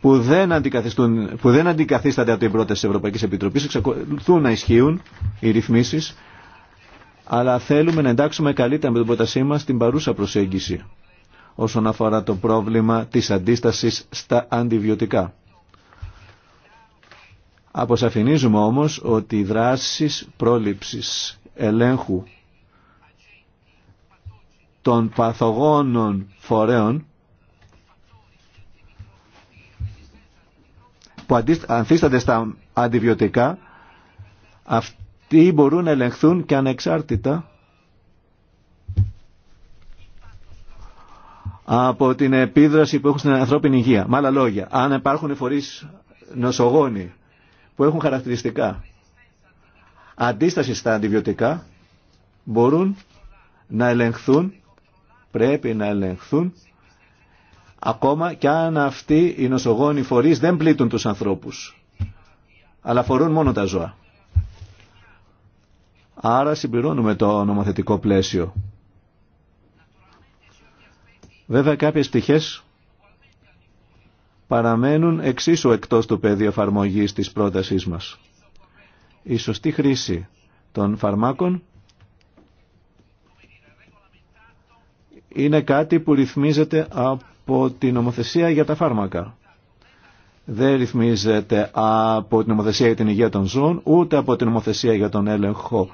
που δεν, αντικαθιστούν, που δεν αντικαθίστανται από την πρόταση της Ευρωπαϊκής Επιτροπής, εξακολουθούν να ισχύουν οι ρυθμίσεις, αλλά θέλουμε να εντάξουμε καλύτερα με την πρότασή μας την παρούσα προσέγγιση όσον αφορά το πρόβλημα της αντίστασης στα αντιβιωτικά. Αποσαφηνίζουμε όμως ότι οι δράσεις πρόληψης ελέγχου των παθογόνων φορέων που ανθίστανται στα αντιβιωτικά, αυτοί μπορούν να ελεγχθούν και ανεξάρτητα από την επίδραση που έχουν στην ανθρώπινη υγεία. Με άλλα λόγια, αν υπάρχουν φορείς νοσογόνοι που έχουν χαρακτηριστικά αντίσταση στα αντιβιωτικά, μπορούν να ελεγχθούν, πρέπει να ελεγχθούν ακόμα και αν αυτοί οι νοσογόνοι φορείς δεν πλήττουν τους ανθρώπους, αλλά φορούν μόνο τα ζώα. Άρα συμπληρώνουμε το νομοθετικό πλαίσιο. Βέβαια κάποιες πτυχές παραμένουν εξίσου εκτός του πεδίου εφαρμογή της πρότασής μας. Η σωστή χρήση των φαρμάκων είναι κάτι που ρυθμίζεται από από την νομοθεσία για τα φάρμακα. Δεν ρυθμίζεται από την νομοθεσία για την υγεία των ζώων, ούτε από την νομοθεσία για τον έλεγχο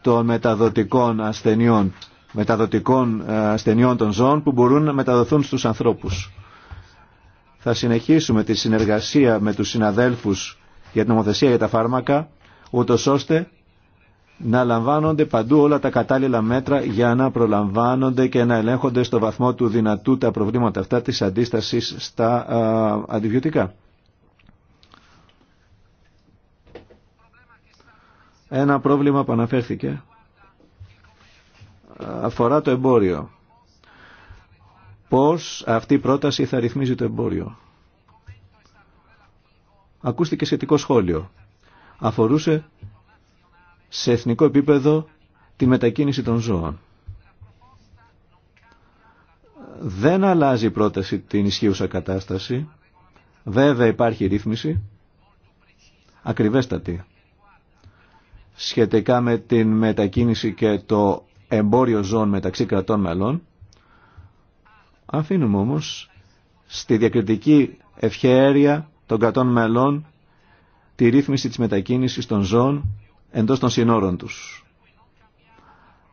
των μεταδοτικών ασθενειών, μεταδοτικών ε, ασθενειών των ζώων που μπορούν να μεταδοθούν στους ανθρώπους. Θα συνεχίσουμε τη συνεργασία με τους συναδέλφους για την νομοθεσία για τα φάρμακα, ούτως ώστε να λαμβάνονται παντού όλα τα κατάλληλα μέτρα για να προλαμβάνονται και να ελέγχονται στο βαθμό του δυνατού τα προβλήματα αυτά της αντίστασης στα α, αντιβιωτικά. Ένα πρόβλημα που αναφέρθηκε αφορά το εμπόριο. Πώς αυτή η πρόταση θα ρυθμίζει το εμπόριο. Ακούστηκε σχετικό σχόλιο. Αφορούσε σε εθνικό επίπεδο τη μετακίνηση των ζώων. Δεν αλλάζει η πρόταση την ισχύουσα κατάσταση. Βέβαια υπάρχει ρύθμιση ακριβέστατη σχετικά με την μετακίνηση και το εμπόριο ζώων μεταξύ κρατών μελών. Αφήνουμε όμως στη διακριτική ευχαίρεια των κρατών μελών τη ρύθμιση της μετακίνησης των ζώων εντός των συνόρων τους.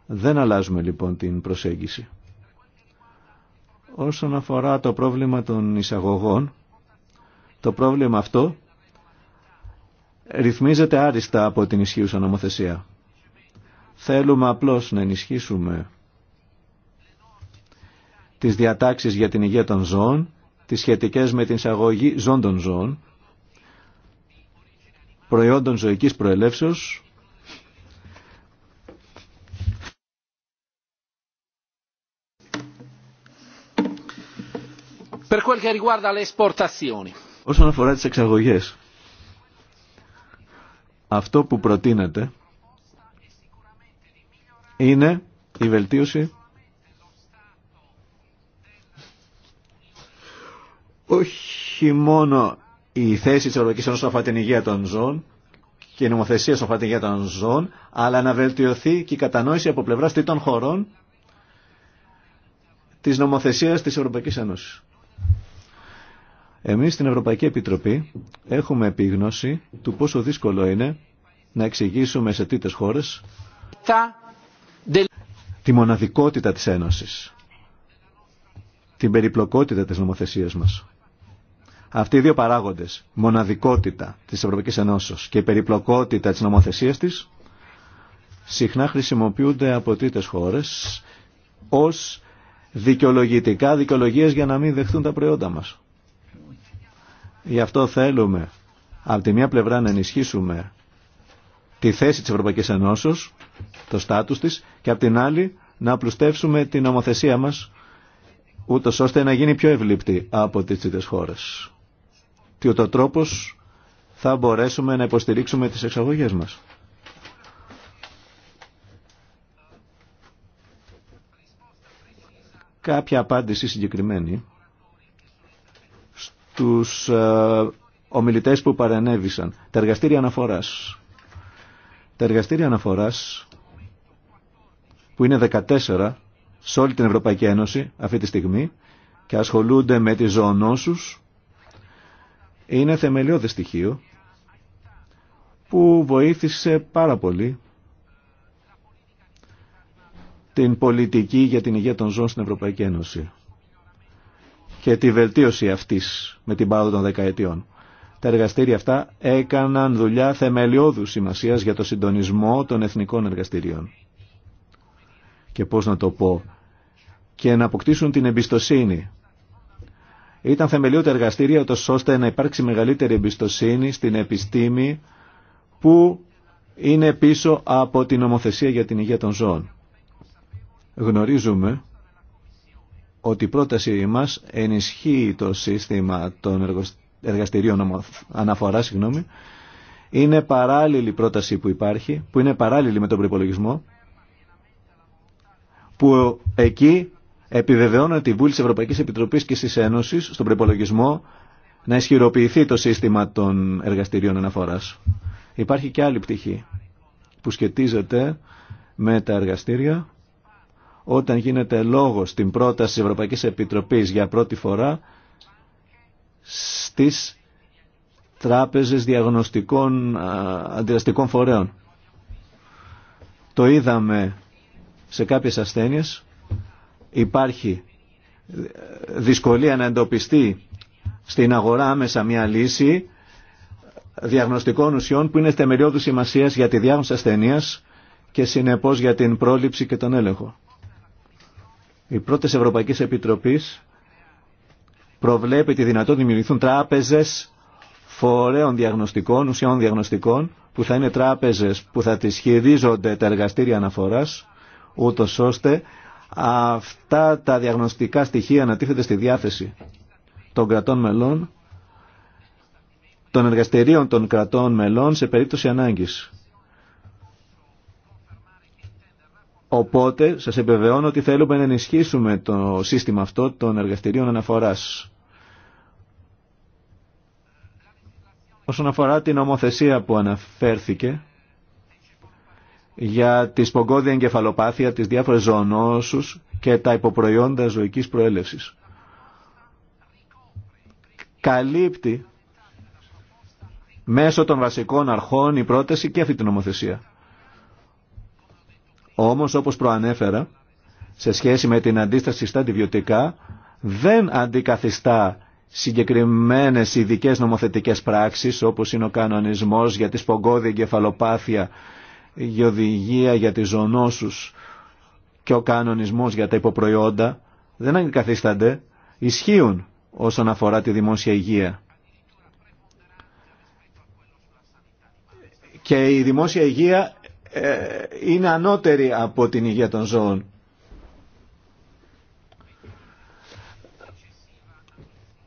Δεν αλλάζουμε λοιπόν την προσέγγιση. Όσον αφορά το πρόβλημα των εισαγωγών, το πρόβλημα αυτό ρυθμίζεται άριστα από την ισχύουσα νομοθεσία. Θέλουμε απλώς να ενισχύσουμε τις διατάξεις για την υγεία των ζώων, τις σχετικές με την εισαγωγή ζώντων ζώων, προϊόντων ζωικής προελεύσεως, Όσον αφορά τις εξαγωγές, αυτό που προτείνεται είναι η βελτίωση όχι μόνο η θέση της Ευρωπαϊκής Ένωσης αφορά την υγεία των ζώων και η νομοθεσία αφορά την υγεία των ζώων, αλλά να βελτιωθεί και η κατανόηση από πλευρά τρίτων χωρών της νομοθεσίας της Ευρωπαϊκής Ένωσης. Εμείς στην Ευρωπαϊκή Επιτροπή έχουμε επίγνωση του πόσο δύσκολο είναι να εξηγήσουμε σε τρίτες χώρες τη μοναδικότητα της Ένωσης, την περιπλοκότητα της νομοθεσίας μας. Αυτοί οι δύο παράγοντες, μοναδικότητα της Ευρωπαϊκής Ενώσεως και περιπλοκότητα της νομοθεσίας της, συχνά χρησιμοποιούνται από τρίτες χώρες ως δικαιολογητικά δικαιολογίες για να μην δεχθούν τα προϊόντα μας. Γι' αυτό θέλουμε από τη μία πλευρά να ενισχύσουμε τη θέση της Ευρωπαϊκής Ενώσεως, το στάτους της και από την άλλη να απλουστεύσουμε την νομοθεσία μας ούτως ώστε να γίνει πιο ευλήπτη από τις τρίτες χώρες. Τι ο τρόπος θα μπορέσουμε να υποστηρίξουμε τις εξαγωγές μας. Κάποια απάντηση συγκεκριμένη τους ε, ομιλητές που παρενέβησαν. Τα εργαστήρια αναφοράς. Τα εργαστήρια αναφοράς που είναι 14 σε όλη την Ευρωπαϊκή Ένωση αυτή τη στιγμή και ασχολούνται με τις ζωονόσους είναι θεμελιώδη στοιχείο που βοήθησε πάρα πολύ την πολιτική για την υγεία των ζώων στην Ευρωπαϊκή Ένωση και τη βελτίωση αυτής με την πάροδο των δεκαετιών. Τα εργαστήρια αυτά έκαναν δουλειά θεμελιώδου σημασίας για το συντονισμό των εθνικών εργαστηρίων. Και πώς να το πω, και να αποκτήσουν την εμπιστοσύνη. Ήταν θεμελιώδη εργαστήρια ώστε να υπάρξει μεγαλύτερη εμπιστοσύνη στην επιστήμη που είναι πίσω από την νομοθεσία για την υγεία των ζώων. Γνωρίζουμε ότι η πρότασή μας ενισχύει το σύστημα των εργαστηρίων αναφορά, συγγνώμη. Είναι παράλληλη πρόταση που υπάρχει, που είναι παράλληλη με τον προπολογισμό, που εκεί επιβεβαιώνεται τη Βούλη της Ευρωπαϊκής Επιτροπής και της Ένωσης στον προπολογισμό να ισχυροποιηθεί το σύστημα των εργαστηρίων αναφοράς. Υπάρχει και άλλη πτυχή που σχετίζεται με τα εργαστήρια όταν γίνεται λόγος στην πρόταση της Ευρωπαϊκής Επιτροπής για πρώτη φορά στις τράπεζες διαγνωστικών αντιδραστικών φορέων. Το είδαμε σε κάποιες ασθένειες. Υπάρχει ε, δυσκολία να εντοπιστεί στην αγορά άμεσα μια λύση διαγνωστικών ουσιών που είναι θεμελιώδου σημασία για τη διάγνωση ασθενείας και συνεπώς για την πρόληψη και τον έλεγχο. Η πρώτη Ευρωπαϊκή Επιτροπή προβλέπει τη δυνατότητα να δημιουργηθούν τράπεζε φορέων διαγνωστικών, ουσιών διαγνωστικών, που θα είναι τράπεζε που θα τις χειρίζονται τα εργαστήρια αναφορά, ούτω ώστε αυτά τα διαγνωστικά στοιχεία να τίθεται στη διάθεση των κρατών μελών, των εργαστηρίων των κρατών μελών σε περίπτωση ανάγκης. Οπότε σας επιβεβαιώνω ότι θέλουμε να ενισχύσουμε το σύστημα αυτό των εργαστηρίων αναφοράς. Όσον αφορά την ομοθεσία που αναφέρθηκε για τη σπογκώδη εγκεφαλοπάθεια, τις διάφορες ζωονόσους και τα υποπροϊόντα ζωικής προέλευσης. Καλύπτει μέσω των βασικών αρχών η πρόταση και αυτή την νομοθεσία. Όμως όπως προανέφερα, σε σχέση με την αντίσταση στα αντιβιωτικά, δεν αντικαθιστά συγκεκριμένες ειδικέ νομοθετικές πράξεις, όπως είναι ο κανονισμός για τη σπογκώδη εγκεφαλοπάθεια, η οδηγία για τις ζωνόσους και ο κανονισμός για τα υποπροϊόντα, δεν αντικαθίστανται, ισχύουν όσον αφορά τη δημόσια υγεία. Και η δημόσια υγεία ε, είναι ανώτερη από την υγεία των ζώων.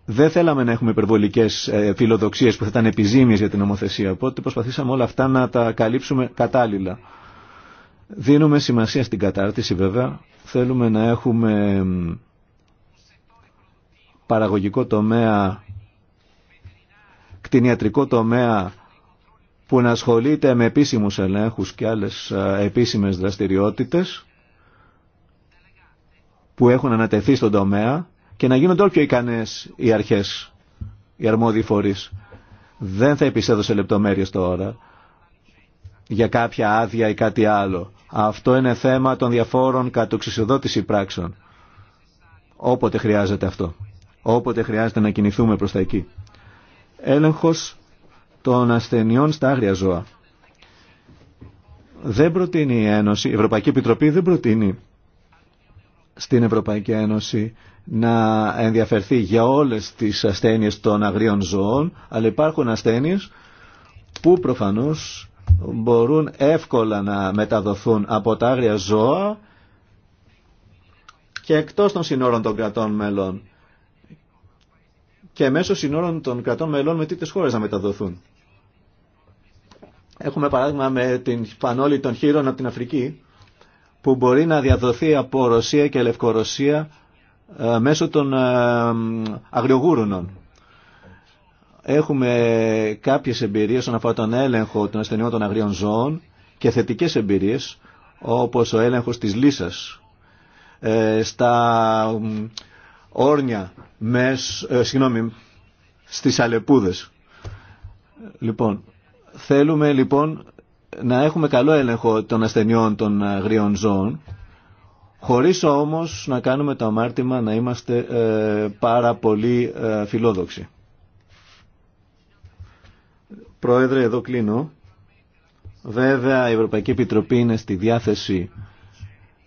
Δεν θέλαμε να έχουμε υπερβολικέ ε, φιλοδοξίε που θα ήταν επιζήμιε για την νομοθεσία. Οπότε προσπαθήσαμε όλα αυτά να τα καλύψουμε κατάλληλα. Δίνουμε σημασία στην κατάρτιση βέβαια. Θέλουμε να έχουμε παραγωγικό τομέα, κτηνιατρικό τομέα που να ασχολείται με επίσημους ελέγχους και άλλες επίσημες δραστηριότητες που έχουν ανατεθεί στον τομέα και να γίνονται όλοι πιο ικανές οι αρχές, οι αρμόδιοι φορείς. Δεν θα επισέδω σε λεπτομέρειες τώρα για κάποια άδεια ή κάτι άλλο. Αυτό είναι θέμα των διαφόρων κατοξισοδότηση πράξεων. Όποτε χρειάζεται αυτό. Όποτε χρειάζεται να κινηθούμε προς τα εκεί. Έλεγχος των ασθενειών στα άγρια ζώα. Δεν προτείνει η Ένωση, η Ευρωπαϊκή Επιτροπή δεν προτείνει στην Ευρωπαϊκή Ένωση να ενδιαφερθεί για όλες τις ασθένειες των αγρίων ζώων, αλλά υπάρχουν ασθένειες που προφανώς μπορούν εύκολα να μεταδοθούν από τα άγρια ζώα και εκτός των συνόρων των κρατών μελών και μέσω συνόρων των κρατών μελών με τίτες χώρες να μεταδοθούν. Έχουμε παράδειγμα με την πανόλη των χείρων από την Αφρική που μπορεί να διαδοθεί από Ρωσία και Λευκορωσία ε, μέσω των ε, αγριογούρουνων. Έχουμε κάποιες εμπειρίες όσον αφορά τον έλεγχο των ασθενειών των αγριών ζώων και θετικές εμπειρίες όπως ο έλεγχος της λύσας ε, στα όρνια μες, συγγνώμη, στις αλεπούδες. Λοιπόν, Θέλουμε λοιπόν να έχουμε καλό έλεγχο των ασθενειών των αγρίων ε, ζώων, χωρίς όμως να κάνουμε το αμάρτημα να είμαστε ε, πάρα πολύ ε, φιλόδοξοι. Πρόεδρε, εδώ κλείνω. Βέβαια, η Ευρωπαϊκή Επιτροπή είναι στη διάθεση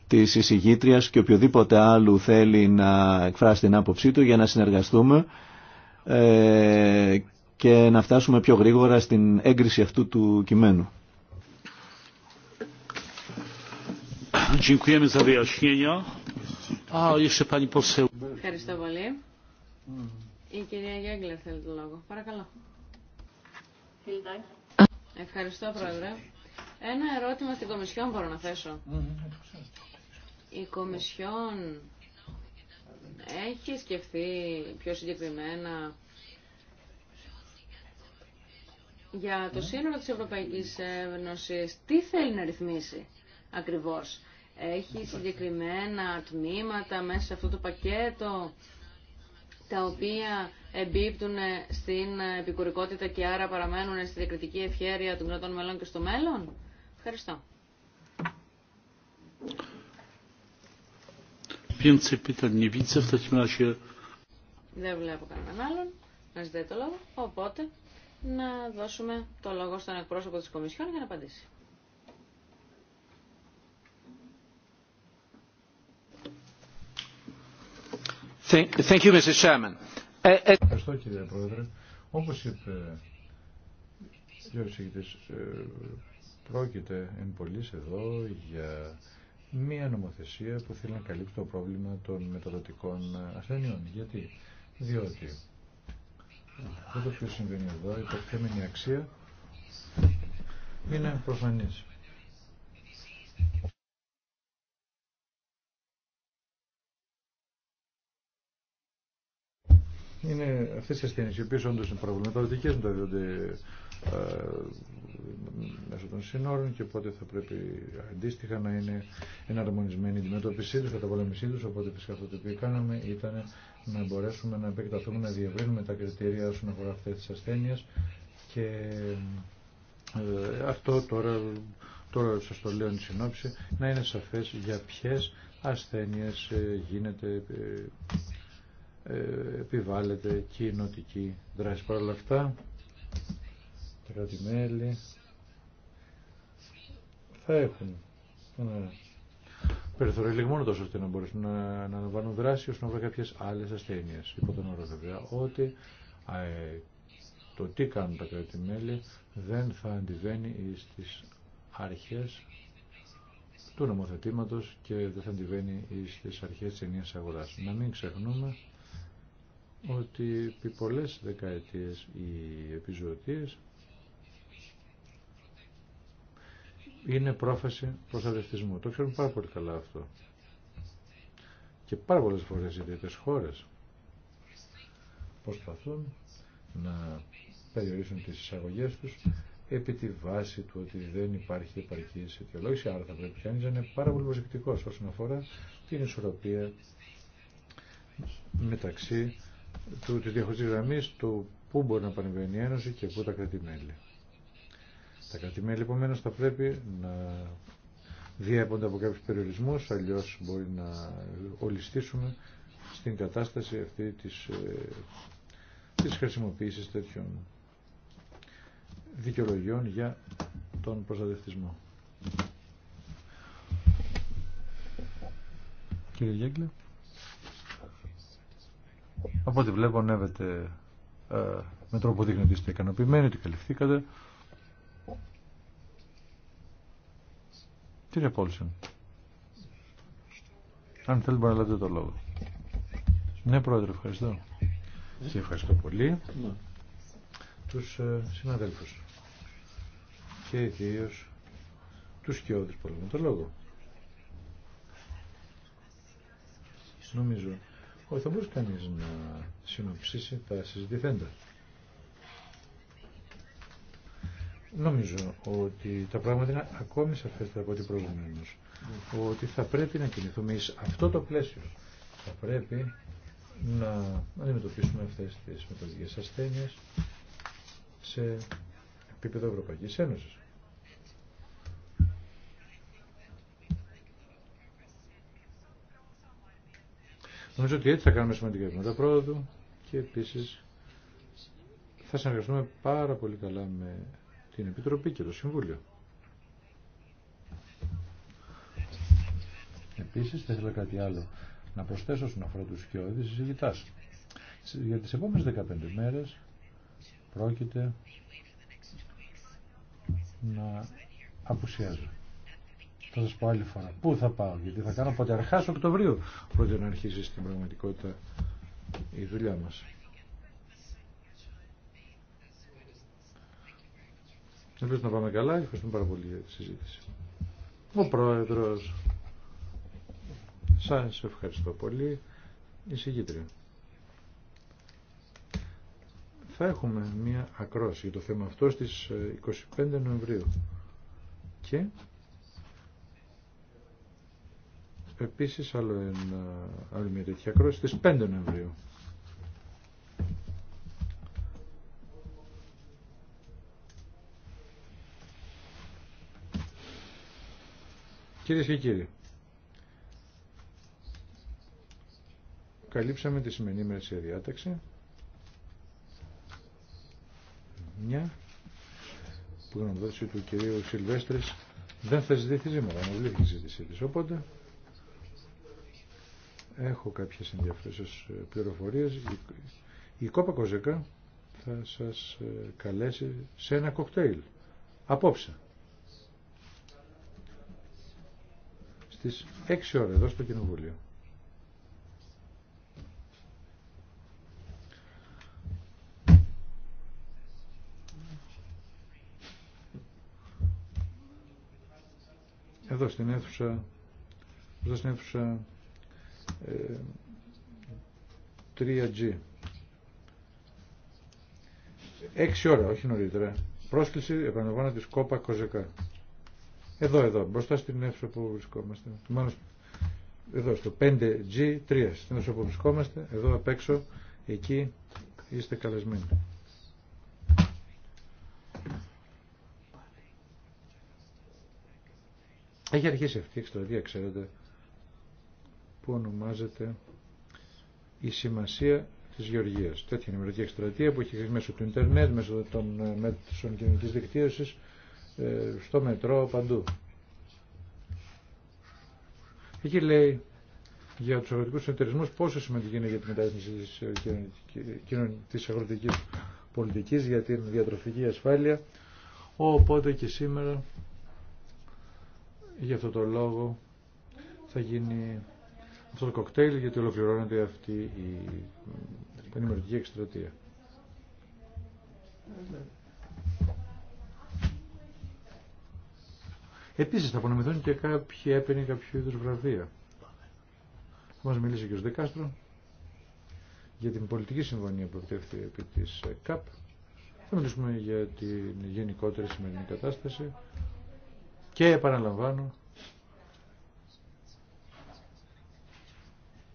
της εισηγήτριας και οποιοδήποτε άλλου θέλει να εκφράσει την άποψή του για να συνεργαστούμε ε, και να φτάσουμε πιο γρήγορα στην έγκριση αυτού του κειμένου. Ευχαριστώ πολύ. Η κυρία Γέγκλερ θέλει το λόγο. Παρακαλώ. Ευχαριστώ, Πρόεδρε. Ένα ερώτημα στην Κομισιόν μπορώ να θέσω. Η Κομισιόν έχει σκεφτεί πιο συγκεκριμένα για το ναι. σύνολο της Ευρωπαϊκής Ένωσης τι θέλει να ρυθμίσει ακριβώς. Έχει συγκεκριμένα τμήματα μέσα σε αυτό το πακέτο τα οποία εμπίπτουν στην επικουρικότητα και άρα παραμένουν στη διακριτική ευχαίρεια των κρατών μελών και στο μέλλον. Ευχαριστώ. Δεν βλέπω κανέναν άλλον να ζητάει το λόγο, οπότε να δώσουμε το λόγο στον εκπρόσωπο της Κομισιόν για να απαντήσει. Thank you, Mr. Chairman. Ε, ε, Ευχαριστώ κύριε Πρόεδρε. Όπως είπε ο ε, πρόκειται εν πολλής εδώ για μία νομοθεσία που θέλει να καλύψει το πρόβλημα των μεταδοτικών ασθενειών. Γιατί, διότι αυτό το συμβαίνει εδώ, η υποκτήμενη αξία, είναι προφανής. Είναι αυτέ οι ασθένειε οι οποίε όντως είναι τα μεταδίδονται ε, μέσω των συνόρων και οπότε θα πρέπει αντίστοιχα να είναι εναρμονισμένη η αντιμετώπιση του, η καταπολέμησή του. Οπότε φυσικά αυτό το οποίο κάναμε ήταν να μπορέσουμε να επεκταθούμε, να διευρύνουμε τα κριτήρια όσον αφορά αυτέ τι ασθένειε. και ε, αυτό τώρα, τώρα σας το λέω εν συνόψη, να είναι σαφές για ποιες ασθένειες ε, γίνεται, ε, ε, επιβάλλεται κοινοτική δράση. Παρ' όλα αυτά, τα κράτη-μέλη θα έχουν περιθώριο μόνο τόσο ώστε να μπορέσουν να αναλαμβάνουν δράση ώστε να βρουν κάποιε άλλε ασθένειε. Υπό τον όρο βέβαια ότι ε, το τι κάνουν τα κράτη-μέλη δεν θα αντιβαίνει στι αρχέ του νομοθετήματο και δεν θα αντιβαίνει στι αρχέ τη ενία αγορά. Να μην ξεχνούμε ότι επί πολλέ δεκαετίε οι επιζωτίε είναι πρόφαση προσαρτησμού. Το ξέρουμε πάρα πολύ καλά αυτό. Και πάρα πολλές φορές οι τέτοιες χώρες προσπαθούν να περιορίσουν τις εισαγωγές τους επί τη βάση του ότι δεν υπάρχει επαρκή αιτιολόγηση, άρα θα πρέπει κανεί να είναι πάρα πολύ προσεκτικός όσον αφορά την ισορροπία μεταξύ του, της διαχωριστής του πού μπορεί να πανεβαίνει η Ένωση και πού τα κρατημέλη. Τα κρατημέλη επομένως θα πρέπει να διέπονται από κάποιους περιορισμούς, αλλιώς μπορεί να ολιστήσουμε στην κατάσταση αυτή της, ε, της χρησιμοποίησης τέτοιων δικαιολογιών για τον προστατευτισμό. Κύριε Γέγκλε. Από ό,τι βλέπω ανέβετε ε, με τρόπο δείχνει ότι είστε ικανοποιημένοι, ότι καλυφθήκατε. Τι Πόλσεν, αν θέλει μπορεί να λέτε το λόγο. Ναι, πρόεδρε, ευχαριστώ. Και ευχαριστώ πολύ τους ε, συναδέλφους και ιδίω τους σκιώδους που το λόγο. Νομίζω ότι θα μπορούσε κανείς να συνοψίσει τα συζητηθέντα. Νομίζω ότι τα πράγματα είναι ακόμη σαφέστερα από ό,τι προηγουμένω. Ναι. Ότι θα πρέπει να κινηθούμε σε αυτό το πλαίσιο. Θα πρέπει να αντιμετωπίσουμε αυτές τις μεταδικές ασθένειες σε επίπεδο Ευρωπαϊκής Ένωσης. Νομίζω ότι έτσι θα κάνουμε σημαντικά βήματα πρόοδου και επίσης θα συνεργαστούμε πάρα πολύ καλά με την Επιτροπή και το Συμβούλιο. Επίσης, θα ήθελα κάτι άλλο να προσθέσω στον αφορά του Σκιώδη, συζητάς. Για τις επόμενες 15 μέρες πρόκειται να απουσιάζω. Θα σας πω άλλη φορά. Πού θα πάω, γιατί θα κάνω από αρχάς Οκτωβρίου, πότε να αρχίσει στην πραγματικότητα η δουλειά μας. Ελπίζω να πάμε καλά. Ευχαριστούμε πάρα πολύ για τη συζήτηση. Ο Πρόεδρος. Σας ευχαριστώ πολύ. Εισηγήτρια. Θα έχουμε μία ακρόαση για το θέμα αυτό στις 25 ε, Νοεμβρίου. Και επίσης άλλο ένα, άλλη μια τέτοια ακρόαση στις 5 Νοεμβρίου. Κυρίε και κύριοι, καλύψαμε τη σημερινή ημερησία διάταξη. Μια που γνωμοδότηση του κυρίου Σιλβέστρη δεν θα ζητηθεί σήμερα, βλέπει η ζήτησή τη. Οπότε έχω κάποιε ενδιαφέρουσε πληροφορίε. Η Κόπα Κοζεκά θα σας ε, καλέσει σε ένα κοκτέιλ. Απόψε. στις 6 ώρες εδώ στο Κοινοβούλιο. Εδώ στην αίθουσα, εδώ στην αίθουσα ε, 3G. 6 ώρα, όχι νωρίτερα. Πρόσκληση επαναλαμβάνω της Κόπα Κοζεκά. Εδώ, εδώ, μπροστά στην αίθουσα που βρισκόμαστε. Μάλλον εδώ στο 5G3, στην αίθουσα που βρισκόμαστε, εδώ απ' έξω, εκεί είστε καλεσμένοι. Έχει αρχίσει αυτή η εκστρατεία, ξέρετε, που ονομάζεται η σημασία της γεωργιας Τέτοια μερικη εκστρατεία που έχει μέσω του Ιντερνετ, μέσω των ε, μέτρων κοινωνική δικτύωσης, ε, στο μετρό, παντού. Εκεί λέει για τους αγροτικούς εταιρισμούς πόσο σημαντική είναι για την ε, της αγροτικής πολιτικής, για την διατροφική ασφάλεια. Οπότε και σήμερα για αυτό το λόγο θα γίνει αυτό το κοκτέιλ γιατί ολοκληρώνεται αυτή η πανημερωτική εκστρατεία. Επίσης θα απονομηθούν και κάποιοι έπαινοι κάποιο είδου βραβεία. Θα μας μιλήσει ο κ. Δεκάστρο για την πολιτική συμφωνία που επιτεύχθη επί της ΚΑΠ. Θα μιλήσουμε για την γενικότερη σημερινή κατάσταση και επαναλαμβάνω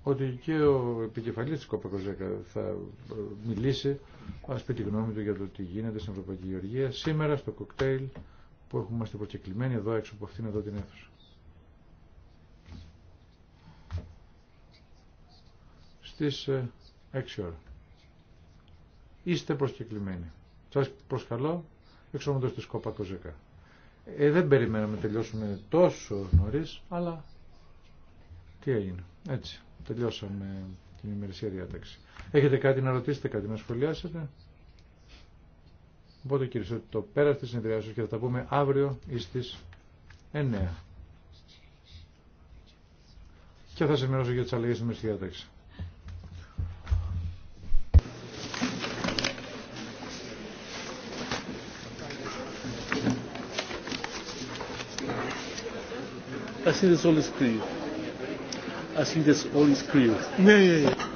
ότι και ο επικεφαλής της ΚΟΠΑΚΟΖΕΚΑ θα ε, μιλήσει, ας πει τη γνώμη του για το τι γίνεται στην Ευρωπαϊκή Γεωργία, σήμερα στο κοκτέιλ που έχουμε προκεκλημένοι εδώ έξω από αυτήν εδώ την αίθουσα. Στις 6 ε, ώρα. Είστε προσκεκλημένοι. Σας προσκαλώ έξω τη Κόπα Κοζεκά. Ε, δεν περιμέναμε να τελειώσουμε τόσο νωρίς, αλλά τι έγινε. Έτσι, τελειώσαμε την ημερησία διάταξη. Έχετε κάτι να ρωτήσετε, κάτι να σχολιάσετε. Οπότε κύριε το πέρα της συνεδριάσεως και θα τα πούμε αύριο εις τις 9. Και θα σε ενημερώσω για τις αλλαγές στη μέση διάταξη. I είδες όλες all is clear. I think that's all is clear. Yeah, yeah, yeah.